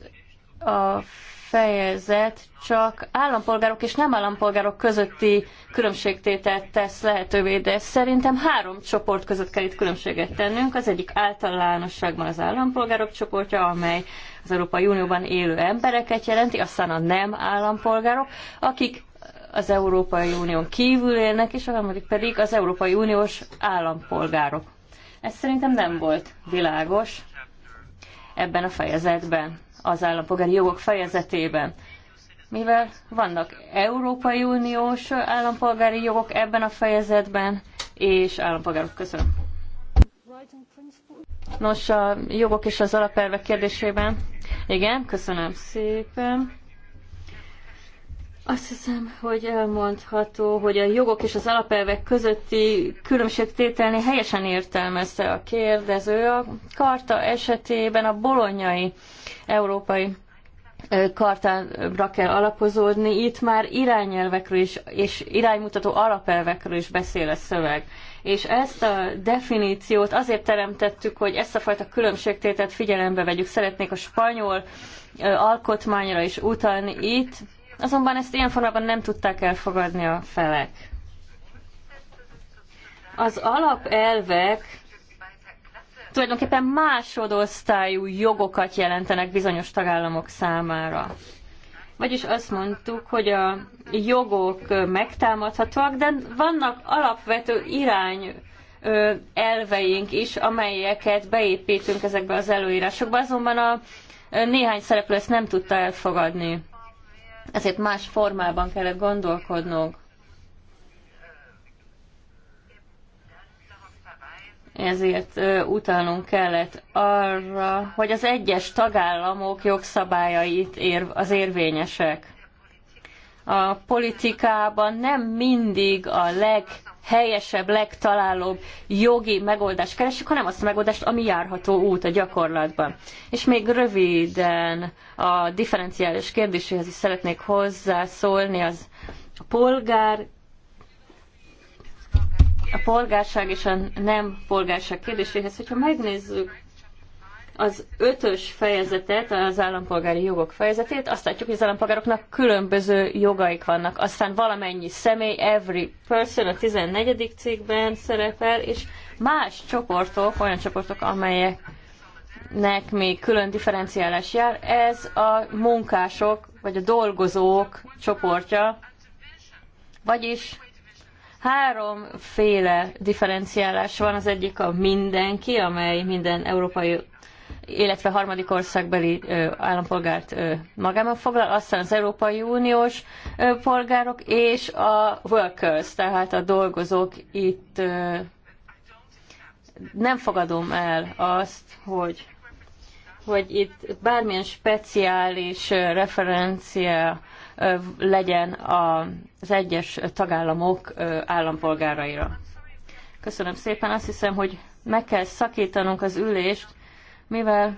a fejezet csak állampolgárok és nem állampolgárok közötti különbségtételt tesz lehetővé, de szerintem három csoport között kell itt különbséget tennünk. Az egyik általánosságban az állampolgárok csoportja, amely az Európai Unióban élő embereket jelenti, aztán a nem állampolgárok, akik az Európai Unión kívül élnek, és a harmadik pedig az Európai Uniós állampolgárok. Ez szerintem nem volt világos ebben a fejezetben, az állampolgári jogok fejezetében. Mivel vannak Európai Uniós állampolgári jogok ebben a fejezetben, és állampolgárok köszönöm. Nos, a jogok és az alapelvek kérdésében. Igen, köszönöm szépen. Azt hiszem, hogy elmondható, hogy a jogok és az alapelvek közötti különbségtételni helyesen értelmezte a kérdező. A karta esetében a bolonyai európai kartára kell alapozódni, itt már irányelvekről is, és iránymutató alapelvekről is beszél a szöveg. És ezt a definíciót azért teremtettük, hogy ezt a fajta különbségtételt figyelembe vegyük. Szeretnék a spanyol alkotmányra is utalni itt, azonban ezt ilyen formában nem tudták elfogadni a felek. Az alapelvek tulajdonképpen másodosztályú jogokat jelentenek bizonyos tagállamok számára. Vagyis azt mondtuk, hogy a jogok megtámadhatóak, de vannak alapvető irány elveink is, amelyeket beépítünk ezekbe az előírásokba, azonban a néhány szereplő ezt nem tudta elfogadni ezért más formában kellett gondolkodnunk. Ezért utalnunk kellett arra, hogy az egyes tagállamok jogszabályait ér, az érvényesek. A politikában nem mindig a leg leghelyesebb, legtalálóbb jogi megoldást keressük, hanem azt a megoldást, ami járható út a gyakorlatban. És még röviden a differenciális kérdéséhez is szeretnék hozzászólni az a polgár a polgárság és a nem polgárság kérdéséhez, hogyha megnézzük az ötös fejezetet, az állampolgári jogok fejezetét, azt látjuk, hogy az állampolgároknak különböző jogaik vannak. Aztán valamennyi személy, every person a 14. cikkben szerepel, és más csoportok, olyan csoportok, amelyeknek még külön differenciálás jár, ez a munkások, vagy a dolgozók csoportja, vagyis háromféle differenciálás van. Az egyik a mindenki, amely minden Európai illetve harmadik országbeli állampolgárt magában foglal, aztán az Európai Uniós polgárok és a workers, tehát a dolgozók itt nem fogadom el azt, hogy, hogy itt bármilyen speciális referencia legyen az egyes tagállamok állampolgáraira. Köszönöm szépen, azt hiszem, hogy meg kell szakítanunk az ülést, mivel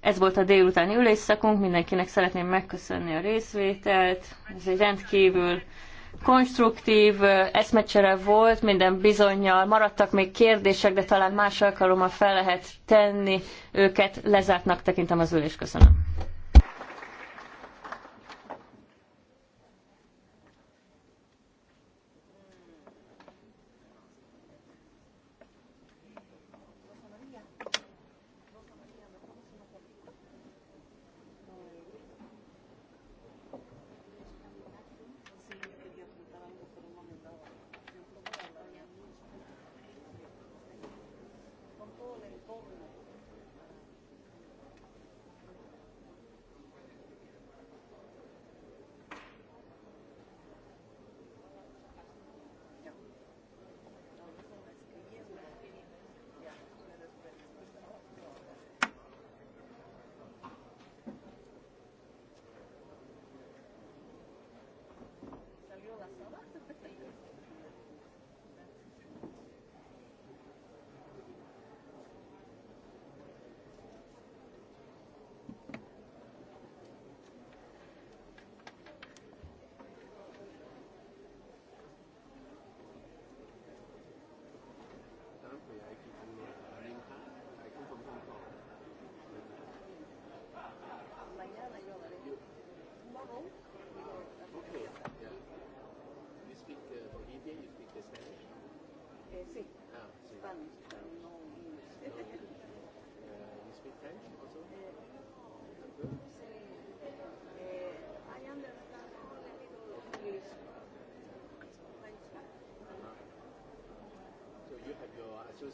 ez volt a délutáni ülésszakunk, mindenkinek szeretném megköszönni a részvételt. Ez egy rendkívül konstruktív eszmecsere volt, minden bizonyal. Maradtak még kérdések, de talán más alkalommal fel lehet tenni őket. Lezártnak tekintem az ülést. Köszönöm.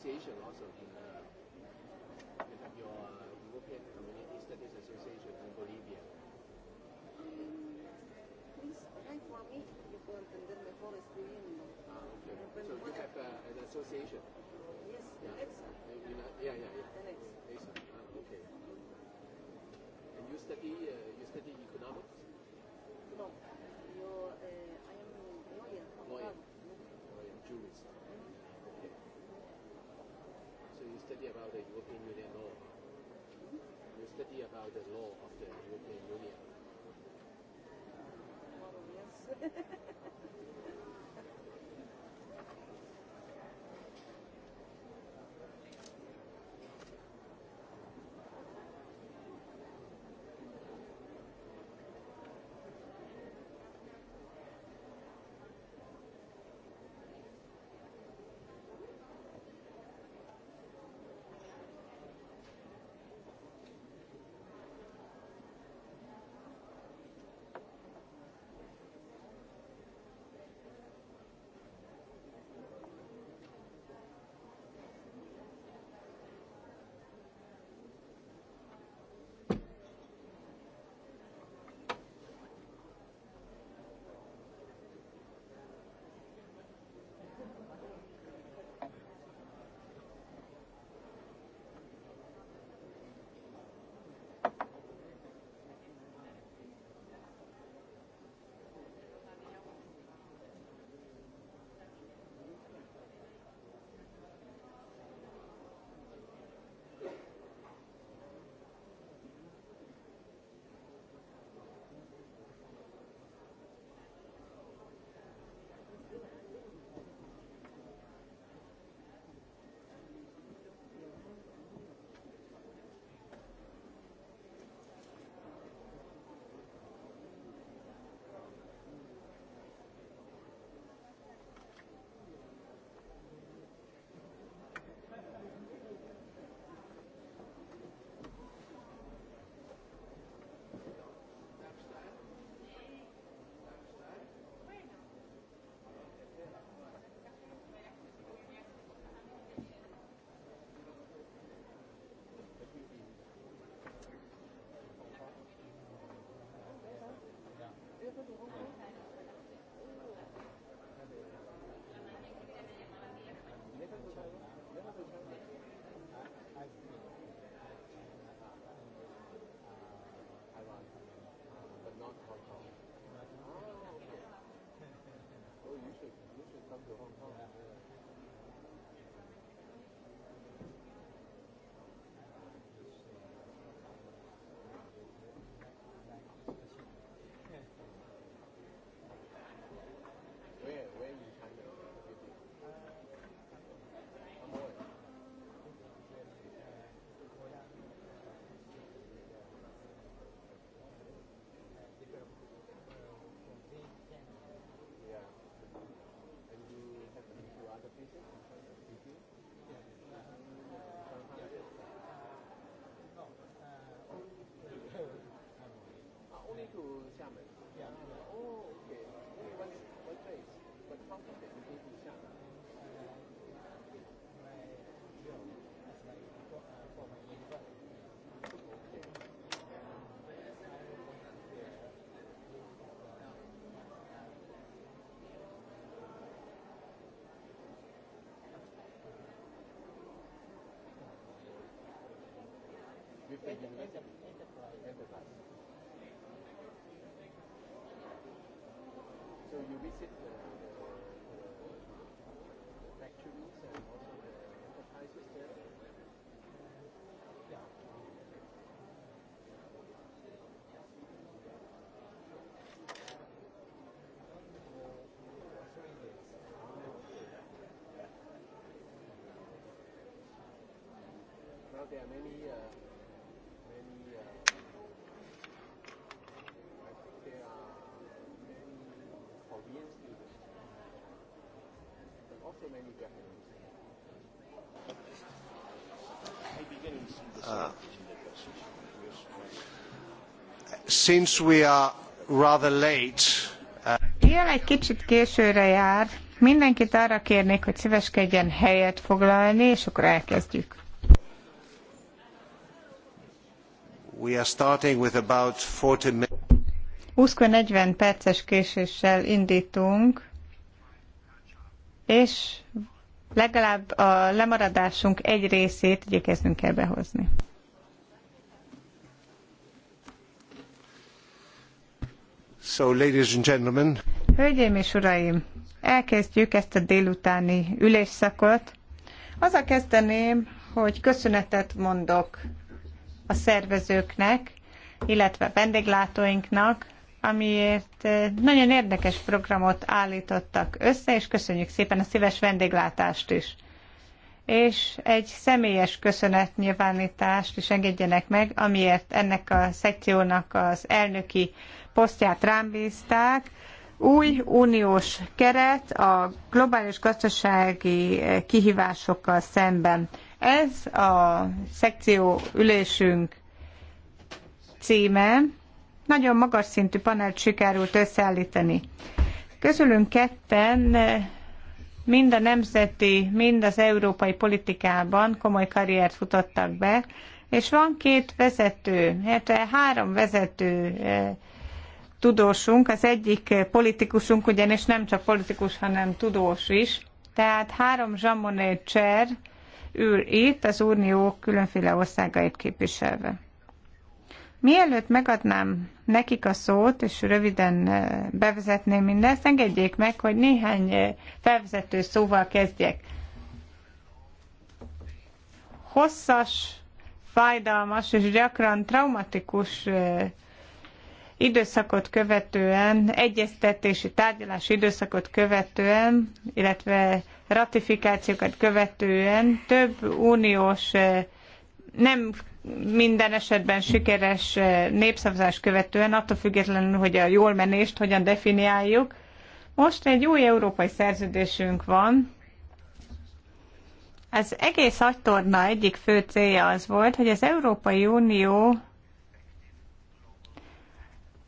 association also in, uh, you have your uh, European Community Studies Association in Bolivia. Please write for me before attend then before estudiando. Ah, okay. so you have uh, an association? Yes, yeah. Alexa. yeah, yeah, yeah. Alexa. Alexa. Ah, okay. And you study, uh, you study economics? No. Union law. We study about the law of the European Union. Well, yes. to Xiamen? Yeah. Oh, okay. Only one, one place. But to Xiamen. Enterprise. Enterprise. So you visit the, factories and also the enterprises there? Yeah. Now there are many uh, Mivel uh, since we are rather late, uh, Ilyen egy kicsit későre jár. Mindenkit arra kérnék, hogy szíveskedjen helyet foglalni, és akkor elkezdjük. We are starting with about 40 minutes. 20-40 perces késéssel indítunk és legalább a lemaradásunk egy részét igyekeznünk kell behozni. So, ladies and gentlemen. Hölgyeim és uraim, elkezdjük ezt a délutáni ülésszakot. a kezdeném, hogy köszönetet mondok a szervezőknek, illetve vendéglátóinknak, amiért eh, nagyon érdekes programot állítottak össze, és köszönjük szépen a szíves vendéglátást is. És egy személyes köszönet nyilvánítást is engedjenek meg, amiért ennek a szekciónak az elnöki posztját rám bízták. Új uniós keret a globális gazdasági eh, kihívásokkal szemben. Ez a szekció ülésünk címe, nagyon magas szintű panelt sikerült összeállítani. Közülünk ketten eh, mind a nemzeti, mind az európai politikában komoly karriert futottak be, és van két vezető, hát három vezető eh, tudósunk, az egyik politikusunk, ugyanis nem csak politikus, hanem tudós is. Tehát három Jean Cser ül itt, az Unió különféle országait képviselve. Mielőtt megadnám nekik a szót, és röviden eh, bevezetném mindezt, engedjék meg, hogy néhány eh, felvezető szóval kezdjek. Hosszas, fájdalmas és gyakran traumatikus eh, időszakot követően, egyeztetési, tárgyalás időszakot követően, illetve ratifikációkat követően több uniós nem minden esetben sikeres eh, népszavazás követően, attól függetlenül, hogy a jól menést hogyan definiáljuk. Most egy új európai szerződésünk van. Az egész agytorna egyik fő célja az volt, hogy az Európai Unió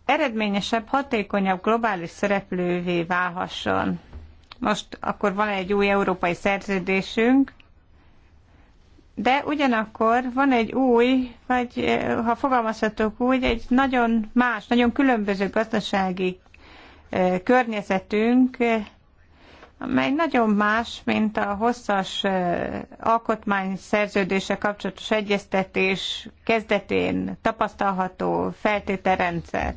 eredményesebb, hatékonyabb globális szereplővé válhasson. Most akkor van egy új európai szerződésünk, de ugyanakkor van egy új, vagy eh, ha fogalmazhatok úgy, egy nagyon más, nagyon különböző gazdasági eh, környezetünk, eh, amely nagyon más, mint a hosszas alkotmány szerződése kapcsolatos egyeztetés kezdetén tapasztalható feltételrendszer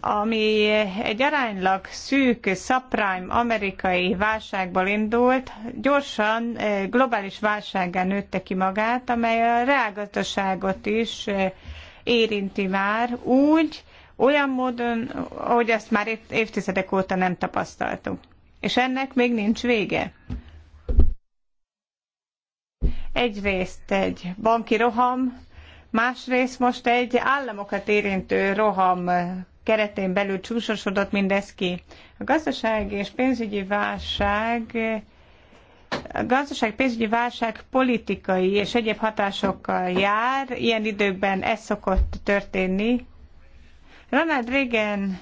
ami egy aránylag szűk subprime amerikai válságból indult, gyorsan eh, globális válsággá nőtte ki magát, amely a reálgazdaságot is eh, érinti már úgy, olyan módon, ahogy ezt már évtizedek óta nem tapasztaltuk. És ennek még nincs vége. Egyrészt egy banki roham, másrészt most egy államokat érintő roham keretén belül csúsosodott mindez ki. A gazdaság és pénzügyi válság a gazdaság pénzügyi válság politikai és egyéb hatásokkal jár, ilyen időkben ez szokott történni. Ronald Reagan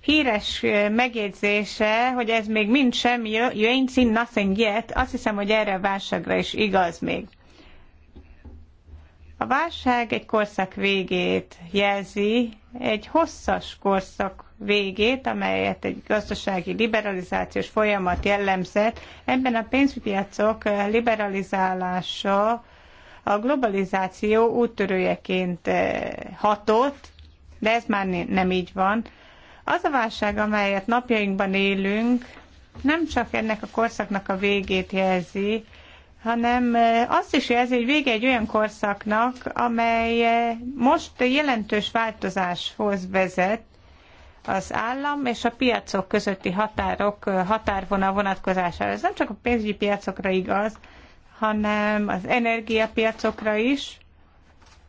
híres megjegyzése, hogy ez még mind sem, you ain't seen nothing yet, azt hiszem, hogy erre a válságra is igaz még. A válság egy korszak végét jelzi, egy hosszas korszak végét, amelyet egy gazdasági liberalizációs folyamat jellemzett. Ebben a pénzpiacok liberalizálása a globalizáció úttörőjeként eh, hatott, de ez már nem így van. Az a válság, amelyet napjainkban élünk, nem csak ennek a korszaknak a végét jelzi, hanem eh, azt is jelzi, hogy vége egy olyan korszaknak, amely eh, most jelentős változáshoz vezet az állam és a piacok közötti határok, eh, határvonal vonatkozására. Ez nem csak a pénzügyi piacokra igaz, hanem az energiapiacokra is,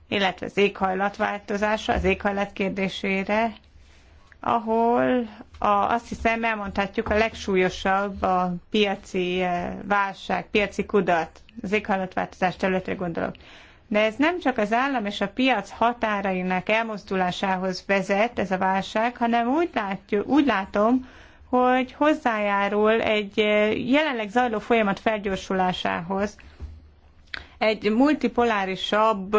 illetve az éghajlatváltozásra, az éghajlat kérdésére, ahol a, azt hiszem elmondhatjuk a legsúlyosabb a piaci eh, válság, piaci kudat, az éghajlatváltozás területre gondolok. De ez nem csak az állam és a piac határainak elmozdulásához vezet ez a válság, hanem úgy, látjuk, úgy látom, hogy hozzájárul egy eh, jelenleg zajló folyamat felgyorsulásához, egy multipolárisabb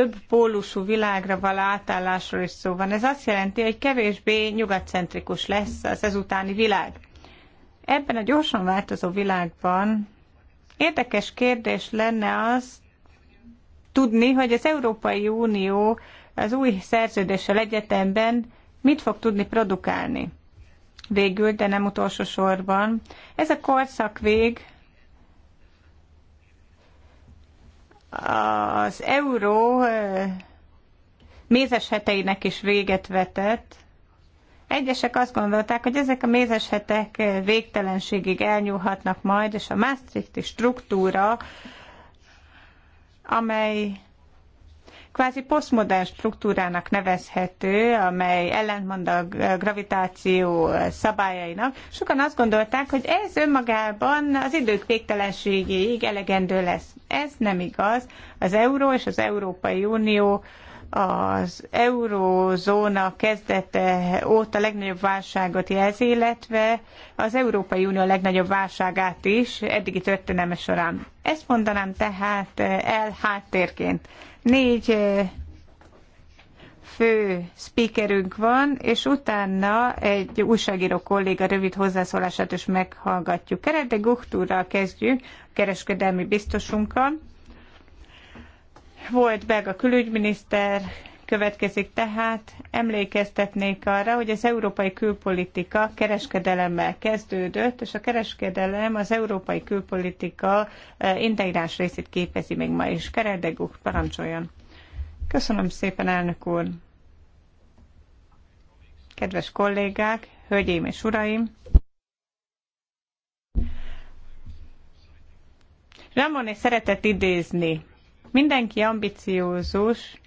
több pólusú világra való átállásról is szó van. Ez azt jelenti, hogy kevésbé nyugatcentrikus lesz az ezutáni világ. Ebben a gyorsan változó világban érdekes kérdés lenne az tudni, hogy az Európai Unió az új szerződéssel egyetemben mit fog tudni produkálni. Végül, de nem utolsó sorban, ez a korszak vég az euró mézes heteinek is véget vetett. Egyesek azt gondolták, hogy ezek a mézes hetek végtelenségig elnyúlhatnak majd, és a Maastrichti struktúra, amely kvázi posztmodern struktúrának nevezhető, amely ellentmond a gravitáció szabályainak. Sokan azt gondolták, hogy ez önmagában az idők végtelenségéig elegendő lesz. Ez nem igaz. Az euró és az Európai Unió az eurózóna kezdete óta legnagyobb válságot jelzi, illetve az Európai Unió legnagyobb válságát is eddigi történelme során. Ezt mondanám tehát el háttérként. Négy eh, fő speakerünk van, és utána egy újságíró kolléga rövid hozzászólását is meghallgatjuk. Kerede Guchtúrral kezdjük, a kereskedelmi biztosunkkal. Volt belga külügyminiszter, Következik tehát, emlékeztetnék arra, hogy az európai külpolitika kereskedelemmel kezdődött, és a kereskedelem az európai külpolitika eh, integrás részét képezi még ma is. Keredeguk, parancsoljon! Köszönöm szépen, elnök úr! Kedves kollégák, hölgyeim és uraim! Ramoné szeretett idézni. Mindenki ambiciózus,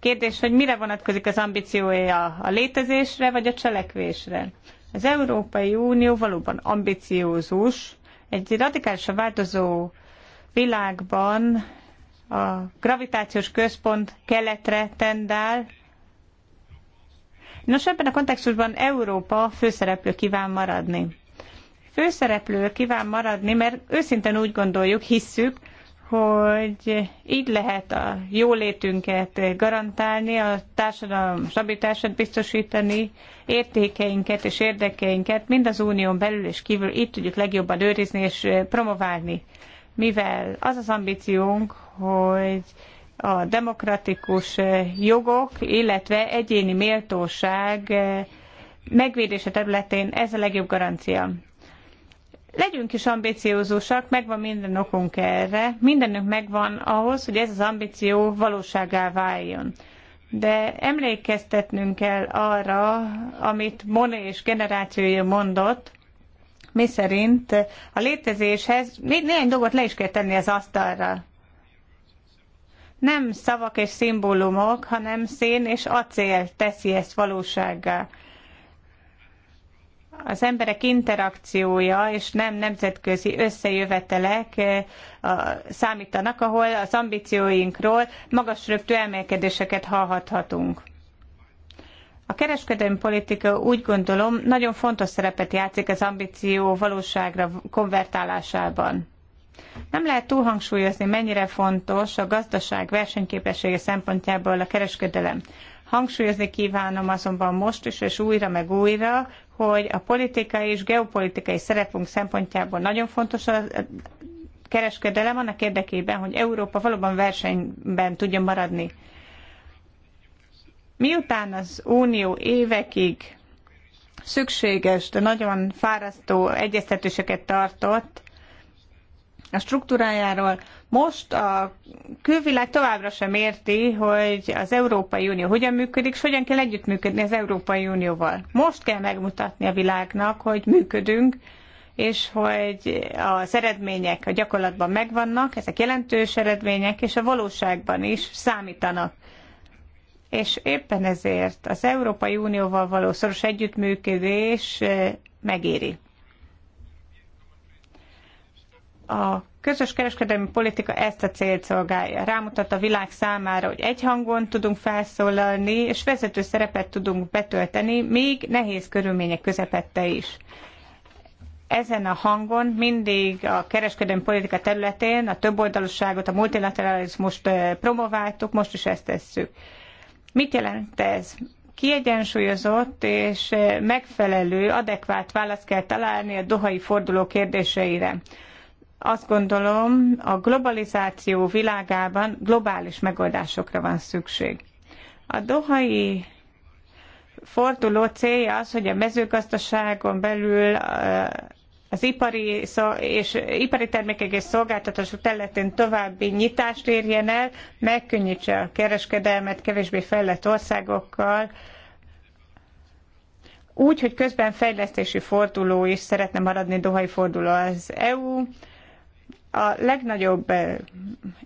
Kérdés, hogy mire vonatkozik az ambíciója, a létezésre vagy a cselekvésre? Az Európai Unió valóban ambiciózus, egy radikálisan változó világban a gravitációs központ keletre tendál. Nos, ebben a kontextusban Európa főszereplő kíván maradni. Főszereplő kíván maradni, mert őszintén úgy gondoljuk, hisszük, hogy így lehet a jólétünket garantálni, a társadalom stabilitását biztosítani, értékeinket és érdekeinket mind az unión belül és kívül itt tudjuk legjobban őrizni és promoválni. Mivel az az ambíciónk, hogy a demokratikus jogok, illetve egyéni méltóság megvédése területén ez a legjobb garancia legyünk is ambiciózusak, megvan minden okunk erre, mindenünk megvan ahhoz, hogy ez az ambíció valóságá váljon. De emlékeztetnünk kell arra, amit Monet és generációja mondott, mi szerint a létezéshez néhány dolgot le is kell tenni az asztalra. Nem szavak és szimbólumok, hanem szén és acél teszi ezt valósággá az emberek interakciója és nem nemzetközi összejövetelek eh, számítanak, ahol az ambícióinkról magasrögtű emelkedéseket hallhathatunk. A kereskedelmi politika úgy gondolom nagyon fontos szerepet játszik az ambíció valóságra konvertálásában. Nem lehet túlhangsúlyozni, mennyire fontos a gazdaság versenyképessége szempontjából a kereskedelem. Hangsúlyozni kívánom azonban most is, és újra meg újra, hogy a politikai és geopolitikai szerepünk szempontjából nagyon fontos a kereskedelem annak érdekében, hogy Európa valóban versenyben tudjon maradni. Miután az Unió évekig szükséges, de nagyon fárasztó egyeztetéseket tartott a struktúrájáról. Most a külvilág továbbra sem érti, hogy az Európai Unió hogyan működik, és hogyan kell együttműködni az Európai Unióval. Most kell megmutatni a világnak, hogy működünk, és hogy az eredmények a gyakorlatban megvannak, ezek jelentős eredmények, és a valóságban is számítanak. És éppen ezért az Európai Unióval való szoros együttműködés megéri. A közös kereskedelmi politika ezt a célt szolgálja. Rámutat a világ számára, hogy egy hangon tudunk felszólalni, és vezető szerepet tudunk betölteni, még nehéz körülmények közepette is. Ezen a hangon mindig a kereskedelmi politika területén a többoldalúságot, a multilateralizmust promováltuk, most is ezt tesszük. Mit jelent ez? kiegyensúlyozott és megfelelő, adekvát választ kell találni a dohai forduló kérdéseire. Azt gondolom, a globalizáció világában globális megoldásokra van szükség. A dohai forduló célja az, hogy a mezőgazdaságon belül az ipari, és, ipari termékek és szolgáltatások területén további nyitást érjen el, megkönnyítse a kereskedelmet kevésbé fejlett országokkal, úgy, hogy közben fejlesztési forduló is szeretne maradni Dohai forduló az EU, a legnagyobb eh,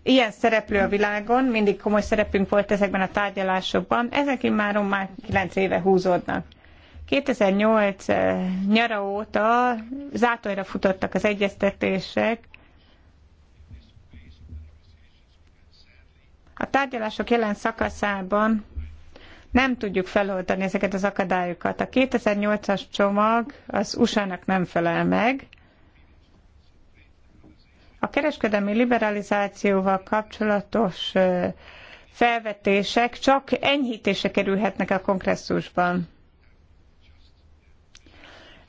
ilyen szereplő a világon, mindig komoly szerepünk volt ezekben a tárgyalásokban, ezek immáron már 9 éve húzódnak. 2008 eh, nyara óta zátonyra futottak az egyeztetések, A tárgyalások jelen szakaszában nem tudjuk feloldani ezeket az akadályokat. A 2008-as csomag az USA-nak nem felel meg, a kereskedelmi liberalizációval kapcsolatos felvetések csak enyhítése kerülhetnek a kongresszusban.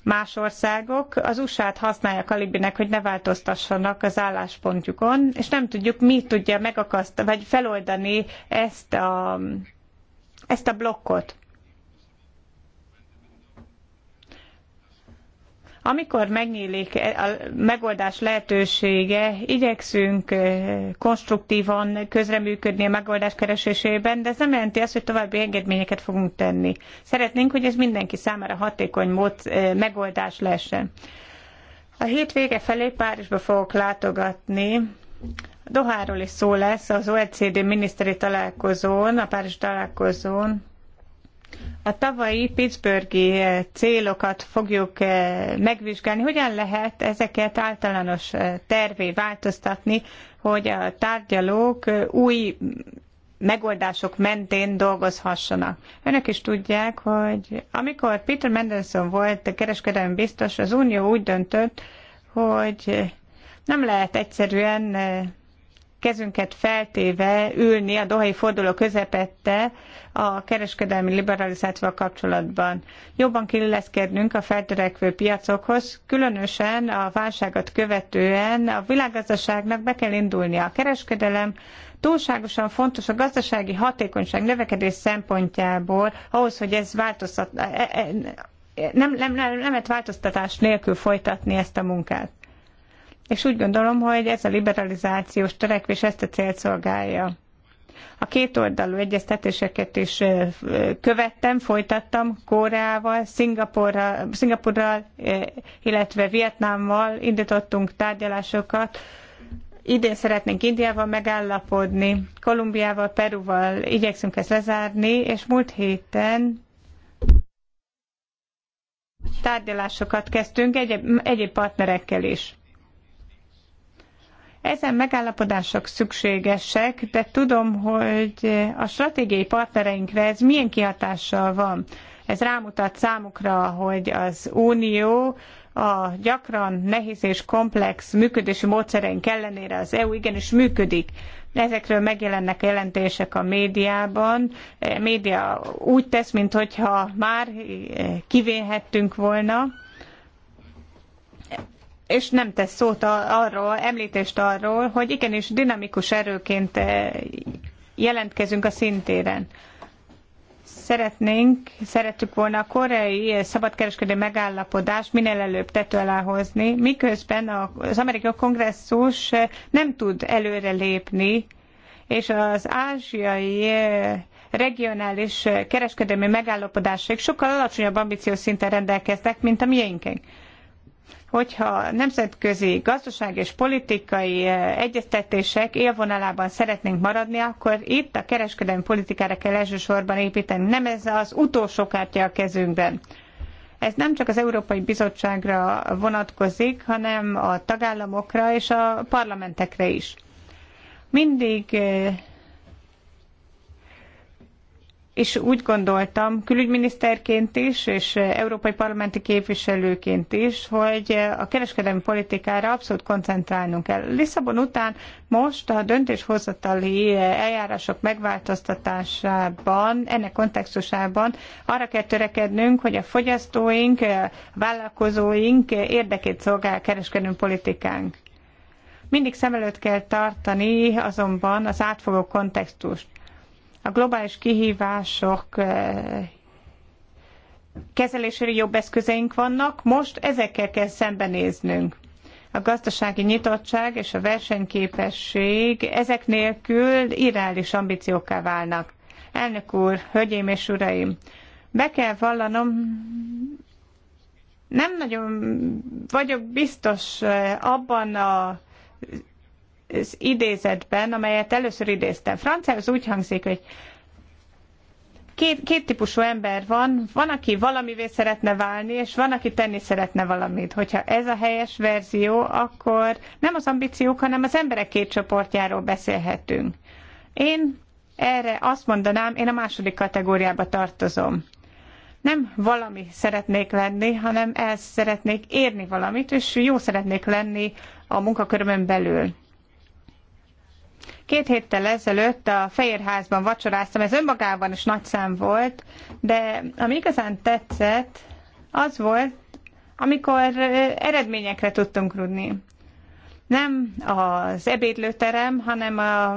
Más országok az USA-t használják alibinek, hogy ne változtassanak az álláspontjukon, és nem tudjuk, mi tudja megakasztani vagy feloldani ezt a, ezt a blokkot. Amikor megnyílik e, a megoldás lehetősége, igyekszünk e, konstruktívan közreműködni a megoldás keresésében, de ez nem jelenti azt, hogy további engedményeket fogunk tenni. Szeretnénk, hogy ez mindenki számára hatékony mód, e, megoldás lehessen. A hétvége felé Párizsba fogok látogatni, Doháról is szó lesz az OECD miniszteri találkozón, a Párizs találkozón, a tavalyi Pittsburghi eh, célokat fogjuk eh, megvizsgálni. Hogyan lehet ezeket általános eh, tervé változtatni, hogy a tárgyalók új megoldások mentén dolgozhassanak. Önök is tudják, hogy amikor Peter Mendelssohn volt kereskedelmi biztos, az Unió úgy döntött, hogy nem lehet egyszerűen kezünket feltéve ülni a dohai forduló közepette a kereskedelmi liberalizációval kapcsolatban. Jobban kiilleszkednünk a feltörekvő piacokhoz, különösen a válságot követően a világgazdaságnak be kell indulnia. A kereskedelem túlságosan fontos a gazdasági hatékonyság növekedés szempontjából, ahhoz, hogy ez változtat, e- e- nem, nem, nem, nem lehet változtatás nélkül folytatni ezt a munkát és úgy gondolom, hogy ez a liberalizációs törekvés ezt a célt szolgálja. A kétoldalú egyeztetéseket is követtem, folytattam Kóreával, Szingapurral illetve Vietnámmal indítottunk tárgyalásokat. Idén szeretnénk Indiával megállapodni, Kolumbiával, Peruval igyekszünk ezt lezárni, és múlt héten tárgyalásokat kezdtünk egyéb, egyéb partnerekkel is. Ezen megállapodások szükségesek, de tudom, hogy a stratégiai partnereinkre ez milyen kihatással van. Ez rámutat számukra, hogy az Unió a gyakran nehéz és komplex működési módszereink ellenére az EU igenis működik. Ezekről megjelennek jelentések a médiában. A média úgy tesz, mintha már kivéhettünk volna és nem tesz szót arról, említést arról, hogy igenis dinamikus erőként eh, jelentkezünk a szintéren. Szeretnénk, szerettük volna a koreai eh, szabadkereskedő megállapodást minél előbb tető alá hozni, miközben az amerikai kongresszus eh, nem tud előrelépni, és az ázsiai regionális kereskedelmi megállapodások sokkal alacsonyabb ambíciós szinten rendelkeznek, mint a miénkénk hogyha nemzetközi gazdaság és politikai eh, egyeztetések élvonalában szeretnénk maradni, akkor itt a kereskedelmi politikára kell elsősorban építeni. Nem ez az utolsó kártya a kezünkben. Ez nem csak az Európai Bizottságra vonatkozik, hanem a tagállamokra és a parlamentekre is. Mindig eh, és úgy gondoltam külügyminiszterként is, és európai parlamenti képviselőként is, hogy a kereskedelmi politikára abszolút koncentrálnunk kell. Lisszabon után most a döntéshozatali eljárások megváltoztatásában, ennek kontextusában arra kell törekednünk, hogy a fogyasztóink, a vállalkozóink érdekét szolgál a kereskedelmi politikánk. Mindig szem előtt kell tartani azonban az átfogó kontextust a globális kihívások eh, kezelésére jobb eszközeink vannak, most ezekkel kell szembenéznünk. A gazdasági nyitottság és a versenyképesség ezek nélkül irreális ambíciókká válnak. Elnök úr, hölgyeim és uraim, be kell vallanom, nem nagyon vagyok biztos eh, abban a az idézetben, amelyet először idéztem. Franciául az úgy hangzik, hogy két, két típusú ember van, van, aki valamivé szeretne válni, és van, aki tenni szeretne valamit. Hogyha ez a helyes verzió, akkor nem az ambíciók, hanem az emberek két csoportjáról beszélhetünk. Én erre azt mondanám, én a második kategóriába tartozom. Nem valami szeretnék lenni, hanem el szeretnék érni valamit, és jó szeretnék lenni a munkakörömön belül. Két héttel ezelőtt a Fehérházban vacsoráztam, ez önmagában is nagy szám volt, de ami igazán tetszett, az volt, amikor eredményekre tudtunk rudni. Nem az ebédlőterem, hanem a,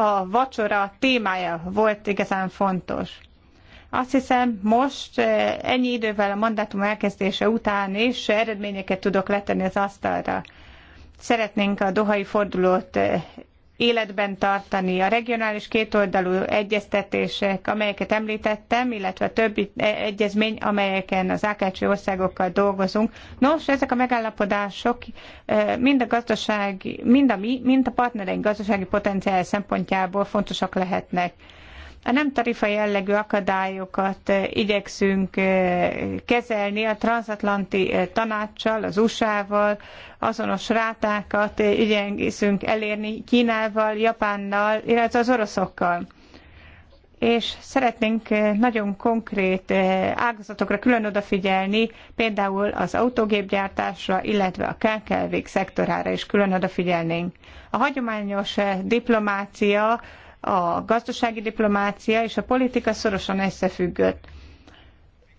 a vacsora témája volt igazán fontos. Azt hiszem, most ennyi idővel a mandátum elkezdése után is eredményeket tudok letenni az asztalra. Szeretnénk a dohai fordulót életben tartani. A regionális kétoldalú egyeztetések, amelyeket említettem, illetve a többi e- egyezmény, amelyeken az AKC országokkal dolgozunk. Nos, ezek a megállapodások e, mind a gazdasági, mind a mi, mind a partnereink gazdasági potenciál szempontjából fontosak lehetnek a nem tarifa jellegű akadályokat eh, igyekszünk eh, kezelni a transatlanti eh, tanácssal, az USA-val, azonos rátákat igyekszünk elérni Kínával, Japánnal, illetve az oroszokkal. És szeretnénk nagyon konkrét ágazatokra külön odafigyelni, például az autógépgyártásra, illetve a KKV-k szektorára is külön odafigyelnénk. A hagyományos diplomácia a gazdasági diplomácia és a politika szorosan összefüggött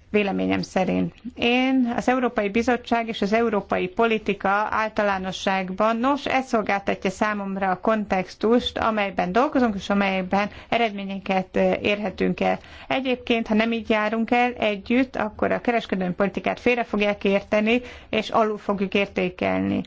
véleményem szerint. Én az Európai Bizottság és az európai politika általánosságban, nos, ez szolgáltatja számomra a kontextust, amelyben dolgozunk, és amelyben eredményeket érhetünk el. Egyébként, ha nem így járunk el együtt, akkor a kereskedőn politikát félre fogják érteni, és alul fogjuk értékelni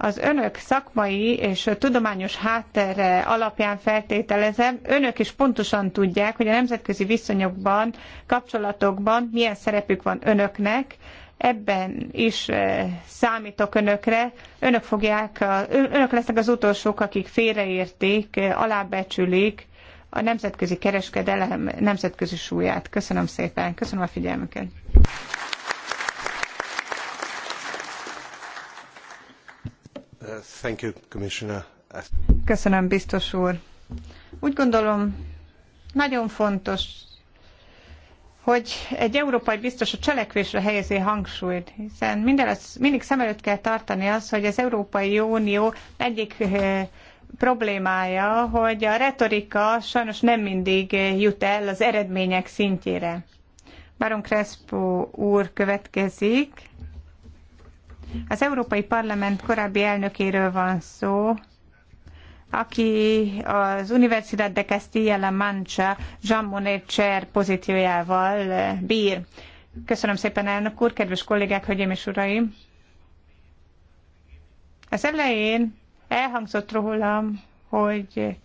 az önök szakmai és tudományos háttere alapján feltételezem, önök is pontosan tudják, hogy a nemzetközi viszonyokban, kapcsolatokban milyen szerepük van önöknek, ebben is eh, számítok önökre. Önök, fogják, önök lesznek az utolsók, akik félreértik, eh, alábecsülik a nemzetközi kereskedelem nemzetközi súlyát. Köszönöm szépen, köszönöm a figyelmüket. Köszönöm, biztos úr. Úgy gondolom, nagyon fontos, hogy egy európai biztos a cselekvésre helyezi hangsúlyt, hiszen minden az, mindig szem előtt kell tartani az, hogy az Európai Unió egyik eh, problémája, hogy a retorika sajnos nem mindig eh, jut el az eredmények szintjére. Baron Crespo úr következik, az Európai Parlament korábbi elnökéről van szó, aki az Universidad de Castilla-La Mancha Jean Monnet Chair pozíciójával eh, bír. Köszönöm szépen, elnök úr, kedves kollégák, hölgyeim és uraim! Az elején elhangzott rólam, hogy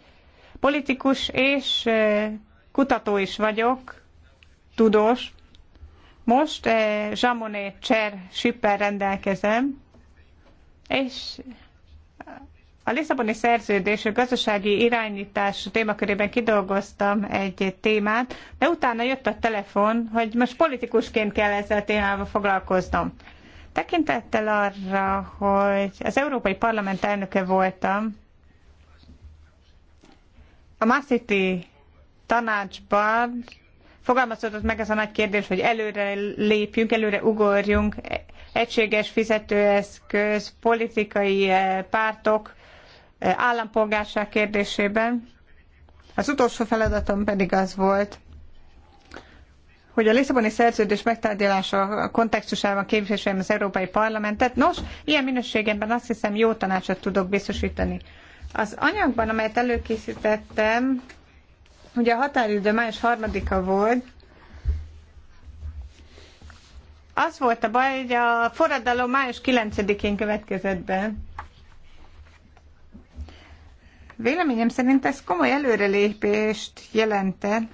politikus és eh, kutató is vagyok, tudós, most eh, Zsamoné Cser sippel rendelkezem, és a Lisszaboni szerződés a gazdasági irányítás témakörében kidolgoztam egy témát, de utána jött a telefon, hogy most politikusként kell ezzel a témával foglalkoznom. Tekintettel arra, hogy az Európai Parlament elnöke voltam, a Massiti tanácsban fogalmazódott meg ez a nagy kérdés, hogy előre lépjünk, előre ugorjunk, egységes fizetőeszköz, politikai eh, pártok, eh, állampolgárság kérdésében. Az utolsó feladatom pedig az volt, hogy a Lisszaboni szerződés megtárgyalása kontextusában képviselem az Európai Parlamentet. Nos, ilyen minőségemben azt hiszem jó tanácsot tudok biztosítani. Az anyagban, amelyet előkészítettem, Ugye a határidő május harmadika volt, az volt a baj, hogy a forradalom május 9-én következett be. Véleményem szerint ez komoly előrelépést jelentett.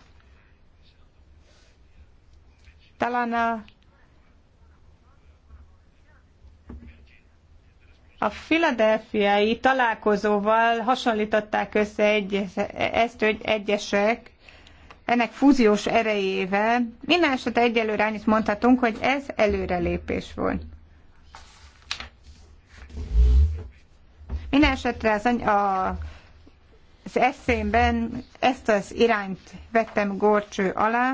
Talán a a filadelfiai találkozóval hasonlították össze egy, ezt, hogy egyesek ennek fúziós erejével. Minden esetre egyelőre annyit mondhatunk, hogy ez előrelépés volt. Minden esetre az, a, az eszémben ezt az irányt vettem gorcső alá,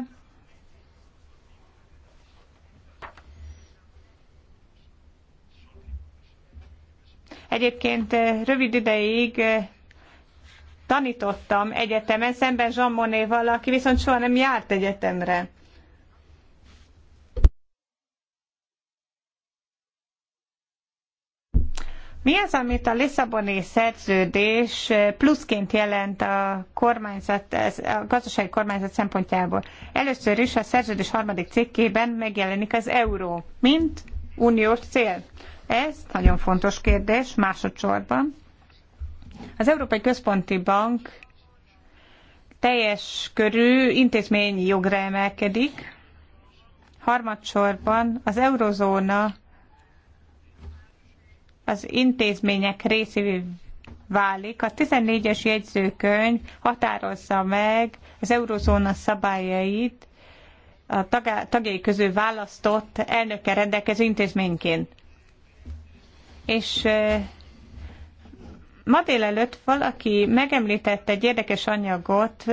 Egyébként eh, rövid ideig eh, tanítottam egyetemen, szemben Jean Monnet-val, aki viszont soha nem járt egyetemre. Mi az, amit a Lisszaboni szerződés eh, pluszként jelent a, kormányzat, a gazdasági kormányzat szempontjából? Először is a szerződés harmadik cikkében megjelenik az euró, mint uniós cél. Ez nagyon fontos kérdés másodszorban. Az Európai Központi Bank teljes körű intézményi jogra emelkedik. Harmadsorban az eurozóna az intézmények részévé válik. A 14-es jegyzőkönyv határozza meg az eurozóna szabályait a tagjai közül választott elnökkel rendelkező intézményként és Ma délelőtt valaki megemlítette egy érdekes anyagot,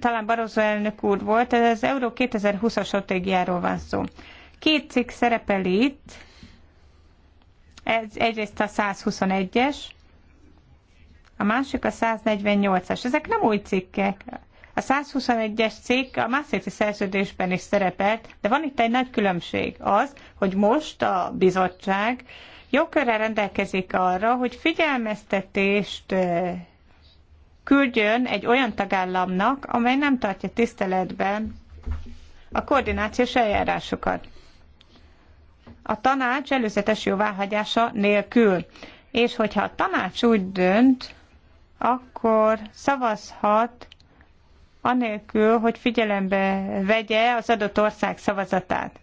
talán Barozó elnök úr volt, ez az Euró 2020-as stratégiáról van szó. Két cikk szerepel itt, ez egyrészt a 121-es, a másik a 148-as. Ezek nem új cikkek. A 121-es cikk a Maastrichti szerződésben is szerepelt, de van itt egy nagy különbség. Az, hogy most a bizottság jogkörrel rendelkezik arra, hogy figyelmeztetést küldjön egy olyan tagállamnak, amely nem tartja tiszteletben a koordinációs eljárásokat. A tanács előzetes jóváhagyása nélkül. És hogyha a tanács úgy dönt, akkor szavazhat anélkül, hogy figyelembe vegye az adott ország szavazatát.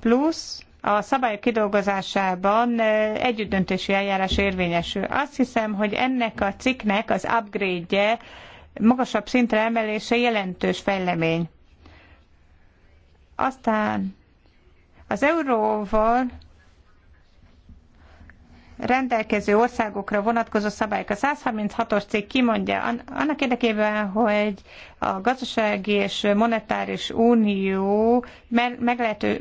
Plusz a szabályok kidolgozásában együttdöntési eljárás érvényesül. Azt hiszem, hogy ennek a cikknek az upgrade-je, magasabb szintre emelése jelentős fejlemény. Aztán az euróval rendelkező országokra vonatkozó szabályok. A 136-os cikk kimondja annak érdekében, hogy a gazdasági és monetáris unió meglehető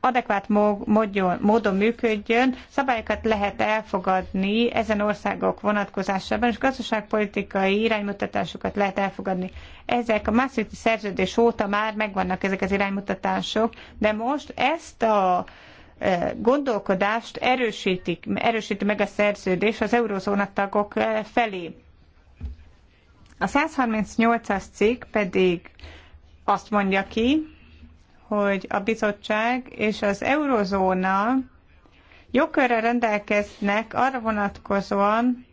adekvát módon, módon működjön, szabályokat lehet elfogadni ezen országok vonatkozásában, és gazdaságpolitikai iránymutatásokat lehet elfogadni. Ezek a Maastrichti szerződés óta már megvannak ezek az iránymutatások, de most ezt a e, gondolkodást erősítik, erősíti meg a szerződés az eurózóna tagok e, felé. A 138-as cikk pedig azt mondja ki, hogy a bizottság és az eurozóna jogkörre rendelkeznek arra vonatkozóan,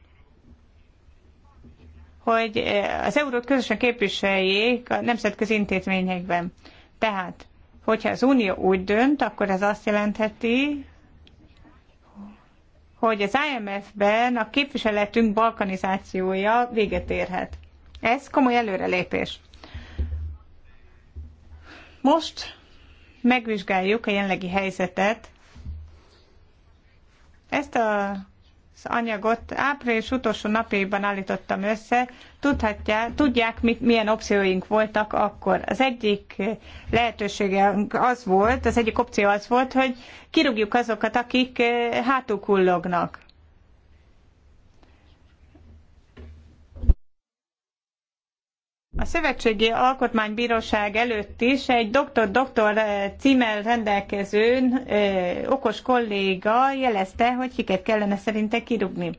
hogy az eurót közösen képviseljék a nemzetközi intézményekben. Tehát, hogyha az Unió úgy dönt, akkor ez azt jelentheti, hogy az IMF-ben a képviseletünk balkanizációja véget érhet. Ez komoly előrelépés. Most megvizsgáljuk a jelenlegi helyzetet. Ezt a, az anyagot április utolsó napjaiban állítottam össze. Tudhatják, tudják, mit, milyen opcióink voltak akkor. Az egyik lehetősége az volt, az egyik opció az volt, hogy kirúgjuk azokat, akik eh, hátul kullognak. a Szövetségi Alkotmánybíróság előtt is egy doktor-doktor eh, címmel rendelkező eh, okos kolléga jelezte, hogy kiket kellene szerinte kirúgni.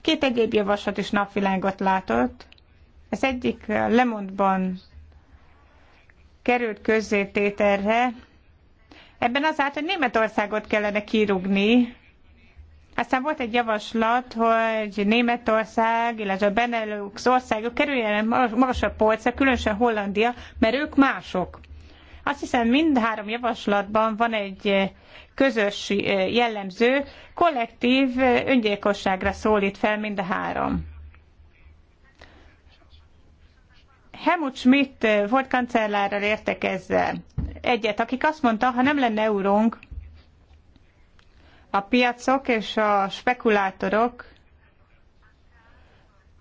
Két egyéb javaslat is napvilágot látott. Az egyik lemondban került közzétételre. Ebben az állt, hogy Németországot kellene kirúgni aztán volt egy javaslat, hogy Németország, illetve a Benelux országok kerüljenek magasabb polcra, különösen Hollandia, mert ők mások. Azt hiszem mindhárom javaslatban van egy eh, közös eh, jellemző, kollektív eh, öngyilkosságra szólít fel mind a három. Helmut Schmidt volt kancellárral értek ezzel egyet, akik azt mondta, ha nem lenne eurónk, a piacok és a spekulátorok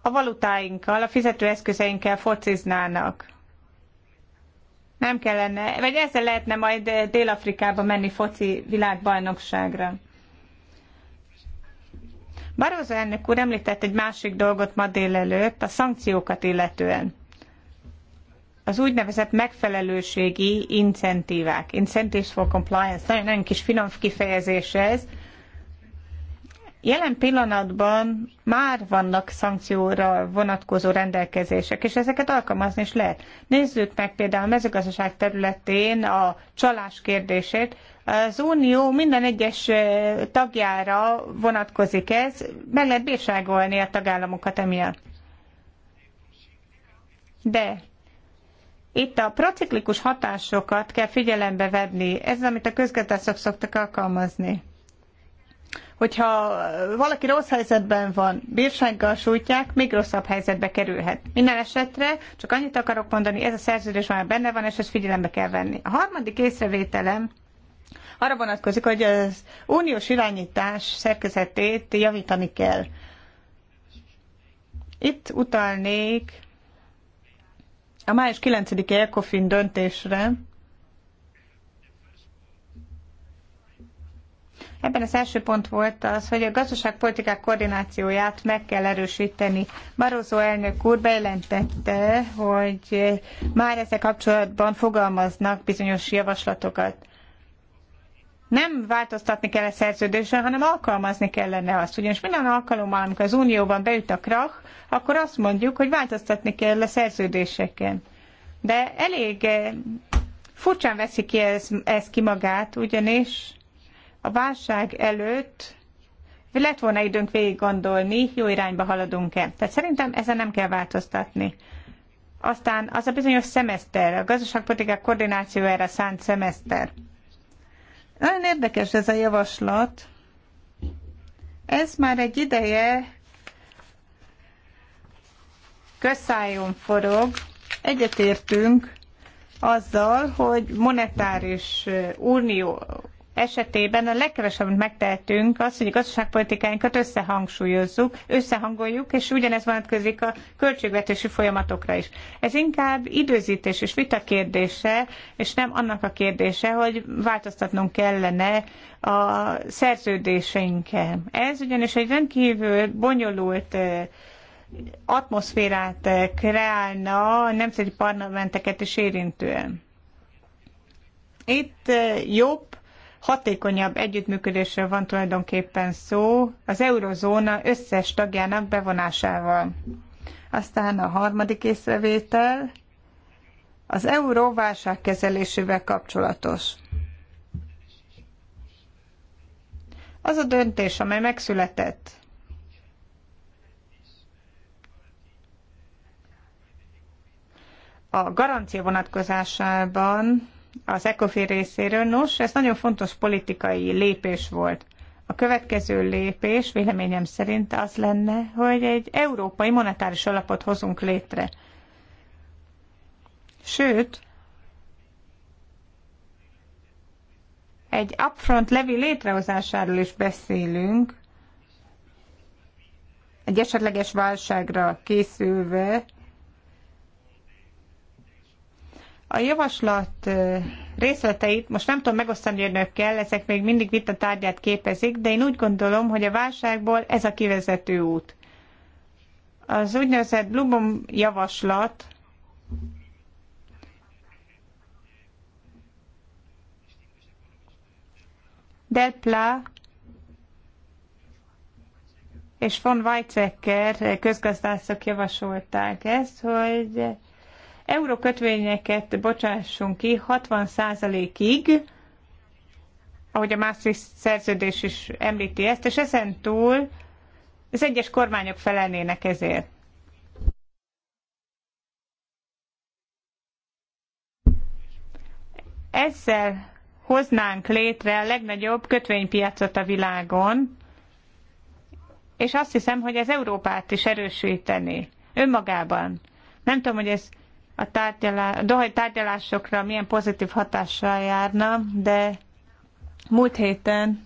a valutáinkkal, a fizetőeszközeinkkel fociznának. Nem kellene, vagy ezzel lehetne majd Dél-Afrikába menni foci világbajnokságra. Barózó elnök úr említett egy másik dolgot ma délelőtt, a szankciókat illetően. Az úgynevezett megfelelőségi incentívák, incentives for compliance, nagyon, nagyon kis finom kifejezés ez, Jelen pillanatban már vannak szankcióra vonatkozó rendelkezések, és ezeket alkalmazni is lehet. Nézzük meg például a mezőgazdaság területén a csalás kérdését. Az Unió minden egyes tagjára vonatkozik ez, meg lehet bírságolni a tagállamokat emiatt. De itt a prociklikus hatásokat kell figyelembe venni. Ez, amit a közgazdászok szoktak alkalmazni hogyha valaki rossz helyzetben van, bírsággal sújtják, még rosszabb helyzetbe kerülhet. Minden esetre csak annyit akarok mondani, ez a szerződés már benne van, és ezt figyelembe kell venni. A harmadik észrevételem arra vonatkozik, hogy az uniós irányítás szerkezetét javítani kell. Itt utalnék a május 9-i ECOFIN döntésre, Ebben az első pont volt az, hogy a gazdaságpolitikák koordinációját meg kell erősíteni. Barózó elnök úr bejelentette, hogy már ezzel kapcsolatban fogalmaznak bizonyos javaslatokat. Nem változtatni kell a szerződésen, hanem alkalmazni kellene azt. Ugyanis minden alkalommal, amikor az Unióban beüt a krach, akkor azt mondjuk, hogy változtatni kell a szerződéseken. De elég eh, furcsán veszi ki ez, ez ki magát, ugyanis a válság előtt lett volna időnk végig gondolni, jó irányba haladunk-e. Tehát szerintem ezen nem kell változtatni. Aztán az a bizonyos szemeszter, a gazdaságpolitikák koordinációjára szánt szemeszter. Nagyon érdekes ez a javaslat. Ez már egy ideje közszájon forog. Egyetértünk azzal, hogy monetáris unió, esetében a legkevesebb, amit megtehetünk, az, hogy a gazdaságpolitikánkat összehangsúlyozzuk, összehangoljuk, és ugyanez vonatkozik a költségvetési folyamatokra is. Ez inkább időzítés és vita kérdése, és nem annak a kérdése, hogy változtatnunk kellene a szerződéseinkkel. Ez ugyanis egy rendkívül bonyolult atmoszférát kreálna a nemzeti parlamenteket is érintően. Itt jobb hatékonyabb együttműködésről van tulajdonképpen szó az eurozóna összes tagjának bevonásával. Aztán a harmadik észrevétel az euró válságkezelésével kapcsolatos. Az a döntés, amely megszületett a garancia vonatkozásában az ECOFI részéről. Nos, ez nagyon fontos politikai lépés volt. A következő lépés véleményem szerint az lenne, hogy egy európai monetáris alapot hozunk létre. Sőt, egy upfront levi létrehozásáról is beszélünk, egy esetleges válságra készülve, A javaslat részleteit most nem tudom megosztani önökkel, ezek még mindig vita tárgyát képezik, de én úgy gondolom, hogy a válságból ez a kivezető út. Az úgynevezett Blumom javaslat Delpla és von Weizsäcker közgazdászok javasolták ezt, hogy Eurókötvényeket bocsássunk ki 60%-ig, ahogy a Maastricht szerződés is említi ezt, és ezen túl az egyes kormányok felelnének ezért. Ezzel hoznánk létre a legnagyobb kötvénypiacot a világon, és azt hiszem, hogy ez Európát is erősíteni önmagában. Nem tudom, hogy ez a, tárgyalá, a dohai tárgyalásokra milyen pozitív hatással járna, de múlt héten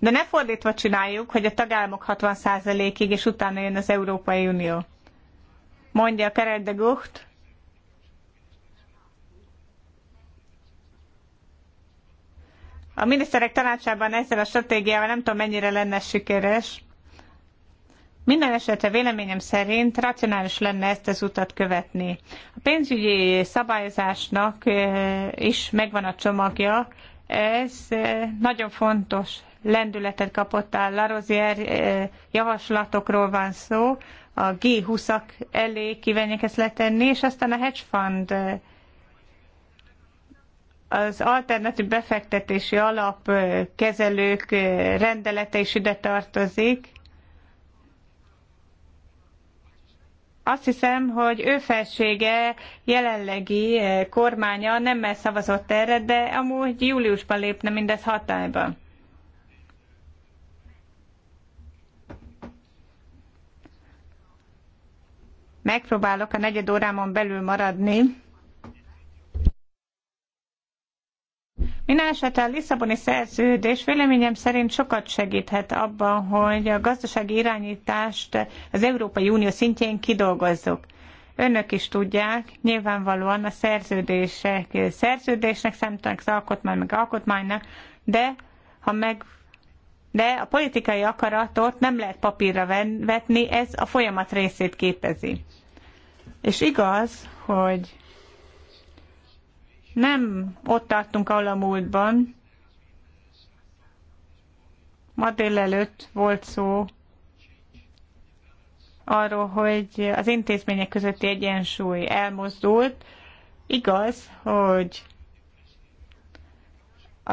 De ne fordítva csináljuk, hogy a tagállamok 60%-ig, és utána jön az Európai Unió. Mondja Karel de Gucht. A miniszterek tanácsában ezzel a stratégiával nem tudom, mennyire lenne sikeres. Minden esetre véleményem szerint racionális lenne ezt az utat követni. A pénzügyi szabályozásnak eh, is megvan a csomagja, ez eh, nagyon fontos lendületet kapott a Larozier eh, javaslatokról van szó, a G20-ak elé kívánják ezt letenni, és aztán a hedge fund az alternatív befektetési alap kezelők rendelete is ide tartozik, azt hiszem, hogy ő felsége jelenlegi eh, kormánya nem szavazott erre, de amúgy júliusban lépne mindez hatályba. Megpróbálok a negyed órámon belül maradni. Mindenesetre a Lisszaboni szerződés véleményem szerint sokat segíthet abban, hogy a gazdasági irányítást az Európai Unió szintjén kidolgozzuk. Önök is tudják, nyilvánvalóan a szerződések szerződésnek szemtelnek az alkotmány meg alkotmánynak, de ha meg de a politikai akaratot nem lehet papírra vetni, ez a folyamat részét képezi. És igaz, hogy nem ott tartunk, ahol a múltban. Ma délelőtt volt szó arról, hogy az intézmények közötti egyensúly elmozdult. Igaz, hogy a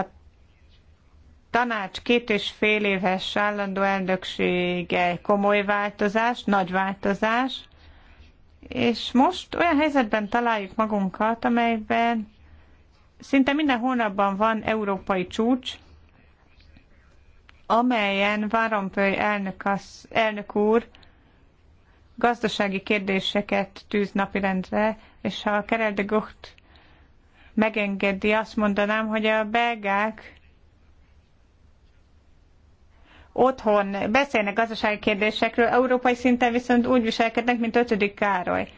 tanács két és fél éves állandó elnöksége komoly változás, nagy változás, és most olyan helyzetben találjuk magunkat, amelyben Szinte minden hónapban van európai csúcs, amelyen Várompöly elnök, az, elnök úr gazdasági kérdéseket tűz napirendre, és ha a Kerel de Gucht megengedi, azt mondanám, hogy a belgák otthon beszélnek gazdasági kérdésekről, európai szinten viszont úgy viselkednek, mint ötödik Károly.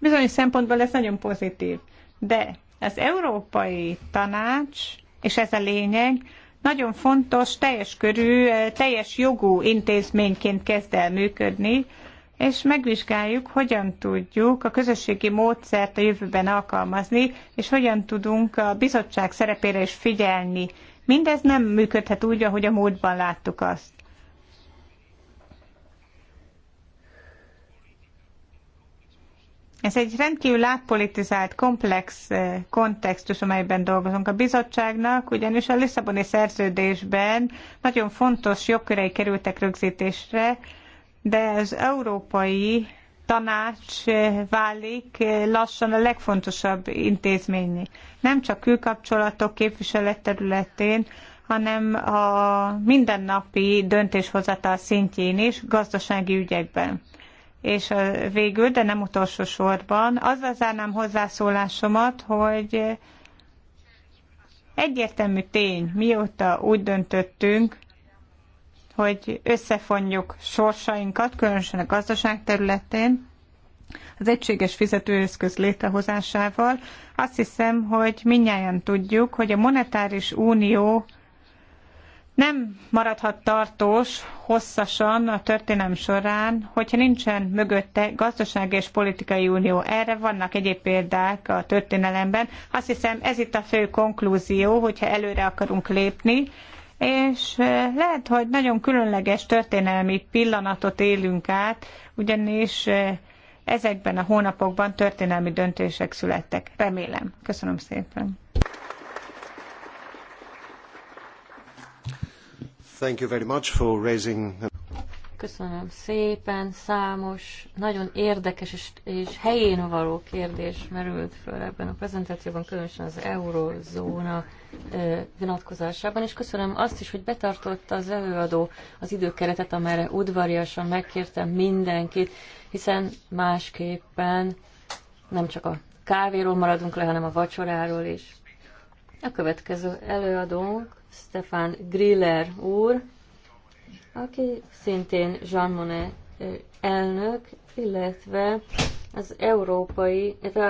Bizonyos szempontból ez nagyon pozitív. De az Európai Tanács, és ez a lényeg, nagyon fontos, teljes körű, teljes jogú intézményként kezd el működni, és megvizsgáljuk, hogyan tudjuk a közösségi módszert a jövőben alkalmazni, és hogyan tudunk a bizottság szerepére is figyelni. Mindez nem működhet úgy, ahogy a múltban láttuk azt. Ez egy rendkívül átpolitizált, komplex eh, kontextus, amelyben dolgozunk a bizottságnak, ugyanis a Lisszaboni szerződésben nagyon fontos jogkörei kerültek rögzítésre, de az európai tanács eh, válik eh, lassan a legfontosabb intézményi. Nem csak külkapcsolatok képviselet területén, hanem a mindennapi döntéshozatal szintjén is, gazdasági ügyekben és a, végül, de nem utolsó sorban, azzal zárnám hozzászólásomat, hogy egyértelmű tény, mióta úgy döntöttünk, hogy összefonjuk sorsainkat, különösen a gazdaság területén, az egységes fizetőeszköz létrehozásával, azt hiszem, hogy minnyáján tudjuk, hogy a monetáris unió nem maradhat tartós hosszasan a történelem során, hogyha nincsen mögötte gazdasági és politikai unió. Erre vannak egyéb példák a történelemben. Azt hiszem ez itt a fő konklúzió, hogyha előre akarunk lépni, és lehet, hogy nagyon különleges történelmi pillanatot élünk át, ugyanis ezekben a hónapokban történelmi döntések születtek. Remélem. Köszönöm szépen. Thank you very much for raising... Köszönöm szépen, számos, nagyon érdekes és, és helyén való kérdés merült föl ebben a prezentációban, különösen az eurozóna vonatkozásában, és köszönöm azt is, hogy betartotta az előadó az időkeretet, amelyre udvariasan megkértem mindenkit, hiszen másképpen nem csak a kávéról maradunk le, hanem a vacsoráról is. A következő előadónk Stefan Griller úr, aki szintén Jean Monnet elnök, illetve az európai, a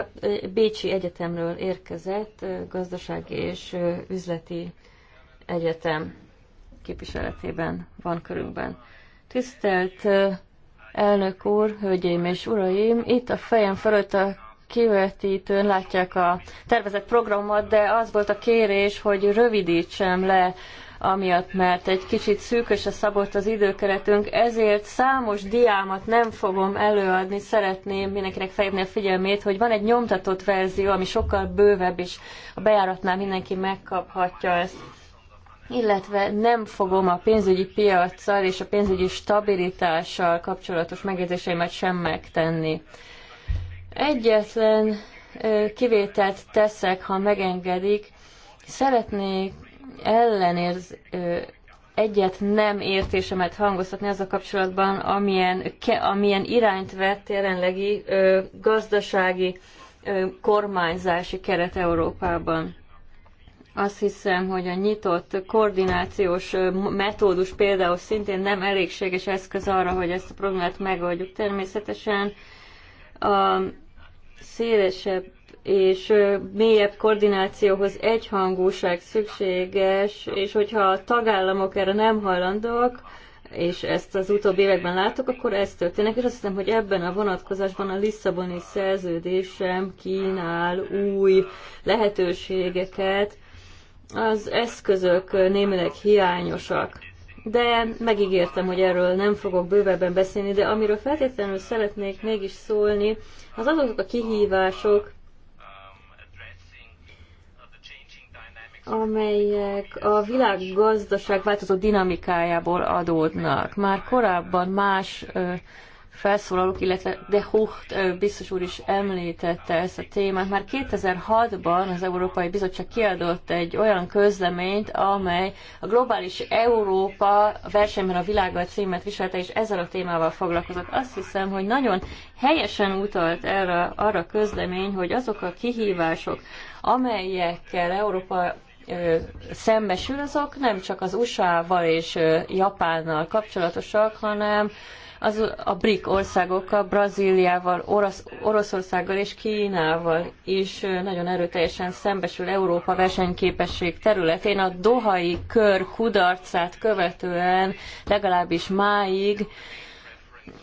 Bécsi Egyetemről érkezett gazdasági és üzleti egyetem képviseletében van körünkben. Tisztelt elnök úr, hölgyeim és uraim, itt a fejem fölött a kivetítőn látják a tervezett programot, de az volt a kérés, hogy rövidítsem le amiatt, mert egy kicsit szűkösre szabott az időkeretünk, ezért számos diámat nem fogom előadni, szeretném mindenkinek felhívni a figyelmét, hogy van egy nyomtatott verzió, ami sokkal bővebb, és a bejáratnál mindenki megkaphatja ezt illetve nem fogom a pénzügyi piaccal és a pénzügyi stabilitással kapcsolatos megjegyzéseimet sem megtenni. Egyetlen kivételt teszek, ha megengedik. Szeretnék ellenérz, egyet nem értésemet hangoztatni az a kapcsolatban, amilyen, amilyen irányt vett jelenlegi ö, gazdasági ö, kormányzási keret Európában. Azt hiszem, hogy a nyitott koordinációs metódus például szintén nem elégséges eszköz arra, hogy ezt a problémát megoldjuk. Természetesen a szélesebb és mélyebb koordinációhoz egyhangúság szükséges, és hogyha a tagállamok erre nem hajlandóak, és ezt az utóbbi években látok, akkor ez történik, és azt hiszem, hogy ebben a vonatkozásban a Lisszaboni szerződés sem kínál új lehetőségeket. Az eszközök némileg hiányosak de megígértem, hogy erről nem fogok bővebben beszélni, de amiről feltétlenül szeretnék mégis szólni, az azok a kihívások, amelyek a világgazdaság változó dinamikájából adódnak. Már korábban más felszólalók, illetve de Hucht biztos úr is említette ezt a témát. Már 2006-ban az Európai Bizottság kiadott egy olyan közleményt, amely a globális Európa versenyben a világgal címet viselte, és ezzel a témával foglalkozott. Azt hiszem, hogy nagyon helyesen utalt erre, arra közlemény, hogy azok a kihívások, amelyekkel Európa szembesül, azok nem csak az USA-val és Japánnal kapcsolatosak, hanem az a BRIC országokkal, Brazíliával, Orosz, Oroszországgal és Kínával is nagyon erőteljesen szembesül Európa versenyképesség területén. A dohai kör kudarcát követően legalábbis máig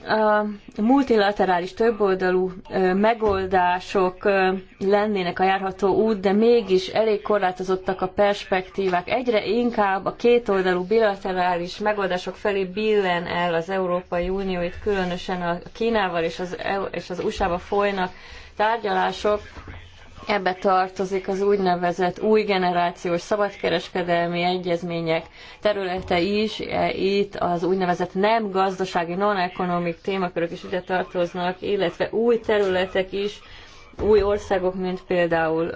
a multilaterális többoldalú megoldások lennének a járható út, de mégis elég korlátozottak a perspektívák. Egyre inkább a kétoldalú bilaterális megoldások felé billen el az Európai Unió, itt különösen a Kínával és az, e és az USA-ba folynak tárgyalások, Ebbe tartozik az úgynevezett új generációs szabadkereskedelmi egyezmények területe is, e, itt az úgynevezett nem gazdasági, non-economic témakörök is ide tartoznak, illetve új területek is, új országok, mint például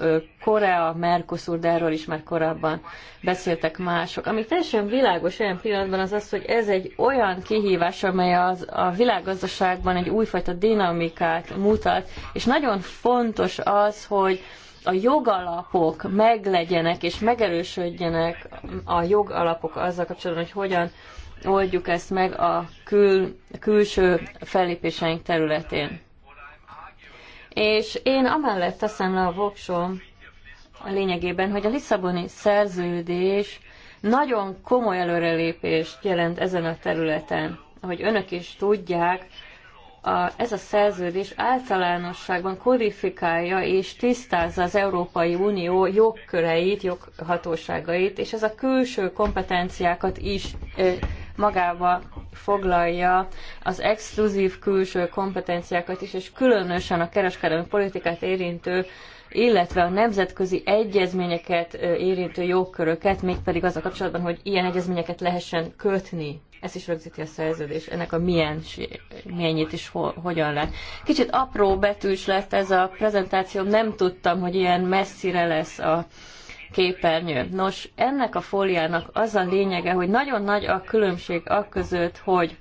Korea, Mercosur, de erről is már korábban beszéltek mások. Ami teljesen világos olyan pillanatban az az, hogy ez egy olyan kihívás, amely az, a világgazdaságban egy újfajta dinamikát mutat, és nagyon fontos az, hogy a jogalapok meglegyenek és megerősödjenek a jogalapok azzal kapcsolatban, hogy hogyan oldjuk ezt meg a kül, a külső fellépéseink területén. És én amellett teszem le a voksom a lényegében, hogy a Lisszaboni szerződés nagyon komoly előrelépést jelent ezen a területen. Ahogy önök is tudják, a, ez a szerződés általánosságban kodifikálja és tisztázza az Európai Unió jogköreit, joghatóságait, és ez a külső kompetenciákat is e, magába foglalja az exkluzív külső kompetenciákat is, és különösen a kereskedelmi politikát érintő illetve a nemzetközi egyezményeket érintő jogköröket, mégpedig az a kapcsolatban, hogy ilyen egyezményeket lehessen kötni. Ez is rögzíti a szerződés, ennek a milyen, milyenjét is ho, hogyan lett. Kicsit apró betűs lett ez a prezentáció, nem tudtam, hogy ilyen messzire lesz a képernyőn. Nos, ennek a fóliának az a lényege, hogy nagyon nagy a különbség aközött, hogy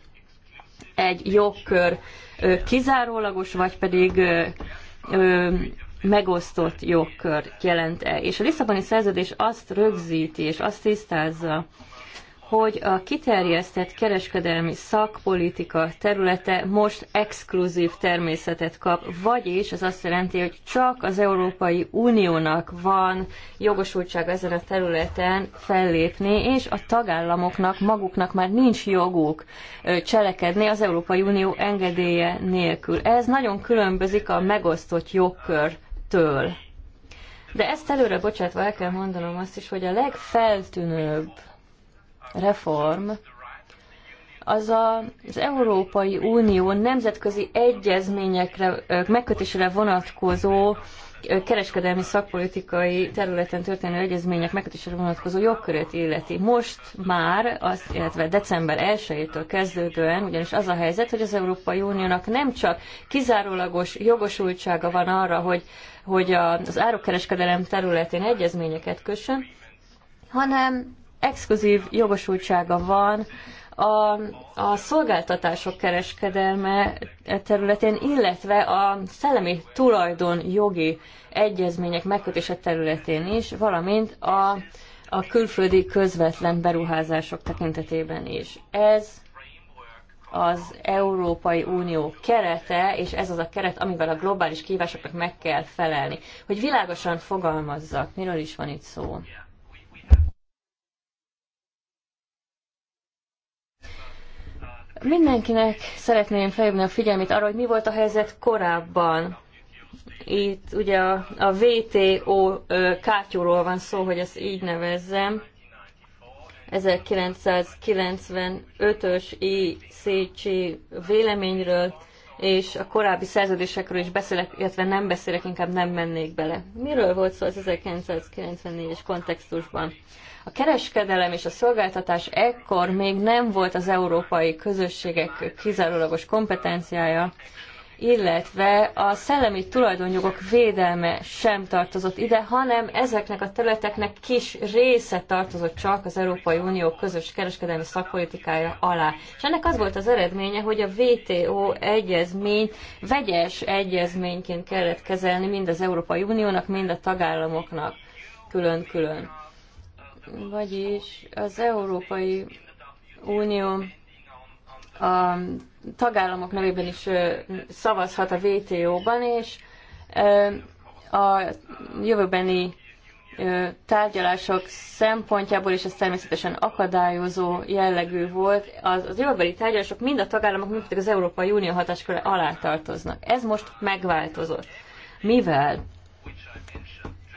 egy jogkör kizárólagos, vagy pedig megosztott jogkört jelent-e. És a Lisszaboni szerződés azt rögzíti, és azt tisztázza, hogy a kiterjesztett kereskedelmi szakpolitika területe most exkluzív természetet kap, vagyis ez azt jelenti, hogy csak az Európai Uniónak van jogosultság ezen a területen fellépni, és a tagállamoknak maguknak már nincs joguk cselekedni az Európai Unió engedélye nélkül. Ez nagyon különbözik a megosztott jogkörtől. De ezt előre bocsátva el kell mondanom azt is, hogy a legfeltűnőbb reform az a, az Európai Unió nemzetközi egyezményekre megkötésére vonatkozó kereskedelmi szakpolitikai területen történő egyezmények megkötésére vonatkozó jogkörét illeti. Most már, az, illetve december 1-től kezdődően, ugyanis az a helyzet, hogy az Európai Uniónak nem csak kizárólagos jogosultsága van arra, hogy, hogy az árukereskedelem területén egyezményeket kössön, hanem exkluzív jogosultsága van a, a szolgáltatások kereskedelme területén, illetve a szellemi tulajdon jogi egyezmények megkötése területén is, valamint a, a külföldi közvetlen beruházások tekintetében is. Ez az Európai Unió kerete, és ez az a keret, amivel a globális kívásoknak meg kell felelni. Hogy világosan fogalmazzak, miről is van itt szó. Mindenkinek szeretném felhívni a figyelmét arra, hogy mi volt a helyzet korábban. Itt ugye a, a VTO kártyóról van szó, hogy ezt így nevezzem. 1995-ös ICC véleményről, és a korábbi szerződésekről is beszélek, illetve nem beszélek, inkább nem mennék bele. Miről volt szó az 1994-es kontextusban? A kereskedelem és a szolgáltatás ekkor még nem volt az európai közösségek kizárólagos kompetenciája, illetve a szellemi tulajdonjogok védelme sem tartozott ide, hanem ezeknek a területeknek kis része tartozott csak az Európai Unió közös kereskedelmi szakpolitikája alá. És ennek az volt az eredménye, hogy a WTO egyezményt vegyes egyezményként kellett kezelni mind az Európai Uniónak, mind a tagállamoknak külön-külön. Vagyis az Európai Unió a tagállamok nevében is szavazhat a WTO-ban, és a jövőbeni tárgyalások szempontjából, is ez természetesen akadályozó jellegű volt, az, az jövőbeli tárgyalások mind a tagállamok, mind az Európai Unió hatásköre alá tartoznak. Ez most megváltozott. Mivel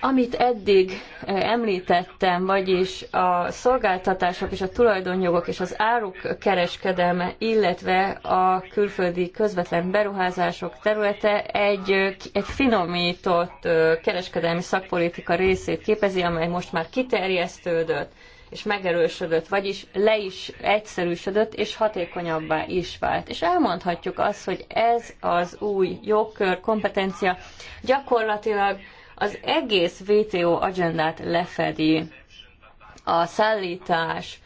amit eddig eh, említettem, vagyis a szolgáltatások és a tulajdonjogok és az áruk kereskedelme, illetve a külföldi közvetlen beruházások területe egy, eh, egy finomított eh, kereskedelmi szakpolitika részét képezi, amely most már kiterjesztődött és megerősödött, vagyis le is egyszerűsödött, és hatékonyabbá is vált. És elmondhatjuk azt, hogy ez az új jogkör, kompetencia gyakorlatilag az egész WTO agendát lefedi. A szállítás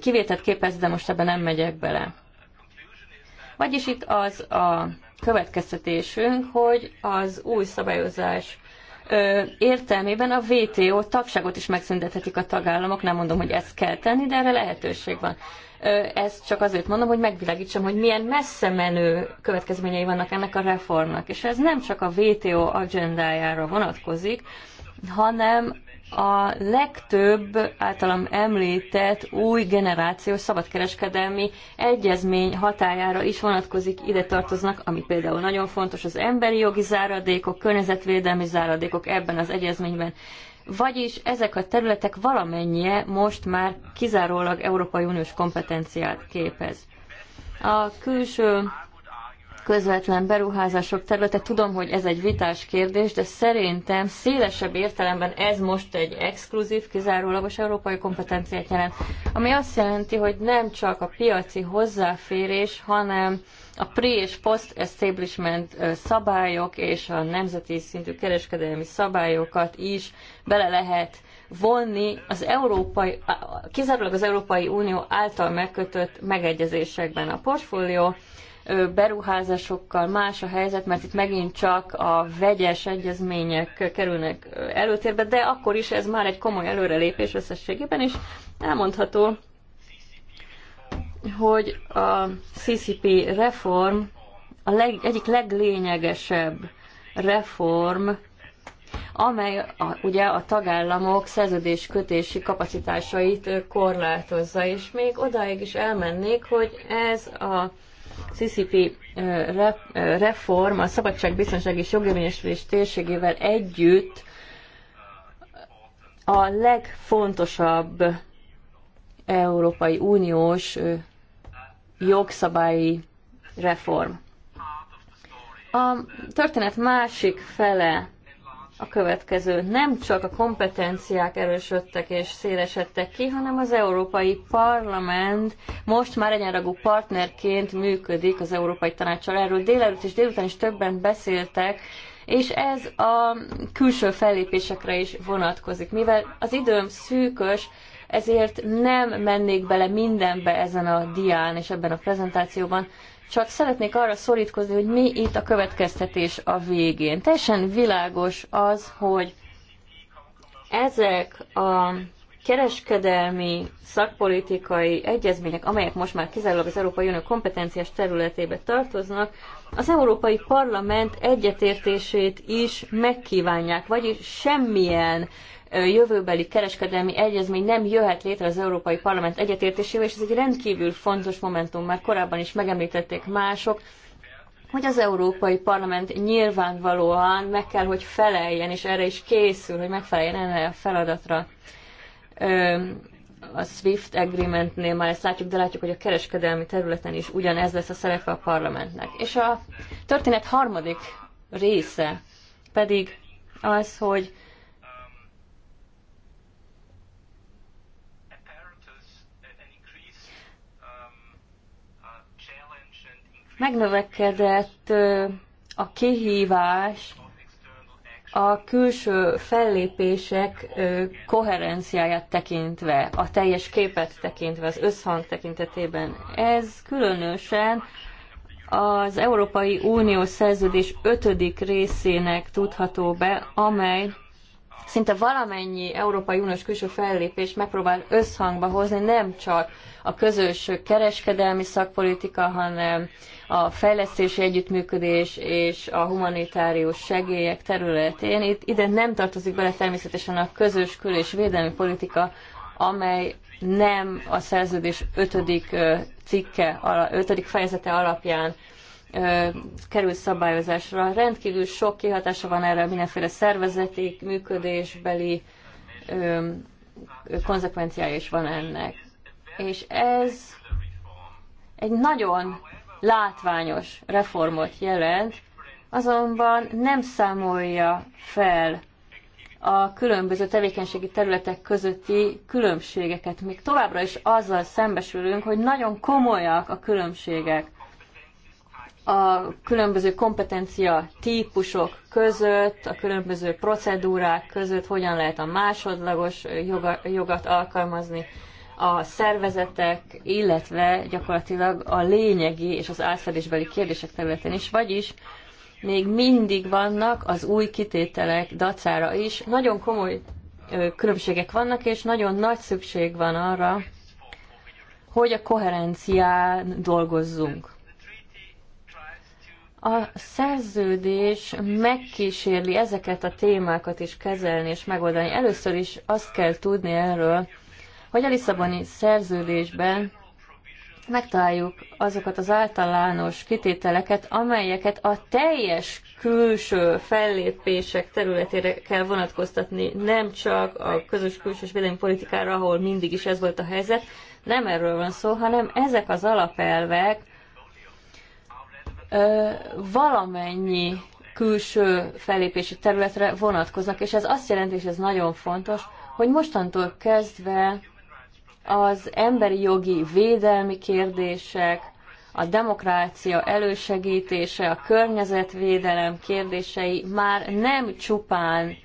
kivételt képez, de most ebben nem megyek bele. Vagyis itt az a következtetésünk, hogy az új szabályozás értelmében a WTO tagságot is megszüntethetik a tagállamok, nem mondom, hogy ezt kell tenni, de erre lehetőség van. Ezt csak azért mondom, hogy megvilágítsam, hogy milyen messze menő következményei vannak ennek a reformnak. És ez nem csak a WTO agendájára vonatkozik, hanem a legtöbb általam említett új generációs szabadkereskedelmi egyezmény hatájára is vonatkozik, ide tartoznak, ami például nagyon fontos, az emberi jogi záradékok, környezetvédelmi záradékok ebben az egyezményben vagyis ezek a területek valamennyie most már kizárólag Európai Uniós kompetenciát képez. A külső közvetlen beruházások területe, tudom, hogy ez egy vitás kérdés, de szerintem szélesebb értelemben ez most egy exkluzív, kizárólagos európai kompetenciát jelent, ami azt jelenti, hogy nem csak a piaci hozzáférés, hanem a pre és post establishment szabályok és a nemzeti szintű kereskedelmi szabályokat is bele lehet vonni az európai, kizárólag az Európai Unió által megkötött megegyezésekben a portfólió beruházásokkal más a helyzet, mert itt megint csak a vegyes egyezmények kerülnek előtérbe, de akkor is ez már egy komoly előrelépés összességében, is elmondható, hogy a CCP reform a leg, egyik leglényegesebb reform, amely a, ugye a tagállamok szerződéskötési kapacitásait korlátozza, és még odáig is elmennék, hogy ez a CCP reform a szabadság, biztonság és jogérvényesülés térségével együtt a legfontosabb Európai Uniós jogszabályi reform. A történet másik fele a következő. Nem csak a kompetenciák erősödtek és szélesedtek ki, hanem az Európai Parlament most már egyenragú partnerként működik az Európai Tanácssal. Erről délelőtt és délután is többen beszéltek, és ez a külső fellépésekre is vonatkozik. Mivel az időm szűkös, ezért nem mennék bele mindenbe ezen a dián és ebben a prezentációban, csak szeretnék arra szorítkozni, hogy mi itt a következtetés a végén. Teljesen világos az, hogy ezek a kereskedelmi szakpolitikai egyezmények, amelyek most már kizárólag az Európai Unió kompetenciás területébe tartoznak, az Európai Parlament egyetértését is megkívánják, vagyis semmilyen jövőbeli kereskedelmi egyezmény nem jöhet létre az Európai Parlament egyetértésével, és ez egy rendkívül fontos momentum, már korábban is megemlítették mások, hogy az Európai Parlament nyilvánvalóan meg kell, hogy feleljen, és erre is készül, hogy megfeleljen ennek a feladatra. A SWIFT agreementnél már ezt látjuk, de látjuk, hogy a kereskedelmi területen is ugyanez lesz a szerepe a parlamentnek. És a történet harmadik része pedig az, hogy megnövekedett a kihívás a külső fellépések koherenciáját tekintve, a teljes képet tekintve, az összhang tekintetében. Ez különösen az Európai Unió szerződés ötödik részének tudható be, amely szinte valamennyi Európai Uniós külső fellépés megpróbál összhangba hozni, nem csak a közös kereskedelmi szakpolitika, hanem a fejlesztési együttműködés és a humanitárius segélyek területén. Itt, ide nem tartozik bele természetesen a közös kül- és védelmi politika, amely nem a szerződés ötödik cikke, ötödik fejezete alapján kerül szabályozásra. Rendkívül sok kihatása van erre mindenféle szervezeti, működésbeli ö, konzekvenciája is van ennek. És ez egy nagyon látványos reformot jelent, azonban nem számolja fel a különböző tevékenységi területek közötti különbségeket. Még továbbra is azzal szembesülünk, hogy nagyon komolyak a különbségek a különböző kompetencia típusok között, a különböző procedúrák között, hogyan lehet a másodlagos joga, jogat alkalmazni, a szervezetek, illetve gyakorlatilag a lényegi és az átfedésbeli kérdések területén is, vagyis még mindig vannak az új kitételek dacára is. Nagyon komoly különbségek vannak, és nagyon nagy szükség van arra, hogy a koherencián dolgozzunk. A szerződés megkísérli ezeket a témákat is kezelni és megoldani. Először is azt kell tudni erről, hogy a Lisszaboni szerződésben megtaláljuk azokat az általános kitételeket, amelyeket a teljes külső fellépések területére kell vonatkoztatni, nem csak a közös külsős politikára, ahol mindig is ez volt a helyzet, nem erről van szó, hanem ezek az alapelvek ö, valamennyi külső fellépési területre vonatkoznak, és ez azt jelenti, és ez nagyon fontos, hogy mostantól kezdve az emberi jogi védelmi kérdések, a demokrácia elősegítése, a környezetvédelem kérdései már nem csupán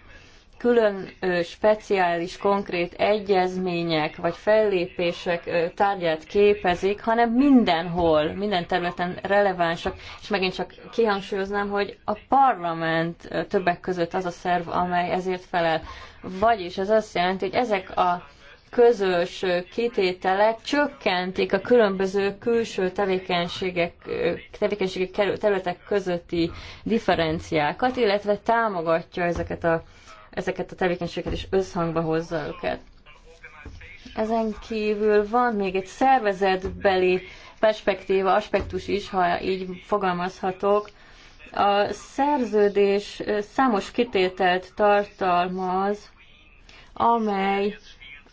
külön speciális, konkrét egyezmények vagy fellépések tárgyát képezik, hanem mindenhol, minden területen relevánsak, és megint csak kihangsúlyoznám, hogy a parlament többek között az a szerv, amely ezért felel. Vagyis ez azt jelenti, hogy ezek a közös kitételek csökkentik a különböző külső tevékenységek, tevékenységek területek közötti differenciákat, illetve támogatja ezeket a, ezeket a tevékenységeket és összhangba hozza őket. Ezen kívül van még egy szervezetbeli perspektíva, aspektus is, ha így fogalmazhatok. A szerződés számos kitételt tartalmaz, amely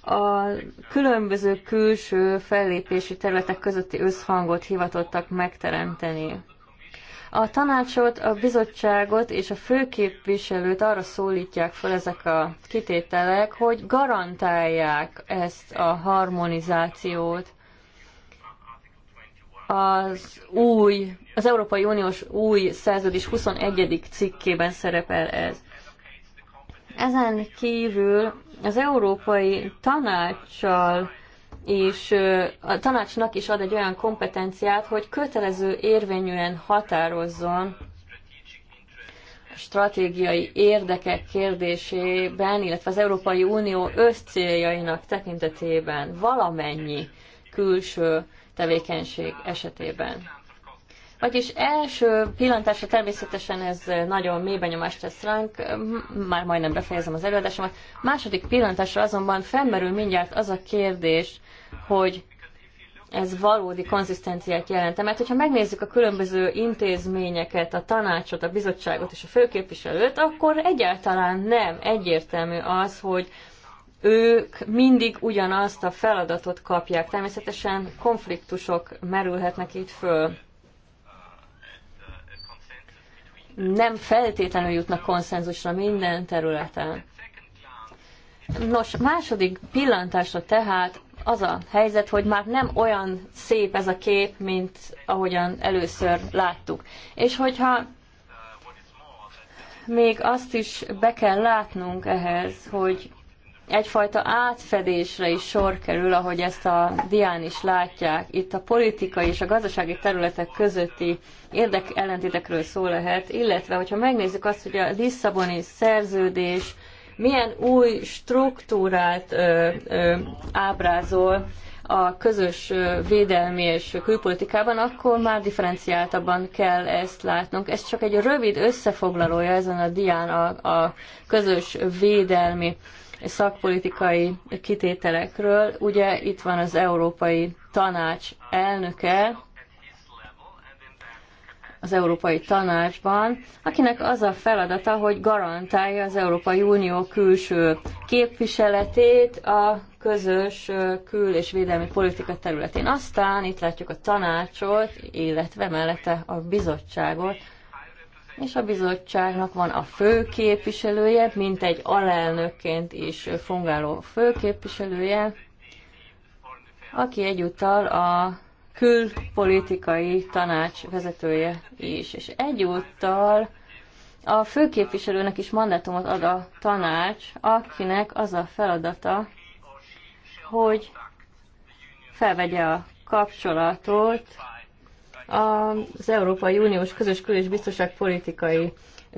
a különböző külső fellépési területek közötti összhangot hivatottak megteremteni. A tanácsot, a bizottságot és a főképviselőt arra szólítják fel ezek a kitételek, hogy garantálják ezt a harmonizációt az új, az Európai Uniós új szerződés 21. cikkében szerepel ez. Ezen kívül az Európai Tanácssal és a tanácsnak is ad egy olyan kompetenciát, hogy kötelező érvényűen határozzon stratégiai érdekek kérdésében, illetve az Európai Unió összcéljainak tekintetében valamennyi külső tevékenység esetében. Vagyis első pillantásra természetesen ez nagyon mély benyomást tesz ránk, már majdnem befejezem az előadásomat. Második pillantásra azonban felmerül mindjárt az a kérdés, hogy ez valódi konzisztenciát jelent. Mert hogyha megnézzük a különböző intézményeket, a tanácsot, a bizottságot és a főképviselőt, akkor egyáltalán nem egyértelmű az, hogy ők mindig ugyanazt a feladatot kapják. Természetesen konfliktusok merülhetnek itt föl nem feltétlenül jutnak konszenzusra minden területen. Nos, második pillantásra tehát az a helyzet, hogy már nem olyan szép ez a kép, mint ahogyan először láttuk. És hogyha még azt is be kell látnunk ehhez, hogy egyfajta átfedésre is sor kerül, ahogy ezt a dián is látják. Itt a politikai és a gazdasági területek közötti érdekellentétekről szó lehet, illetve hogyha megnézzük azt, hogy a Lisszaboni szerződés milyen új struktúrát ö, ö, ábrázol a közös védelmi és külpolitikában, akkor már differenciáltabban kell ezt látnunk. Ez csak egy rövid összefoglalója ezen a dián a, a közös védelmi szakpolitikai kitételekről. Ugye itt van az Európai Tanács elnöke, az Európai Tanácsban, akinek az a feladata, hogy garantálja az Európai Unió külső képviseletét a közös kül- és védelmi politika területén. Aztán itt látjuk a tanácsot, illetve mellette a bizottságot, és a bizottságnak van a főképviselője, mint egy alelnökként is fungáló főképviselője, aki egyúttal a külpolitikai tanács vezetője is, és egyúttal a főképviselőnek is mandátumot ad a tanács, akinek az a feladata, hogy felvegye a kapcsolatot az Európai Uniós közös kül- és biztonságpolitikai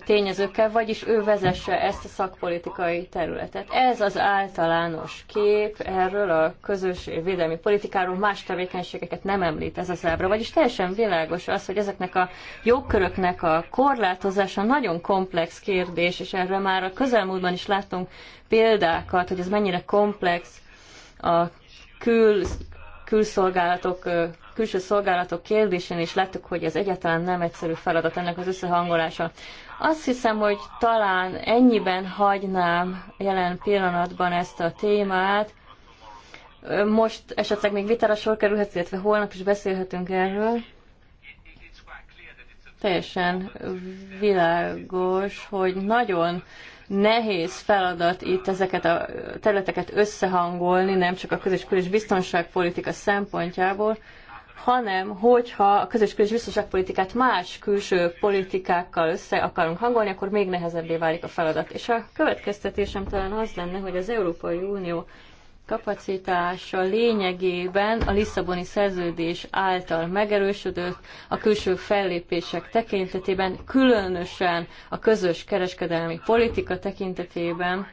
tényezőkkel, vagyis ő vezesse ezt a szakpolitikai területet. Ez az általános kép erről a közös védelmi politikáról más tevékenységeket nem említ ez az ábra, vagyis teljesen világos az, hogy ezeknek a jogköröknek a korlátozása nagyon komplex kérdés, és erről már a közelmúltban is láttunk példákat, hogy ez mennyire komplex a kül, külszolgálatok külső szolgálatok kérdésén is láttuk, hogy ez egyáltalán nem egyszerű feladat ennek az összehangolása. Azt hiszem, hogy talán ennyiben hagynám jelen pillanatban ezt a témát. Most esetleg még vitára sor kerülhet, illetve holnap is beszélhetünk erről. Teljesen világos, hogy nagyon nehéz feladat itt ezeket a területeket összehangolni, nem csak a közös kül- biztonságpolitika szempontjából, hanem hogyha a közös külső biztonságpolitikát más külső politikákkal össze akarunk hangolni, akkor még nehezebbé válik a feladat. És a következtetésem talán az lenne, hogy az Európai Unió kapacitása lényegében a Lisszaboni szerződés által megerősödött a külső fellépések tekintetében, különösen a közös kereskedelmi politika tekintetében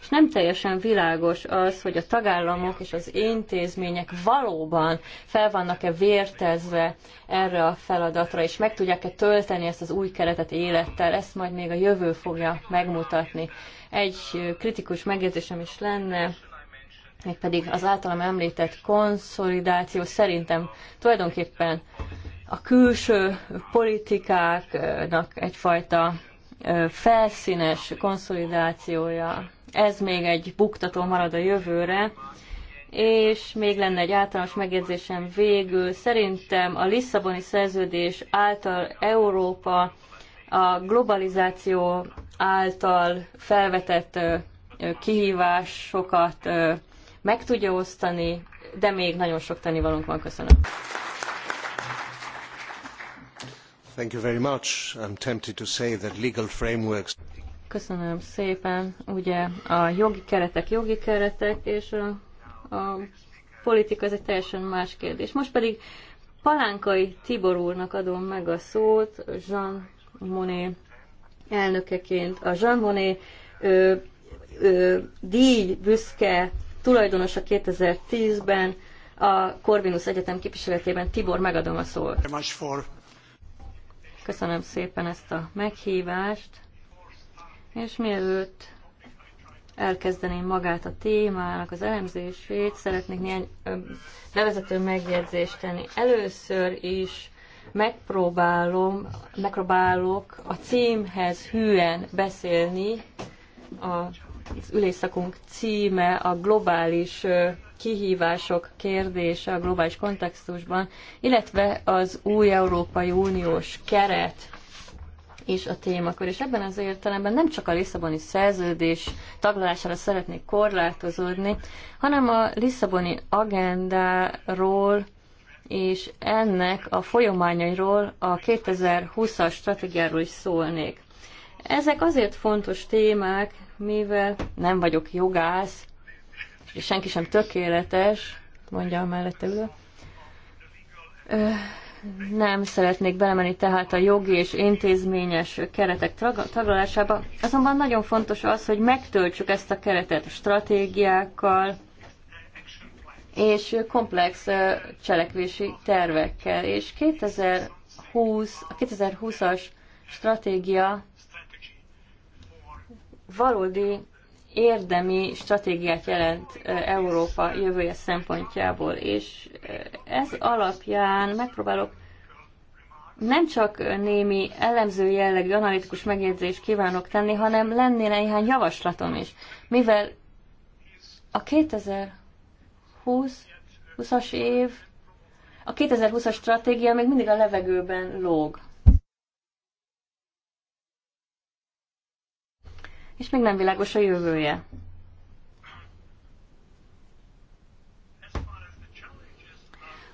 és nem teljesen világos az, hogy a tagállamok és az intézmények valóban fel vannak-e vértezve erre a feladatra, és meg tudják-e tölteni ezt az új keretet élettel, ezt majd még a jövő fogja megmutatni. Egy kritikus megjegyzésem is lenne, mégpedig az általam említett konszolidáció szerintem tulajdonképpen a külső politikáknak egyfajta felszínes konszolidációja ez még egy buktató marad a jövőre, és még lenne egy általános megjegyzésem végül. Szerintem a Lisszaboni szerződés által Európa a globalizáció által felvetett kihívásokat meg tudja osztani, de még nagyon sok tennivalónk van. Köszönöm. Thank you very much. I'm tempted to say that legal frameworks Köszönöm szépen. Ugye a jogi keretek jogi keretek, és a, a politika ez egy teljesen más kérdés. Most pedig Palánkai Tibor úrnak adom meg a szót, Jean Monnet elnökeként. A Jean Monnet ö, ö, díj büszke tulajdonosa 2010-ben a Corvinus Egyetem képviseletében. Tibor, megadom a szót. Köszönöm szépen ezt a meghívást és mielőtt elkezdeném magát a témának az elemzését, szeretnék néhány bevezető megjegyzést tenni. Először is megpróbálom, megpróbálok a címhez hűen beszélni. Az ülésszakunk címe a globális kihívások kérdése a globális kontextusban, illetve az új Európai Uniós keret és a témakör, és ebben az értelemben nem csak a Lisszaboni szerződés taglalására szeretnék korlátozódni, hanem a Lisszaboni agendáról és ennek a folyamányairól a 2020-as stratégiáról is szólnék. Ezek azért fontos témák, mivel nem vagyok jogász, és senki sem tökéletes, mondja a mellette ülő nem szeretnék belemenni tehát a jogi és intézményes keretek taglalásába, azonban nagyon fontos az, hogy megtöltsük ezt a keretet stratégiákkal és komplex cselekvési tervekkel. És 2020, a 2020-as stratégia valódi érdemi stratégiát jelent Európa jövője szempontjából, és ez alapján megpróbálok nem csak némi elemző jellegű analitikus megjegyzést kívánok tenni, hanem lenné néhány javaslatom is. Mivel a 2020-as év, a 2020-as stratégia még mindig a levegőben lóg. és még nem világos a jövője.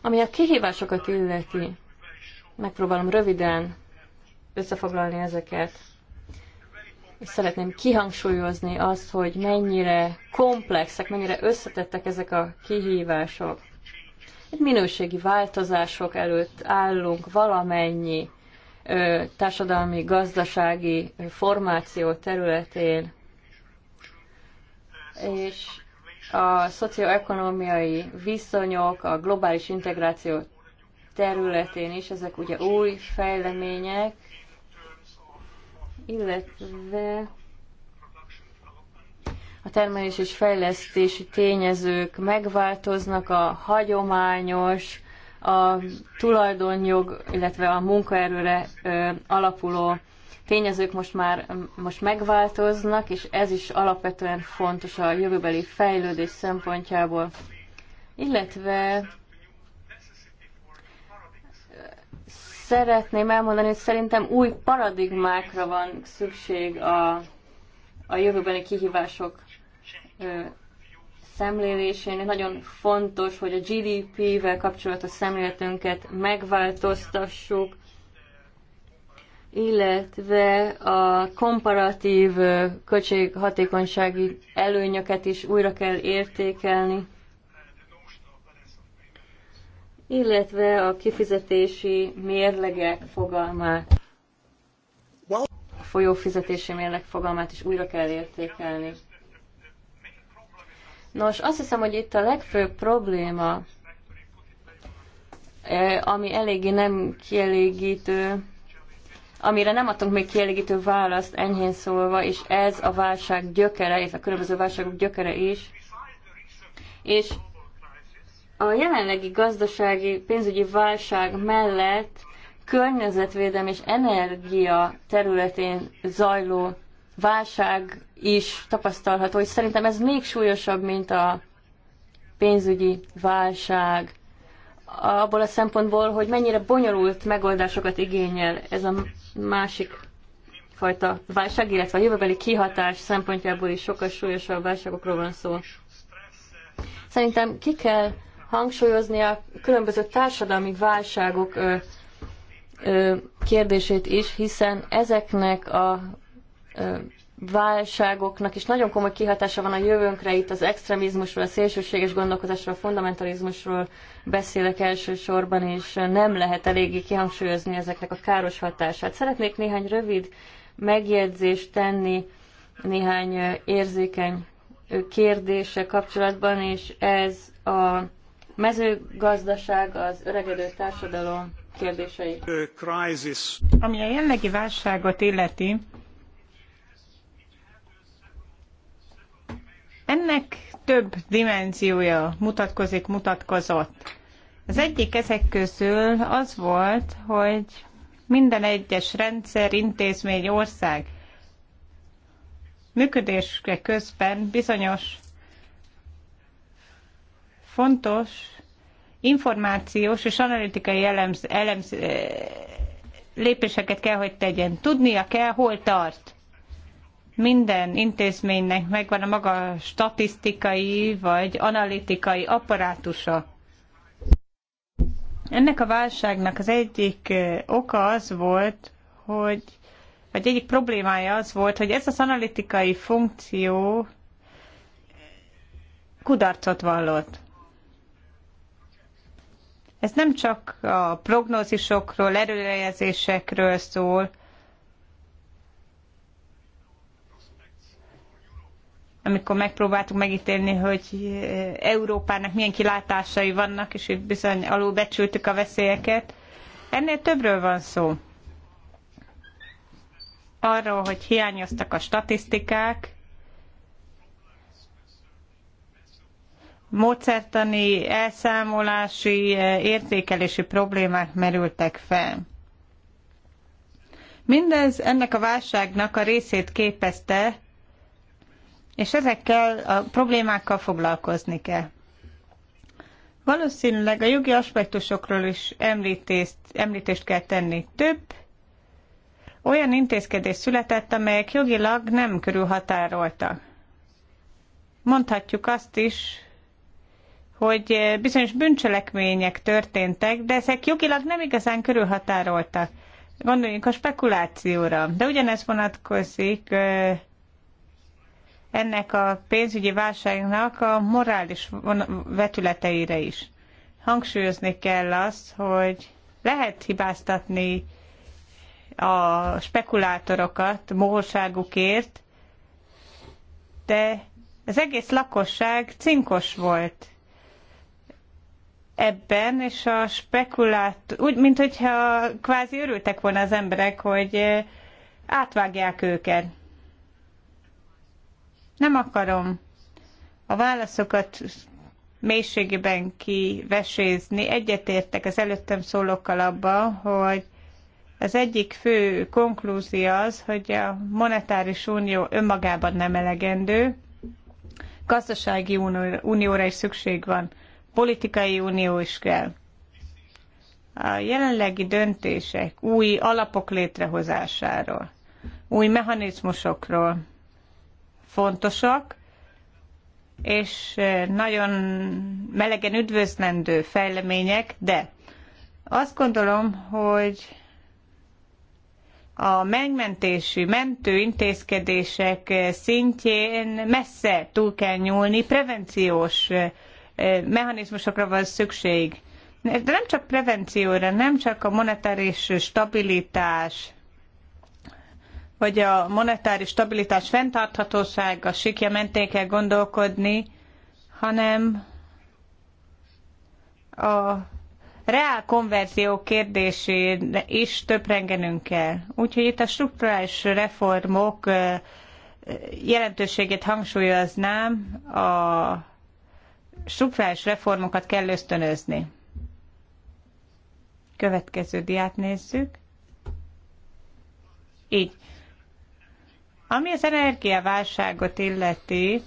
Ami a kihívásokat illeti, megpróbálom röviden összefoglalni ezeket, és szeretném kihangsúlyozni azt, hogy mennyire komplexek, mennyire összetettek ezek a kihívások. Itt minőségi változások előtt állunk valamennyi társadalmi-gazdasági formáció területén, és a szocioekonomiai viszonyok, a globális integráció területén is, ezek ugye új fejlemények, illetve a termelés és fejlesztési tényezők megváltoznak, a hagyományos a tulajdonjog, illetve a munkaerőre alapuló tényezők most már most megváltoznak, és ez is alapvetően fontos a jövőbeli fejlődés szempontjából. Illetve szeretném elmondani, hogy szerintem új paradigmákra van szükség a, a jövőbeni kihívások szemlélésén nagyon fontos, hogy a GDP-vel kapcsolatos szemléletünket megváltoztassuk, illetve a komparatív költséghatékonysági előnyöket is újra kell értékelni, illetve a kifizetési mérlegek fogalmát, a folyófizetési mérleg fogalmát is újra kell értékelni. Nos, azt hiszem, hogy itt a legfőbb probléma, ami eléggé nem kielégítő, amire nem adtunk még kielégítő választ, enyhén szólva, és ez a válság gyökere, és a különböző válságok gyökere is. És a jelenlegi gazdasági pénzügyi válság mellett környezetvédelem és energia területén zajló válság is tapasztalható, és szerintem ez még súlyosabb, mint a pénzügyi válság, abból a szempontból, hogy mennyire bonyolult megoldásokat igényel ez a másik fajta válság, illetve a jövőbeli kihatás szempontjából is sokkal súlyosabb válságokról van szó. Szerintem ki kell hangsúlyozni a különböző társadalmi válságok ö, ö, kérdését is, hiszen ezeknek a ö, válságoknak is nagyon komoly kihatása van a jövőnkre, itt az extremizmusról, a szélsőséges gondolkozásról, a fundamentalizmusról beszélek elsősorban, és nem lehet eléggé kihangsúlyozni ezeknek a káros hatását. Szeretnék néhány rövid megjegyzést tenni néhány érzékeny kérdése kapcsolatban, és ez a mezőgazdaság, az öregedő társadalom kérdései. Ami a jelenlegi válságot illeti, Ennek több dimenziója mutatkozik, mutatkozott. Az egyik ezek közül az volt, hogy minden egyes rendszer, intézmény, ország működésre közben bizonyos fontos információs és analitikai elemz, elemz, lépéseket kell, hogy tegyen. Tudnia kell, hol tart minden intézménynek megvan a maga statisztikai vagy analitikai apparátusa. Ennek a válságnak az egyik oka az volt, hogy, vagy egyik problémája az volt, hogy ez az analitikai funkció kudarcot vallott. Ez nem csak a prognózisokról, előrejelzésekről szól, amikor megpróbáltuk megítélni, hogy eh, Európának milyen kilátásai vannak, és itt bizony alulbecsültük a veszélyeket. Ennél többről van szó. Arról, hogy hiányoztak a statisztikák, módszertani, elszámolási, eh, értékelési problémák merültek fel. Mindez ennek a válságnak a részét képezte, és ezekkel a problémákkal foglalkozni kell. Valószínűleg a jogi aspektusokról is említést, említést kell tenni. Több olyan intézkedés született, amelyek jogilag nem körülhatároltak. Mondhatjuk azt is, hogy bizonyos bűncselekmények történtek, de ezek jogilag nem igazán körülhatároltak. Gondoljunk a spekulációra, de ugyanez vonatkozik ennek a pénzügyi válságnak a morális vetületeire is. Hangsúlyozni kell azt, hogy lehet hibáztatni a spekulátorokat mohóságukért, de az egész lakosság cinkos volt ebben, és a spekulát, úgy, mint hogyha kvázi örültek volna az emberek, hogy eh, átvágják őket. Nem akarom a válaszokat mélységében kivesézni. Egyetértek az előttem szólókkal abban, hogy az egyik fő konklúzió az, hogy a monetáris unió önmagában nem elegendő, gazdasági unióra is szükség van, politikai unió is kell. A jelenlegi döntések új alapok létrehozásáról, új mechanizmusokról, fontosak, és eh, nagyon melegen üdvözlendő fejlemények, de azt gondolom, hogy a megmentésű mentő intézkedések eh, szintjén messze túl kell nyúlni, prevenciós eh, mechanizmusokra van szükség. De nem csak prevencióra, nem csak a monetáris stabilitás, hogy a monetáris stabilitás fenntarthatósága sikja mentén kell gondolkodni, hanem a reál konverzió kérdésére is töprengenünk kell. Úgyhogy itt a strukturális reformok jelentőségét hangsúlyoznám, a strukturális reformokat kell ösztönözni. Következő diát nézzük. Így. Ami az energiaválságot illeti,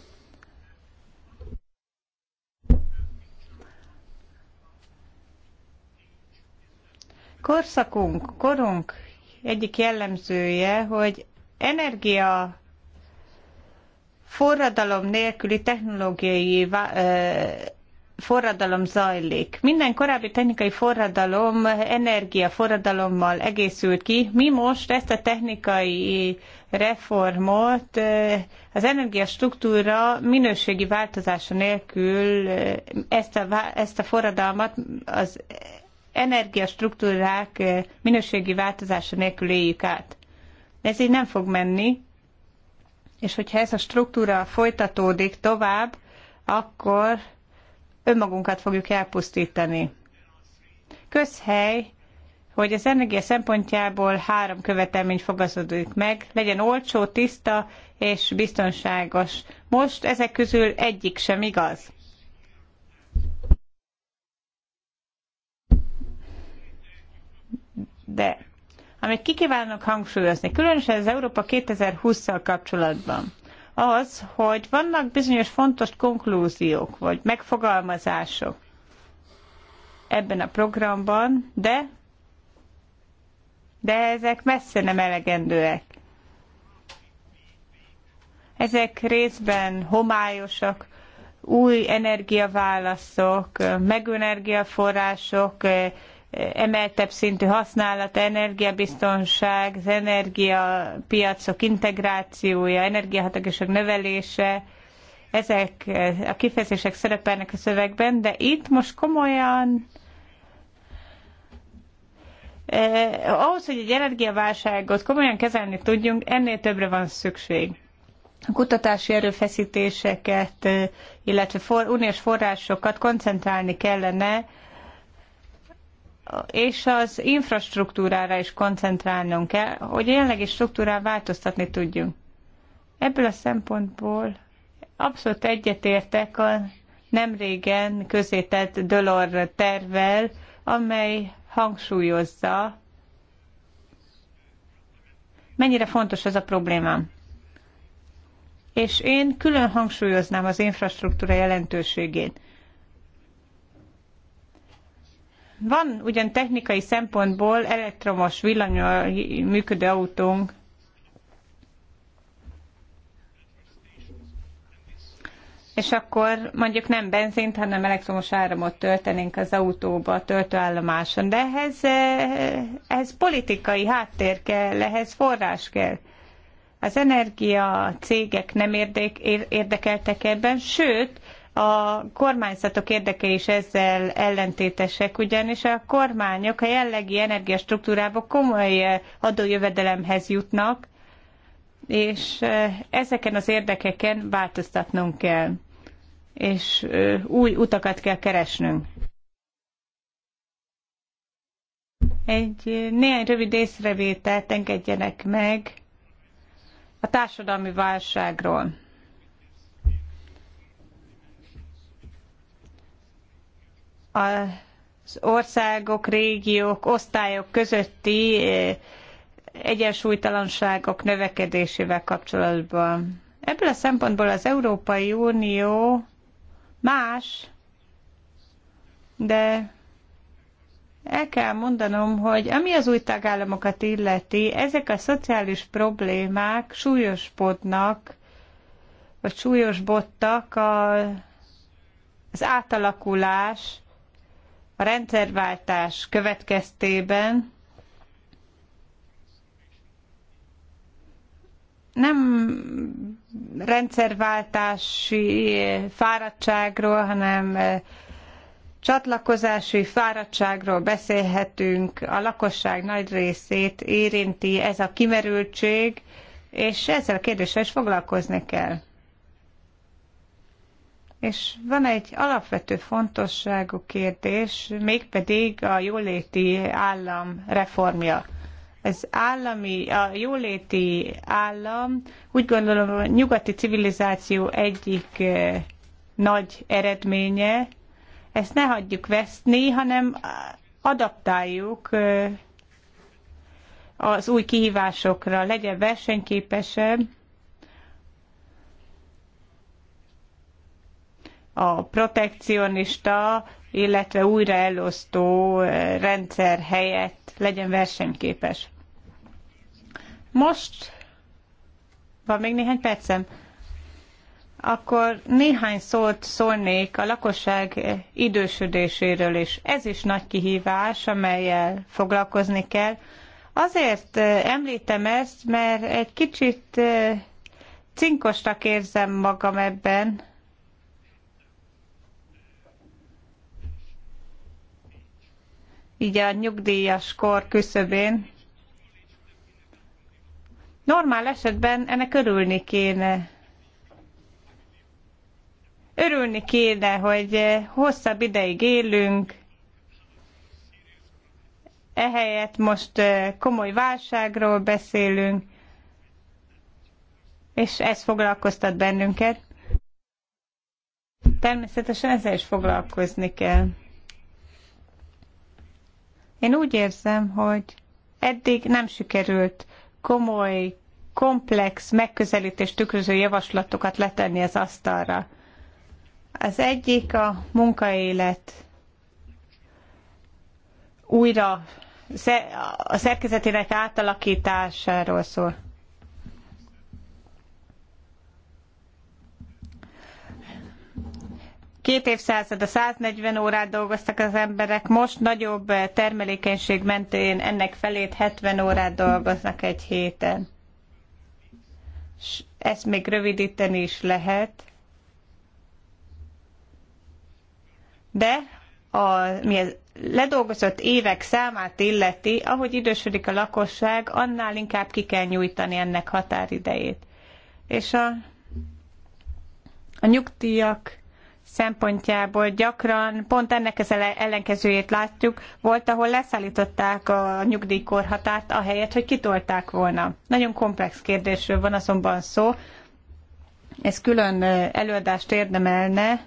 korszakunk, korunk egyik jellemzője, hogy energia forradalom nélküli technológiai forradalom zajlik. Minden korábbi technikai forradalom energiaforradalommal egészült ki. Mi most ezt a technikai reformot az energiastruktúra minőségi változása nélkül ezt a, ezt a forradalmat az energiastruktúrák minőségi változása nélkül éljük át. Ez így nem fog menni, és hogyha ez a struktúra folytatódik tovább, akkor önmagunkat fogjuk elpusztítani. Közhely, hogy az energia szempontjából három követelmény fogazodik meg, legyen olcsó, tiszta és biztonságos. Most ezek közül egyik sem igaz. De amit kikívánok hangsúlyozni, különösen az Európa 2020-szal kapcsolatban, az, hogy vannak bizonyos fontos konklúziók, vagy megfogalmazások ebben a programban, de, de ezek messze nem elegendőek. Ezek részben homályosak, új energiaválaszok, megőenergiaforrások, energiaforrások, emeltebb szintű használata, energiabiztonság, az energiapiacok integrációja, energiahatékonyság növelése, ezek a kifejezések szerepelnek a szövegben, de itt most komolyan eh, ahhoz, hogy egy energiaválságot komolyan kezelni tudjunk, ennél többre van szükség. A kutatási erőfeszítéseket, eh, illetve for, uniós forrásokat koncentrálni kellene és az infrastruktúrára is koncentrálnunk kell, hogy jelenlegi struktúrát változtatni tudjunk. Ebből a szempontból abszolút egyetértek a nem régen közétett Dolor tervvel, amely hangsúlyozza, mennyire fontos ez a problémám. És én külön hangsúlyoznám az infrastruktúra jelentőségét. Van ugyan technikai szempontból elektromos villanyol működő autónk, és akkor mondjuk nem benzint, hanem elektromos áramot töltenénk az autóba, a töltőállomáson. De ehhez, eh, ehhez politikai háttér kell, ehhez forrás kell. Az energia cégek nem érdekeltek ebben, sőt, a kormányzatok érdekei is ezzel ellentétesek, ugyanis a kormányok a jellegi energiastruktúrába komoly eh, adójövedelemhez jutnak, és eh, ezeken az érdekeken változtatnunk kell, és eh, új utakat kell keresnünk. Egy néhány rövid észrevételt engedjenek meg a társadalmi válságról az országok, régiók, osztályok közötti eh, egyensúlytalanságok növekedésével kapcsolatban. Ebből a szempontból az Európai Unió más, de el kell mondanom, hogy ami az új tagállamokat illeti, ezek a szociális problémák súlyosbodnak, vagy súlyosbodtak a, az átalakulás a rendszerváltás következtében nem rendszerváltási fáradtságról, hanem eh, csatlakozási fáradtságról beszélhetünk. A lakosság nagy részét érinti ez a kimerültség, és ezzel a kérdéssel is foglalkozni kell. És van egy alapvető fontosságú kérdés, mégpedig a jóléti állam reformja. Ez állami, a jóléti állam úgy gondolom a nyugati civilizáció egyik eh, nagy eredménye. Ezt ne hagyjuk veszni, hanem eh, adaptáljuk eh, az új kihívásokra, legyen versenyképesebb, a protekcionista, illetve újra elosztó eh, rendszer helyett legyen versenyképes. Most van még néhány percem akkor néhány szót szólnék a lakosság eh, idősödéséről is. Ez is nagy kihívás, amelyel foglalkozni kell. Azért eh, említem ezt, mert egy kicsit cinkosnak érzem magam ebben, így a nyugdíjas kor küszöbén. Normál esetben ennek örülni kéne. Örülni kéne, hogy hosszabb ideig élünk, ehelyett most komoly válságról beszélünk, és ez foglalkoztat bennünket. Természetesen ezzel is foglalkozni kell. Én úgy érzem, hogy eddig nem sikerült komoly, komplex megközelítést tükröző javaslatokat letenni az asztalra. Az egyik a munkaélet újra a szerkezetének átalakításáról szól. Két évszázad, a 140 órát dolgoztak az emberek, most nagyobb eh, termelékenység mentén ennek felét 70 órát dolgoznak egy héten. S ezt még rövidíteni is lehet. De a, mi az ledolgozott évek számát illeti, ahogy idősödik a lakosság, annál inkább ki kell nyújtani ennek határidejét. És a, a nyugdíjak szempontjából gyakran pont ennek az ellenkezőjét látjuk, volt, ahol leszállították a nyugdíjkorhatárt, ahelyett, hogy kitolták volna. Nagyon komplex kérdésről van azonban szó, ez külön előadást érdemelne,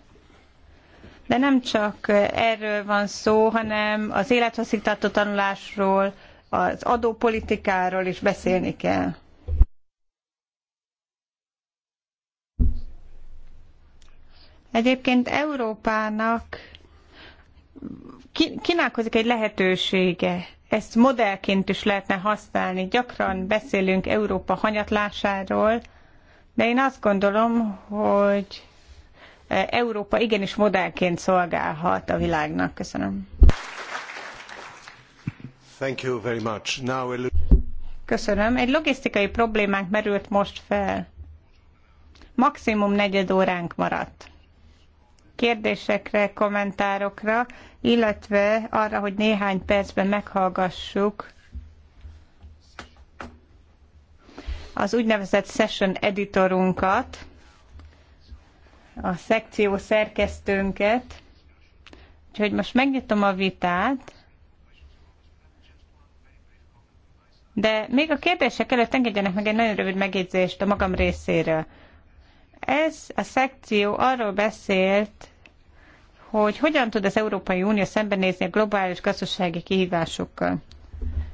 de nem csak erről van szó, hanem az élethosszígtartó tanulásról, az adópolitikáról is beszélni kell. Egyébként Európának kínálkozik egy lehetősége. Ezt modellként is lehetne használni. Gyakran beszélünk Európa hanyatlásáról, de én azt gondolom, hogy Európa igenis modellként szolgálhat a világnak. Köszönöm. Thank you very much. Now we'll... Köszönöm. Egy logisztikai problémánk merült most fel. Maximum negyed óránk maradt kérdésekre, kommentárokra, illetve arra, hogy néhány percben meghallgassuk az úgynevezett session editorunkat, a szekció szerkesztőnket. Úgyhogy most megnyitom a vitát, de még a kérdések előtt engedjenek meg egy nagyon rövid megjegyzést a magam részéről. Ez a szekció arról beszélt, hogy hogyan tud az Európai Unió szembenézni a globális gazdasági kihívásokkal.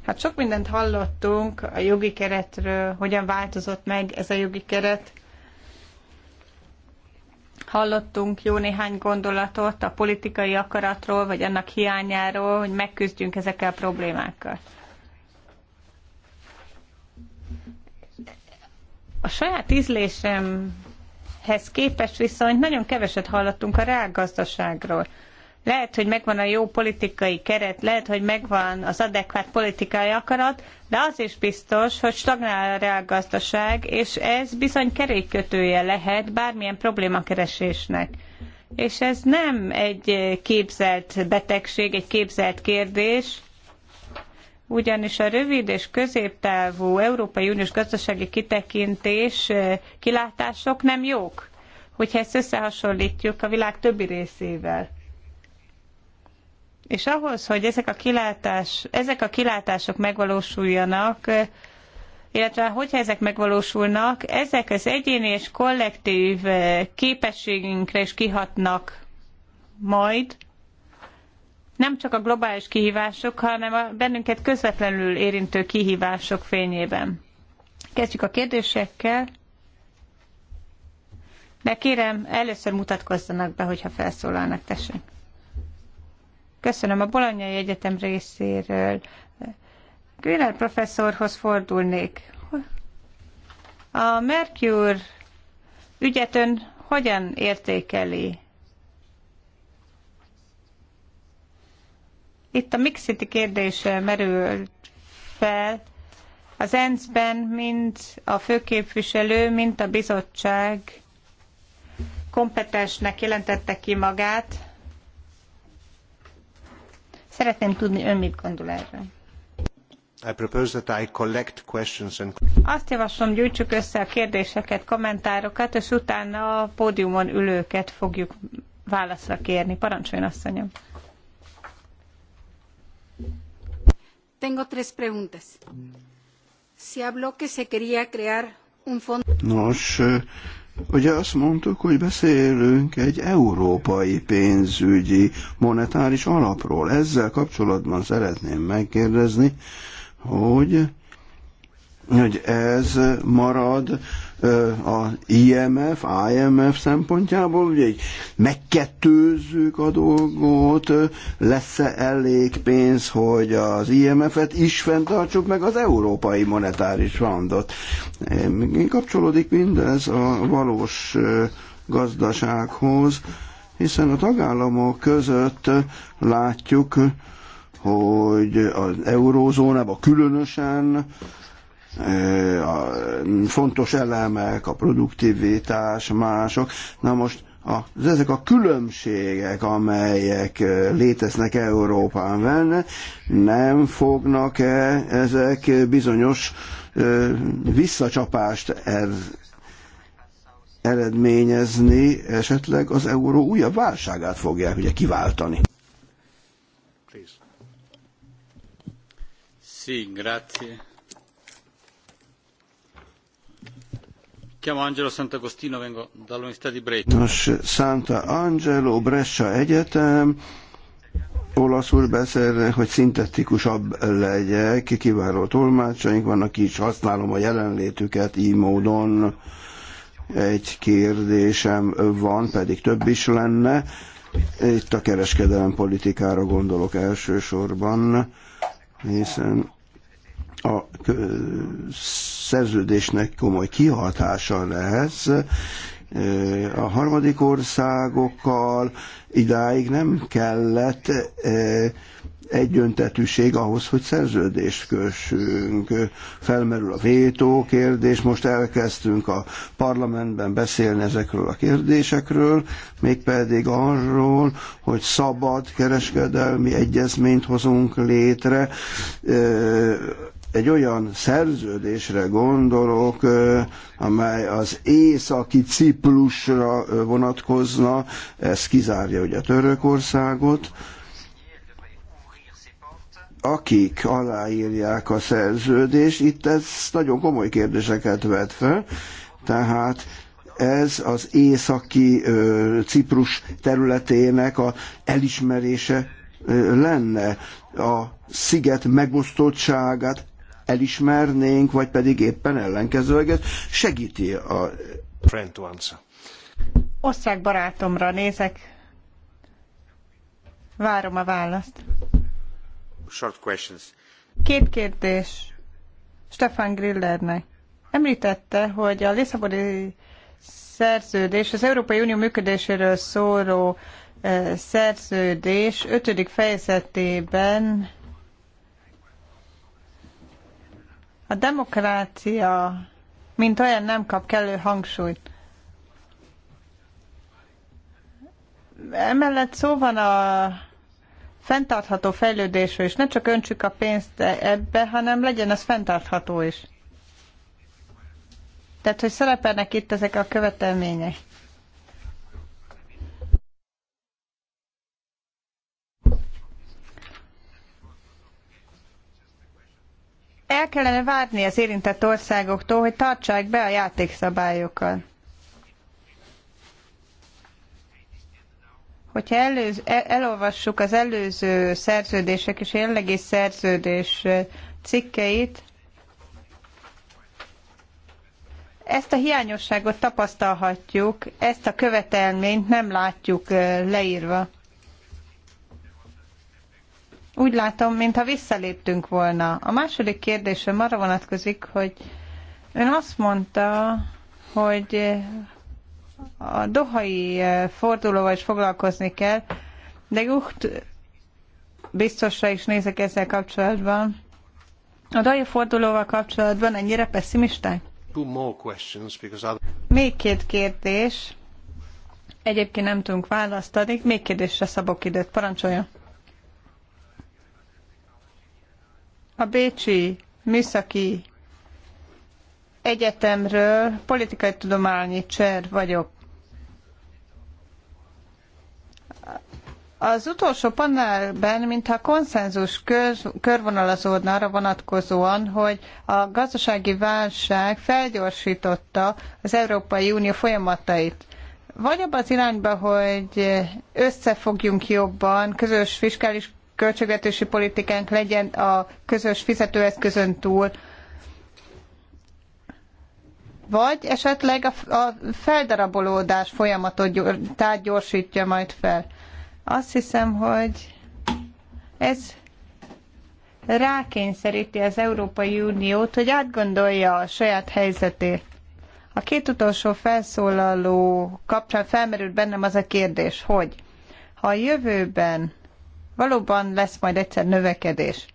Hát sok mindent hallottunk a jogi keretről, hogyan változott meg ez a jogi keret. Hallottunk jó néhány gondolatot a politikai akaratról, vagy annak hiányáról, hogy megküzdjünk ezekkel a problémákkal. A saját ízlésem ehhez képest viszont nagyon keveset hallottunk a reálgazdaságról. Lehet, hogy megvan a jó politikai keret, lehet, hogy megvan az adekvát politikai akarat, de az is biztos, hogy stagnál a reálgazdaság, és ez bizony kerékkötője lehet bármilyen problémakeresésnek. És ez nem egy képzelt betegség, egy képzelt kérdés, ugyanis a rövid és középtávú Európai Uniós gazdasági kitekintés kilátások nem jók, hogyha ezt összehasonlítjuk a világ többi részével. És ahhoz, hogy ezek a, kilátás, ezek a kilátások megvalósuljanak, illetve hogyha ezek megvalósulnak, ezek az egyéni és kollektív képességünkre is kihatnak majd, nem csak a globális kihívások, hanem a bennünket közvetlenül érintő kihívások fényében. Kezdjük a kérdésekkel, de kérem, először mutatkozzanak be, hogyha felszólalnak, tessék. Köszönöm a Bolonyai Egyetem részéről. Griller professzorhoz fordulnék. A Mercure ügyet ön hogyan értékeli? Itt a mixiti kérdés eh, merül fel. Az ENSZ-ben mind a főképviselő, mind a bizottság kompetensnek jelentette ki magát. Szeretném tudni, ön mit gondol erről. I propose that I collect questions and... Azt javaslom, gyűjtsük össze a kérdéseket, kommentárokat, és utána a pódiumon ülőket fogjuk válaszra kérni. Parancsoljon, asszonyom! Tengo tres preguntas. Se habló que se quería crear un fondo. Nos, Ugye azt mondtuk, hogy beszélünk egy európai pénzügyi monetáris alapról. Ezzel kapcsolatban szeretném megkérdezni, hogy, hogy ez marad a IMF, IMF szempontjából, ugye egy megkettőzzük a dolgot, lesz-e elég pénz, hogy az IMF-et is fenntartsuk, meg az Európai Monetáris Fondot. Kapcsolódik mindez a valós gazdasághoz, hiszen a tagállamok között látjuk, hogy az eurózónában különösen a fontos elemek, a produktivitás, mások. Na most az, ezek a különbségek, amelyek léteznek Európán benne, nem fognak-e ezek bizonyos visszacsapást er, eredményezni, esetleg az euró újabb válságát fogják ugye kiváltani? Sí, grazie. Nos, Santa Angelo, Brescia Egyetem, olaszul beszélnek, hogy szintetikusabb legyek, kiváló tolmácsaink vannak, ki is használom a jelenlétüket így módon. Egy kérdésem van, pedig több is lenne. Itt a kereskedelem politikára gondolok elsősorban, hiszen a szerződésnek komoly kihatása lesz, a harmadik országokkal idáig nem kellett egyöntetűség ahhoz, hogy szerződést kössünk. Felmerül a vétó kérdés, most elkezdtünk a parlamentben beszélni ezekről a kérdésekről, mégpedig arról, hogy szabad kereskedelmi egyezményt hozunk létre, egy olyan szerződésre gondolok, amely az északi Ciprusra vonatkozna, ez kizárja ugye Törökországot, akik aláírják a szerződést, itt ez nagyon komoly kérdéseket vet fel, tehát ez az északi ö, Ciprus területének a elismerése ö, lenne a sziget megosztottságát elismernénk, vagy pedig éppen ellenkezőleg segíti a... Friend to barátomra nézek. Várom a választ. Short questions. Két kérdés Stefan Grillernek. Említette, hogy a Lisszaboni szerződés, az Európai Unió működéséről szóló eh, szerződés ötödik fejezetében A demokrácia, mint olyan nem kap kellő hangsúlyt. Emellett szó van a fenntartható fejlődésről is. Ne csak öntsük a pénzt ebbe, hanem legyen az fenntartható is. Tehát, hogy szerepelnek itt ezek a követelmények. el kellene várni az érintett országoktól, hogy tartsák be a játékszabályokat. Hogyha előz, e- elolvassuk az előző szerződések és jelenlegi szerződés cikkeit, ezt a hiányosságot tapasztalhatjuk, ezt a követelményt nem látjuk e, leírva úgy látom, mintha visszaléptünk volna. A második kérdésem arra vonatkozik, hogy ön azt mondta, hogy a dohai eh, fordulóval is foglalkozni kell, de Gucht biztosra is nézek ezzel kapcsolatban. A dohai fordulóval kapcsolatban ennyire pessimisták? Még két kérdés. Egyébként nem tudunk választani. Még kérdésre szabok időt. Parancsoljon. a Bécsi Műszaki Egyetemről politikai tudományi cser vagyok. Az utolsó panelben, mintha konszenzus kör, körvonalazódna arra vonatkozóan, hogy a gazdasági válság felgyorsította az Európai Unió folyamatait. Vagy abban az irányba, hogy összefogjunk jobban, közös fiskális költségvetési politikánk legyen a közös fizetőeszközön túl, vagy esetleg a, feldarabolódás folyamatot gyor, tehát gyorsítja majd fel. Azt hiszem, hogy ez rákényszeríti az Európai Uniót, hogy átgondolja a saját helyzetét. A két utolsó felszólaló kapcsán felmerült bennem az a kérdés, hogy ha a jövőben valóban lesz majd egyszer növekedés.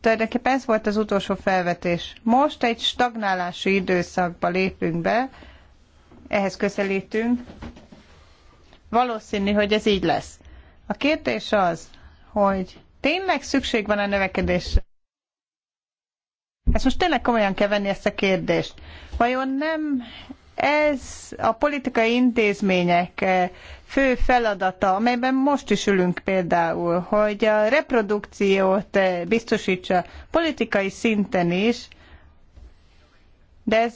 Tulajdonképpen ez volt az utolsó felvetés. Most egy stagnálási időszakba lépünk be, ehhez közelítünk. Valószínű, hogy ez így lesz. A kérdés az, hogy tényleg szükség van a növekedésre? Ezt most tényleg komolyan kell venni ezt a kérdést. Vajon nem ez a politikai intézmények eh, fő feladata, amelyben most is ülünk például, hogy a reprodukciót eh, biztosítsa politikai szinten is, de ez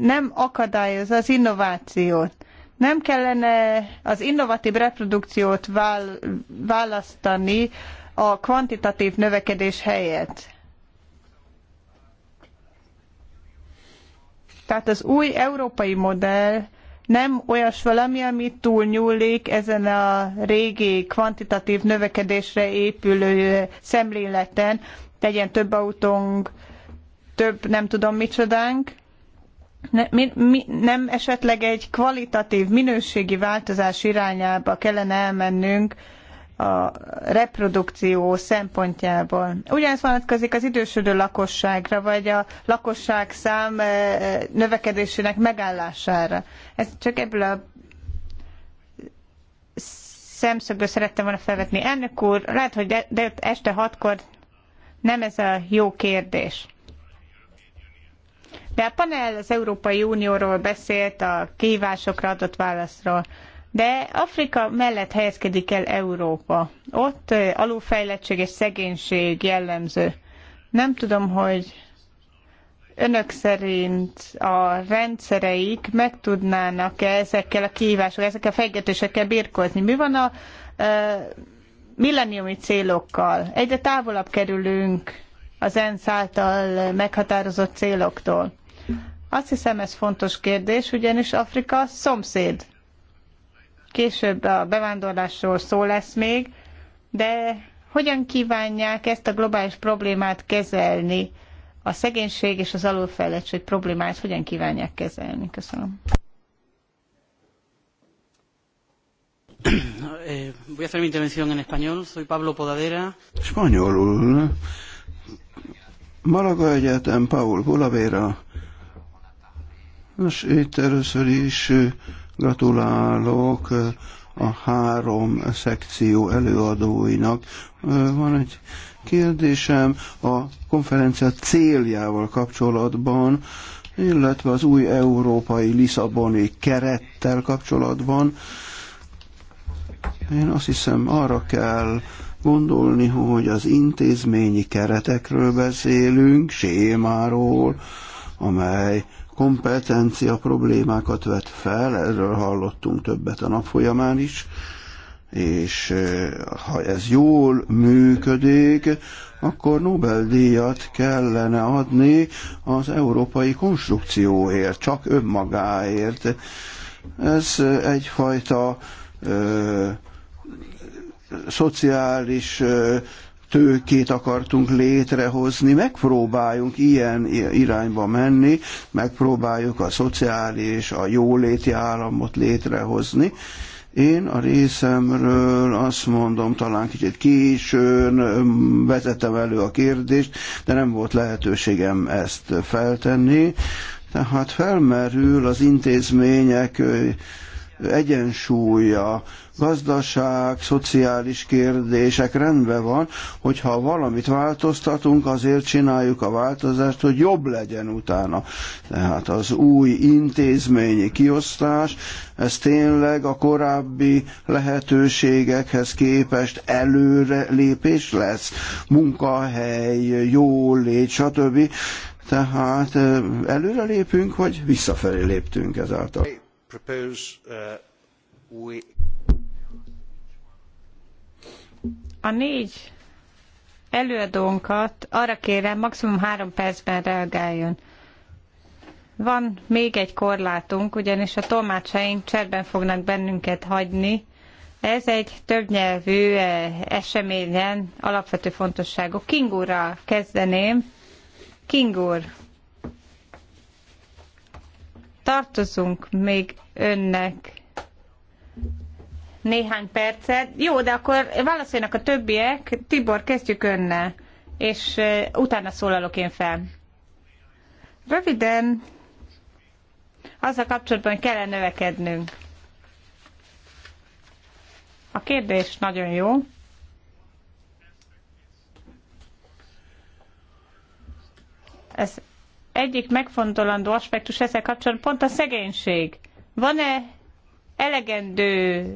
nem akadályoz az innovációt. Nem kellene az innovatív reprodukciót választani a kvantitatív növekedés helyett. Tehát az új európai modell nem olyas valami, ami túlnyúlik ezen a régi kvantitatív növekedésre épülő szemléleten, legyen több autónk, több nem tudom micsodánk, ne, mi, mi, nem esetleg egy kvalitatív, minőségi változás irányába kellene elmennünk, a reprodukció szempontjából. Ugyanez vonatkozik az idősödő lakosságra, vagy a lakosság szám eh, eh, növekedésének megállására. Ez csak ebből a szemszögből szerettem volna felvetni. Elnök úr, lehet, hogy de, de este hatkor nem ez a jó kérdés. De a panel az Európai Unióról beszélt, a kihívásokra adott válaszról. De Afrika mellett helyezkedik el Európa. Ott alulfejlettség és szegénység jellemző. Nem tudom, hogy önök szerint a rendszereik meg tudnának-e ezekkel a kihívásokkal, ezekkel a fenyegetésekkel birkózni? Mi van a e, milleniumi célokkal? Egyre távolabb kerülünk az ENSZ által meghatározott céloktól. Azt hiszem ez fontos kérdés, ugyanis Afrika szomszéd. Később a bevándorlásról szó lesz még, de hogyan kívánják ezt a globális problémát kezelni? A szegénység és az alulfejlettség problémáját hogyan kívánják kezelni? Köszönöm. Voy a hacer mi intervención en español. Soy Pablo Podadera. Spanyolul. Malaga Egyetem, Paul Podadera. Nos, itt először is Gratulálok a három szekció előadóinak. Van egy kérdésem a konferencia céljával kapcsolatban, illetve az új európai Lisszaboni kerettel kapcsolatban. Én azt hiszem arra kell gondolni, hogy az intézményi keretekről beszélünk, sémáról, amely kompetencia problémákat vet fel, erről hallottunk többet a nap folyamán is, és eh, ha ez jól működik, akkor Nobel-díjat kellene adni az európai konstrukcióért, csak önmagáért. Ez egyfajta ö, eh, szociális ö, eh, tőkét akartunk létrehozni, megpróbáljunk ilyen irányba menni, megpróbáljuk a szociális, a jóléti államot létrehozni. Én a részemről azt mondom, talán kicsit későn vezetem elő a kérdést, de nem volt lehetőségem ezt feltenni. Tehát felmerül az intézmények egyensúlya, gazdaság, szociális kérdések rendben van, hogyha valamit változtatunk, azért csináljuk a változást, hogy jobb legyen utána. Tehát az új intézményi kiosztás, ez tényleg a korábbi lehetőségekhez képest előre lépés lesz. Munkahely, jólét, stb. Tehát előre lépünk, vagy visszafelé léptünk ezáltal propose uh, we... A négy előadónkat arra kérem, maximum három percben reagáljon. Van még egy korlátunk, ugyanis a tolmácsaink cserben fognak bennünket hagyni. Ez egy többnyelvű eh, eseményen alapvető fontosságú. King úrral kezdeném. King úr, tartozunk még önnek néhány percet. Jó, de akkor válaszoljanak a többiek. Tibor, kezdjük önnel, és utána szólalok én fel. Röviden, azzal kapcsolatban, hogy kell -e növekednünk. A kérdés nagyon jó. Ez egyik megfontolandó aspektus ezzel kapcsolatban pont a szegénység. Van-e elegendő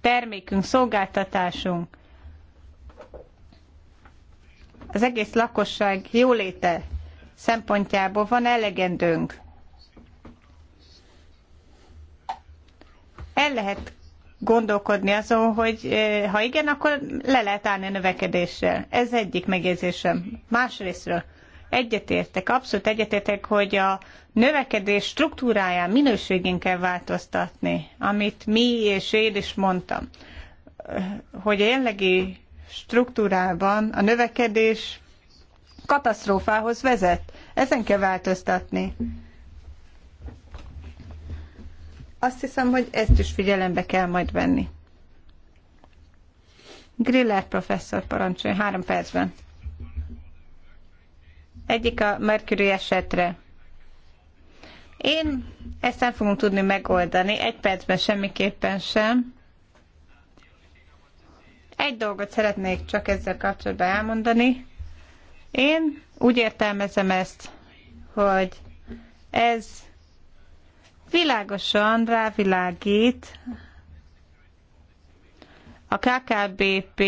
termékünk, szolgáltatásunk? Az egész lakosság jóléte szempontjából van elegendőnk? El lehet gondolkodni azon, hogy eh, ha igen, akkor le lehet állni a növekedéssel. Ez egyik megjegyzésem. Másrésztről egyetértek, abszolút egyetértek, hogy a növekedés struktúráján, minőségén kell változtatni, amit mi és én is mondtam, hogy a jelenlegi struktúrában a növekedés katasztrófához vezet. Ezen kell változtatni. Azt hiszem, hogy ezt is figyelembe kell majd venni. Griller professzor parancsolja három percben. Egyik a Mercury esetre. Én ezt nem fogom tudni megoldani, egy percben semmiképpen sem. Egy dolgot szeretnék csak ezzel kapcsolatban elmondani. Én úgy értelmezem ezt, hogy ez világosan rávilágít a KKBP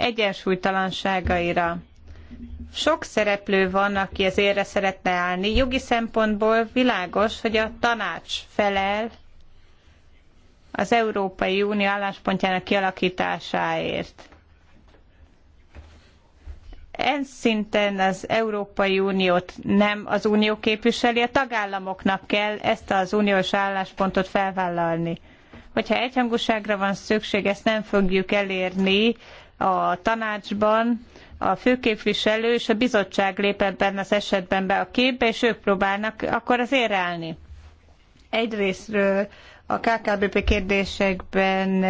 egyensúlytalanságaira. Sok szereplő van, aki az érre szeretne állni. Jogi szempontból világos, hogy a tanács felel az Európai Unió álláspontjának kialakításáért. En szinten az Európai Uniót nem az Unió képviseli, a tagállamoknak kell ezt az uniós álláspontot felvállalni. Hogyha egyhangúságra van szükség, ezt nem fogjuk elérni a tanácsban, a főképviselő és a bizottság lép ebben az esetben be a képbe, és ők próbálnak akkor az érelni. Egyrésztről a KKBP kérdésekben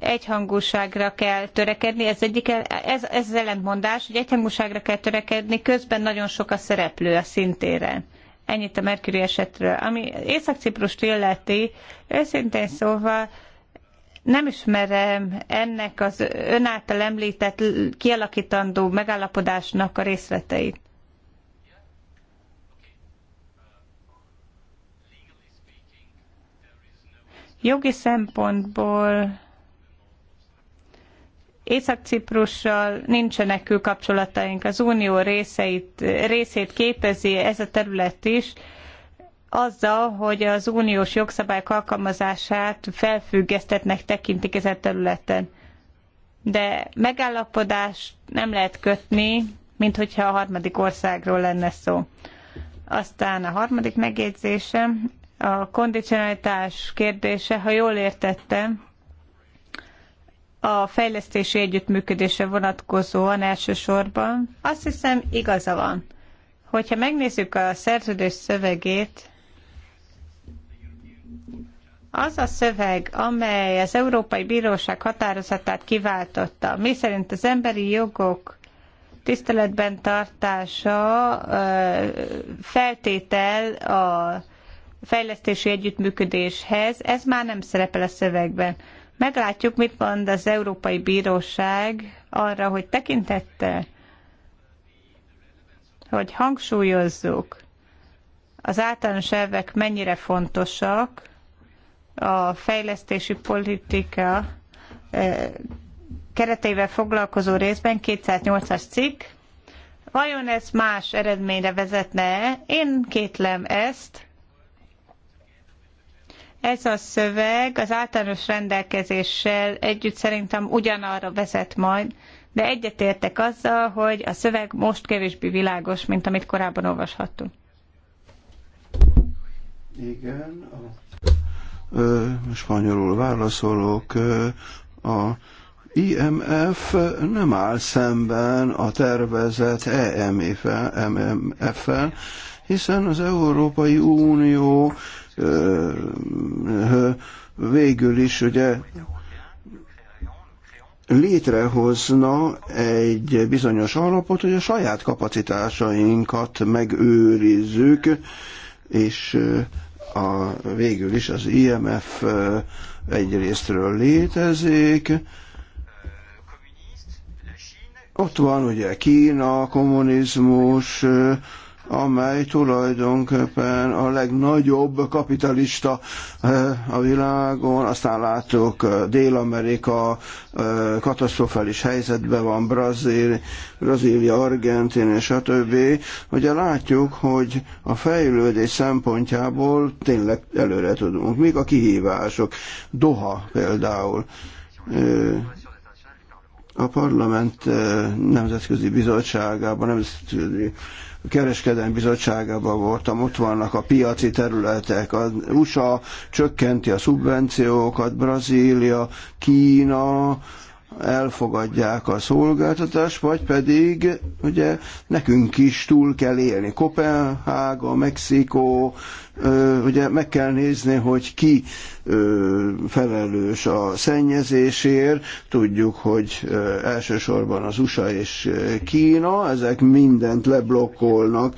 egyhangúságra kell törekedni, ez, egyik, ez, ez az ellentmondás, hogy egyhangúságra kell törekedni, közben nagyon sok a szereplő a szintére. Ennyit a Mercury esetről. Ami Észak-Ciprust illeti, őszintén szóval nem ismerem ennek az ön által említett kialakítandó megállapodásnak a részleteit. Jogi szempontból Észak-Ciprussal nincsenek külkapcsolataink. Az unió részeit, részét képezi ez a terület is, azzal, hogy az uniós jogszabályok alkalmazását felfüggesztetnek tekintik ezen területen. De megállapodást nem lehet kötni, mint hogyha a harmadik országról lenne szó. Aztán a harmadik megjegyzésem, a kondicionalitás kérdése, ha jól értettem, a fejlesztési együttműködésre vonatkozóan elsősorban, azt hiszem igaza van. Hogyha megnézzük a szerződés szövegét, az a szöveg, amely az Európai Bíróság határozatát kiváltotta, mi szerint az emberi jogok tiszteletben tartása feltétel a fejlesztési együttműködéshez, ez már nem szerepel a szövegben. Meglátjuk, mit mond az Európai Bíróság arra, hogy tekintettel, hogy hangsúlyozzuk az általános elvek mennyire fontosak, a fejlesztési politika eh, kereteivel foglalkozó részben 208-as cikk. Vajon ez más eredményre vezetne -e? Én kétlem ezt. Ez a szöveg az általános rendelkezéssel együtt szerintem ugyanarra vezet majd, de egyetértek azzal, hogy a szöveg most kevésbé világos, mint amit korábban olvashattunk. Igen, a spanyolul válaszolok, a IMF nem áll szemben a tervezett EMF-fel, e hiszen az Európai Unió végül is ugye létrehozna egy bizonyos alapot, hogy a saját kapacitásainkat megőrizzük, és a, végül is az IMF egyrésztről létezik, ott van ugye Kína, kommunizmus, amely tulajdonképpen a legnagyobb kapitalista eh, a világon. Aztán látok, eh, Dél-Amerika eh, katasztrofális helyzetben van, Brazíli, Brazília, Argentin és a többi. Ugye látjuk, hogy a fejlődés szempontjából tényleg előre tudunk. Még a kihívások? Doha például a parlament nemzetközi bizottságában, nemzetközi kereskedelmi bizottságában voltam, ott vannak a piaci területek. Az USA csökkenti a szubvenciókat, Brazília, Kína, elfogadják a szolgáltatást, vagy pedig ugye nekünk is túl kell élni. Kopenhága, Mexikó, ugye meg kell nézni, hogy ki felelős a szennyezésért. Tudjuk, hogy elsősorban az USA és Kína, ezek mindent leblokkolnak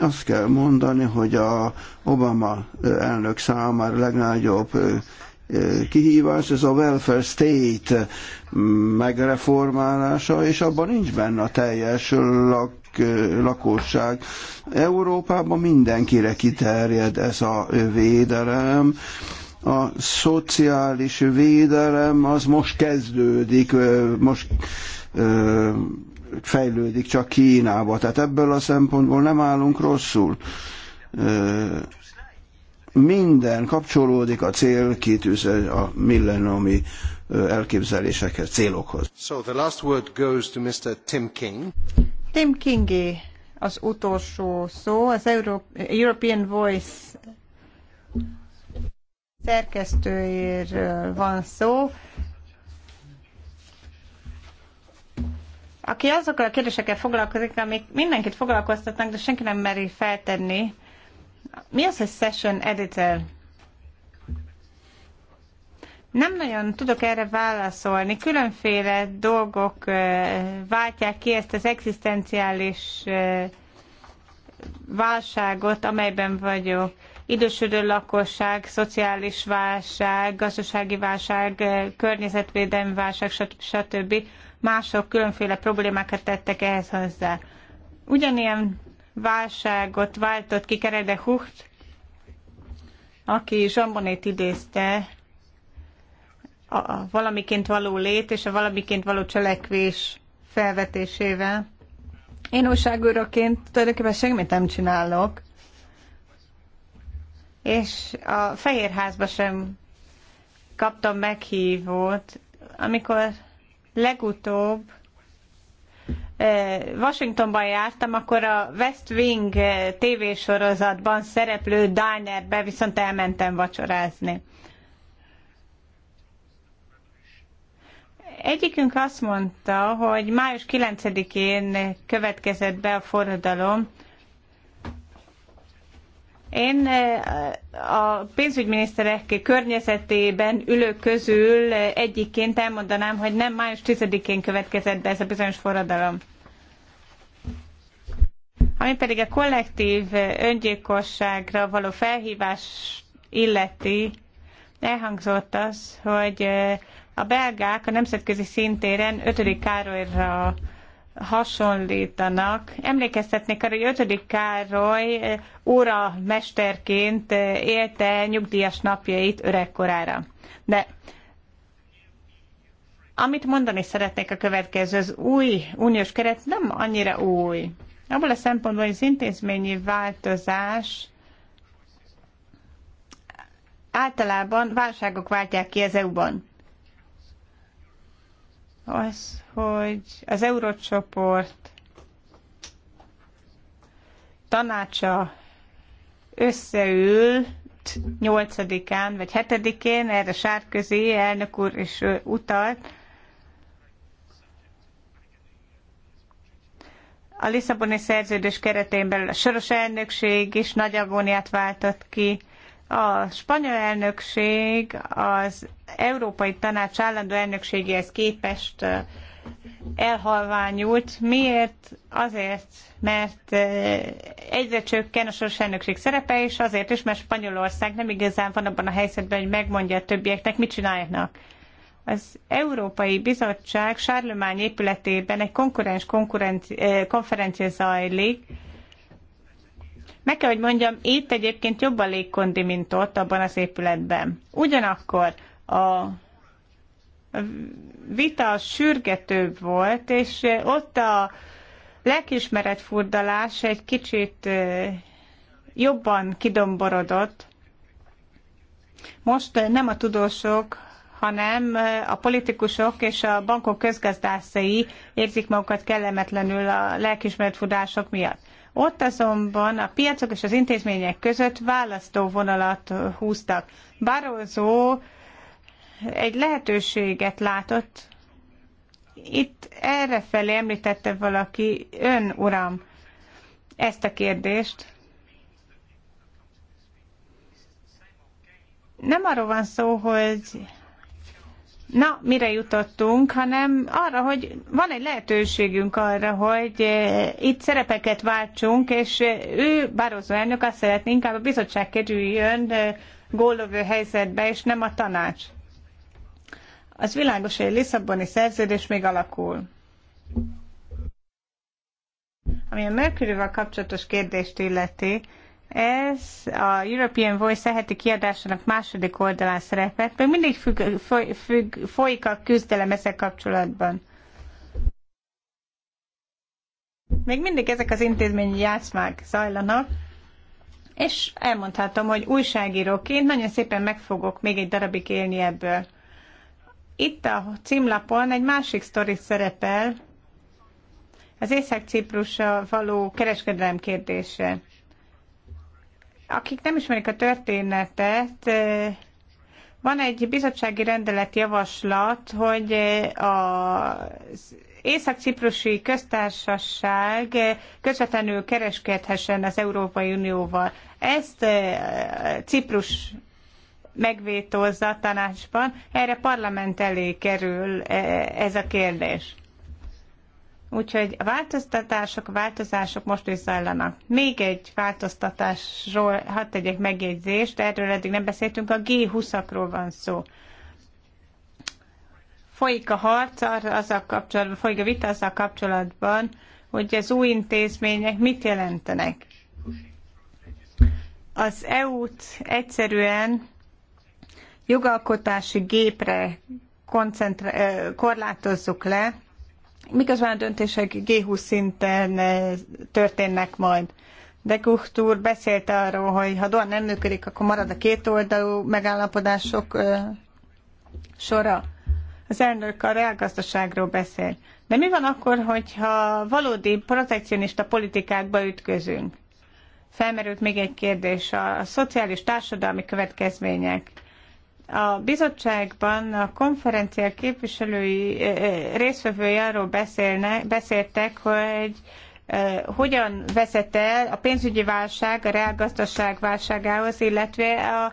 azt kell mondani, hogy a Obama elnök számára legnagyobb kihívás, ez a welfare state megreformálása, és abban nincs benne a teljes lak, lakosság. Európában mindenkire kiterjed ez a védelem, a szociális védelem az most kezdődik, most fejlődik csak Kínába. Tehát ebből a szempontból nem állunk rosszul minden kapcsolódik a cél kitűző a millenomi elképzelésekhez, célokhoz. So the last word goes to Mr. Tim King. Tim Kingé az utolsó szó, az Euró, European Voice szerkesztőjéről van szó, aki azokkal a kérdésekkel foglalkozik, amik mindenkit foglalkoztatnak, de senki nem meri feltenni, mi az, a session editor? Nem nagyon tudok erre válaszolni. Különféle dolgok váltják ki ezt az egzisztenciális válságot, amelyben vagyok. Idősödő lakosság, szociális válság, gazdasági válság, környezetvédelmi válság, stb. Mások különféle problémákat tettek ehhez hozzá. Ugyanilyen válságot váltott ki Kerede Hucht, aki Zsambonét idézte, a, valamiként való lét és a valamiként való cselekvés felvetésével. Én újságúraként tulajdonképpen semmit nem csinálok, és a Fehérházba sem kaptam meghívót, amikor legutóbb Eh, Washingtonban jártam, akkor a West Wing eh, tévésorozatban szereplő dinerbe viszont elmentem vacsorázni. Egyikünk azt mondta, hogy május 9-én következett be a forradalom, én eh, a pénzügyminiszterek környezetében ülők közül eh, egyikként elmondanám, hogy nem május 10-én következett be ez a bizonyos forradalom. Ami pedig a kollektív eh, öngyilkosságra való felhívás illeti, elhangzott az, hogy a belgák a nemzetközi szintéren 5. Károlyra hasonlítanak. Emlékeztetnék arra, hogy 5. Károly óra eh, mesterként eh, élte nyugdíjas napjait öregkorára. De amit mondani szeretnék a következő, az új uniós keret nem annyira új. Abból a szempontból, hogy az intézményi változás általában válságok váltják ki az EU-ban az, hogy az eurócsoport tanácsa összeül 8-án vagy 7-én, erre Sárközi elnök úr is utalt, a Lisszaboni szerződés keretén belül a soros elnökség is nagy agóniát váltott ki, a spanyol elnökség az Európai Tanács állandó elnökségéhez képest elhalványult. Miért? Azért, mert egyre csökken a soros elnökség szerepe, és azért is, mert Spanyolország nem igazán van abban a helyzetben, hogy megmondja a többieknek, mit csinálnak. Az Európai Bizottság Sárlomány épületében egy konkurens konferencia zajlik, meg kell, hogy mondjam, itt egyébként jobb a légkondi, mint ott, abban az épületben. Ugyanakkor a vita sürgetőbb volt, és ott a lelkismeret furdalás egy kicsit jobban kidomborodott. Most nem a tudósok, hanem a politikusok és a bankok közgazdászai érzik magukat kellemetlenül a lelkismeret furdalások miatt. Ott azonban a piacok és az intézmények között választó vonalat húztak. Barozó egy lehetőséget látott, itt felé említette valaki, ön uram, ezt a kérdést. Nem arról van szó, hogy na, mire jutottunk, hanem arra, hogy van egy lehetőségünk arra, hogy eh, itt szerepeket váltsunk, és eh, ő, Barroso elnök azt szeretné, inkább a bizottság kerüljön eh, góllövő helyzetbe, és nem a tanács. Az világos, hogy a Lisszaboni szerződés még alakul. Ami a Mercuryvel kapcsolatos kérdést illeti, ez a European Voice heti kiadásának második oldalán szerepet, még mindig függ, függ, folyik a küzdelem ezzel kapcsolatban. Még mindig ezek az intézményi játszmák zajlanak, és elmondhatom, hogy újságíróként nagyon szépen meg fogok még egy darabig élni ebből. Itt a címlapon egy másik sztori szerepel, az észak-ciprusra való kereskedelem kérdése akik nem ismerik a történetet, van egy bizottsági rendelet javaslat, hogy az Észak-Ciprusi köztársaság közvetlenül kereskedhessen az Európai Unióval. Ezt Ciprus megvétózza a tanácsban, erre parlament elé kerül ez a kérdés. Úgyhogy a változtatások, a változások most is zajlanak. Még egy változtatásról hadd tegyek megjegyzést, erről eddig nem beszéltünk, a G20-akról van szó. Folyik a harc azzal kapcsolatban, folyik a vita azzal kapcsolatban, hogy az új intézmények mit jelentenek. Az EU-t egyszerűen jogalkotási gépre korlátozzuk le, miközben a döntések G20 szinten eh, történnek majd. De Kuchtúr úr beszélt arról, hogy ha Doha nem működik, akkor marad a kétoldalú megállapodások ö, eh, sora. Az elnök a reálgazdaságról beszél. De mi van akkor, hogyha valódi protekcionista politikákba ütközünk? Felmerült még egy kérdés, a, a szociális társadalmi következmények. A bizottságban a konferencia képviselői részvevői arról beszélnek, beszéltek, hogy hogyan vezet el a pénzügyi válság a reálgazdaság válságához, illetve a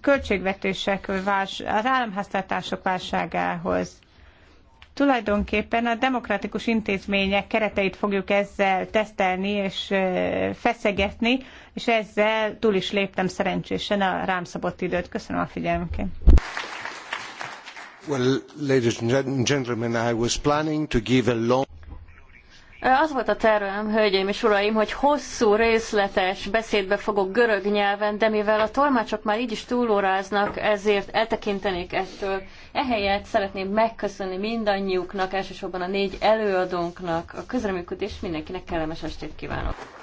költségvetések, az államháztartások válságához. Tulajdonképpen a demokratikus intézmények kereteit fogjuk ezzel tesztelni és feszegetni, és ezzel túl is léptem szerencsésen a rám szabott időt. Köszönöm a figyelmüket. Well, ladies and gentlemen, I was planning to give a long... Az volt a tervem, hölgyeim és uraim, hogy hosszú, részletes beszédbe fogok görög nyelven, de mivel a tolmácsok már így is túlóráznak, ezért eltekintenék ettől. Ehelyett szeretném megköszönni mindannyiuknak, elsősorban a négy előadónknak a közreműködést, mindenkinek kellemes estét kívánok!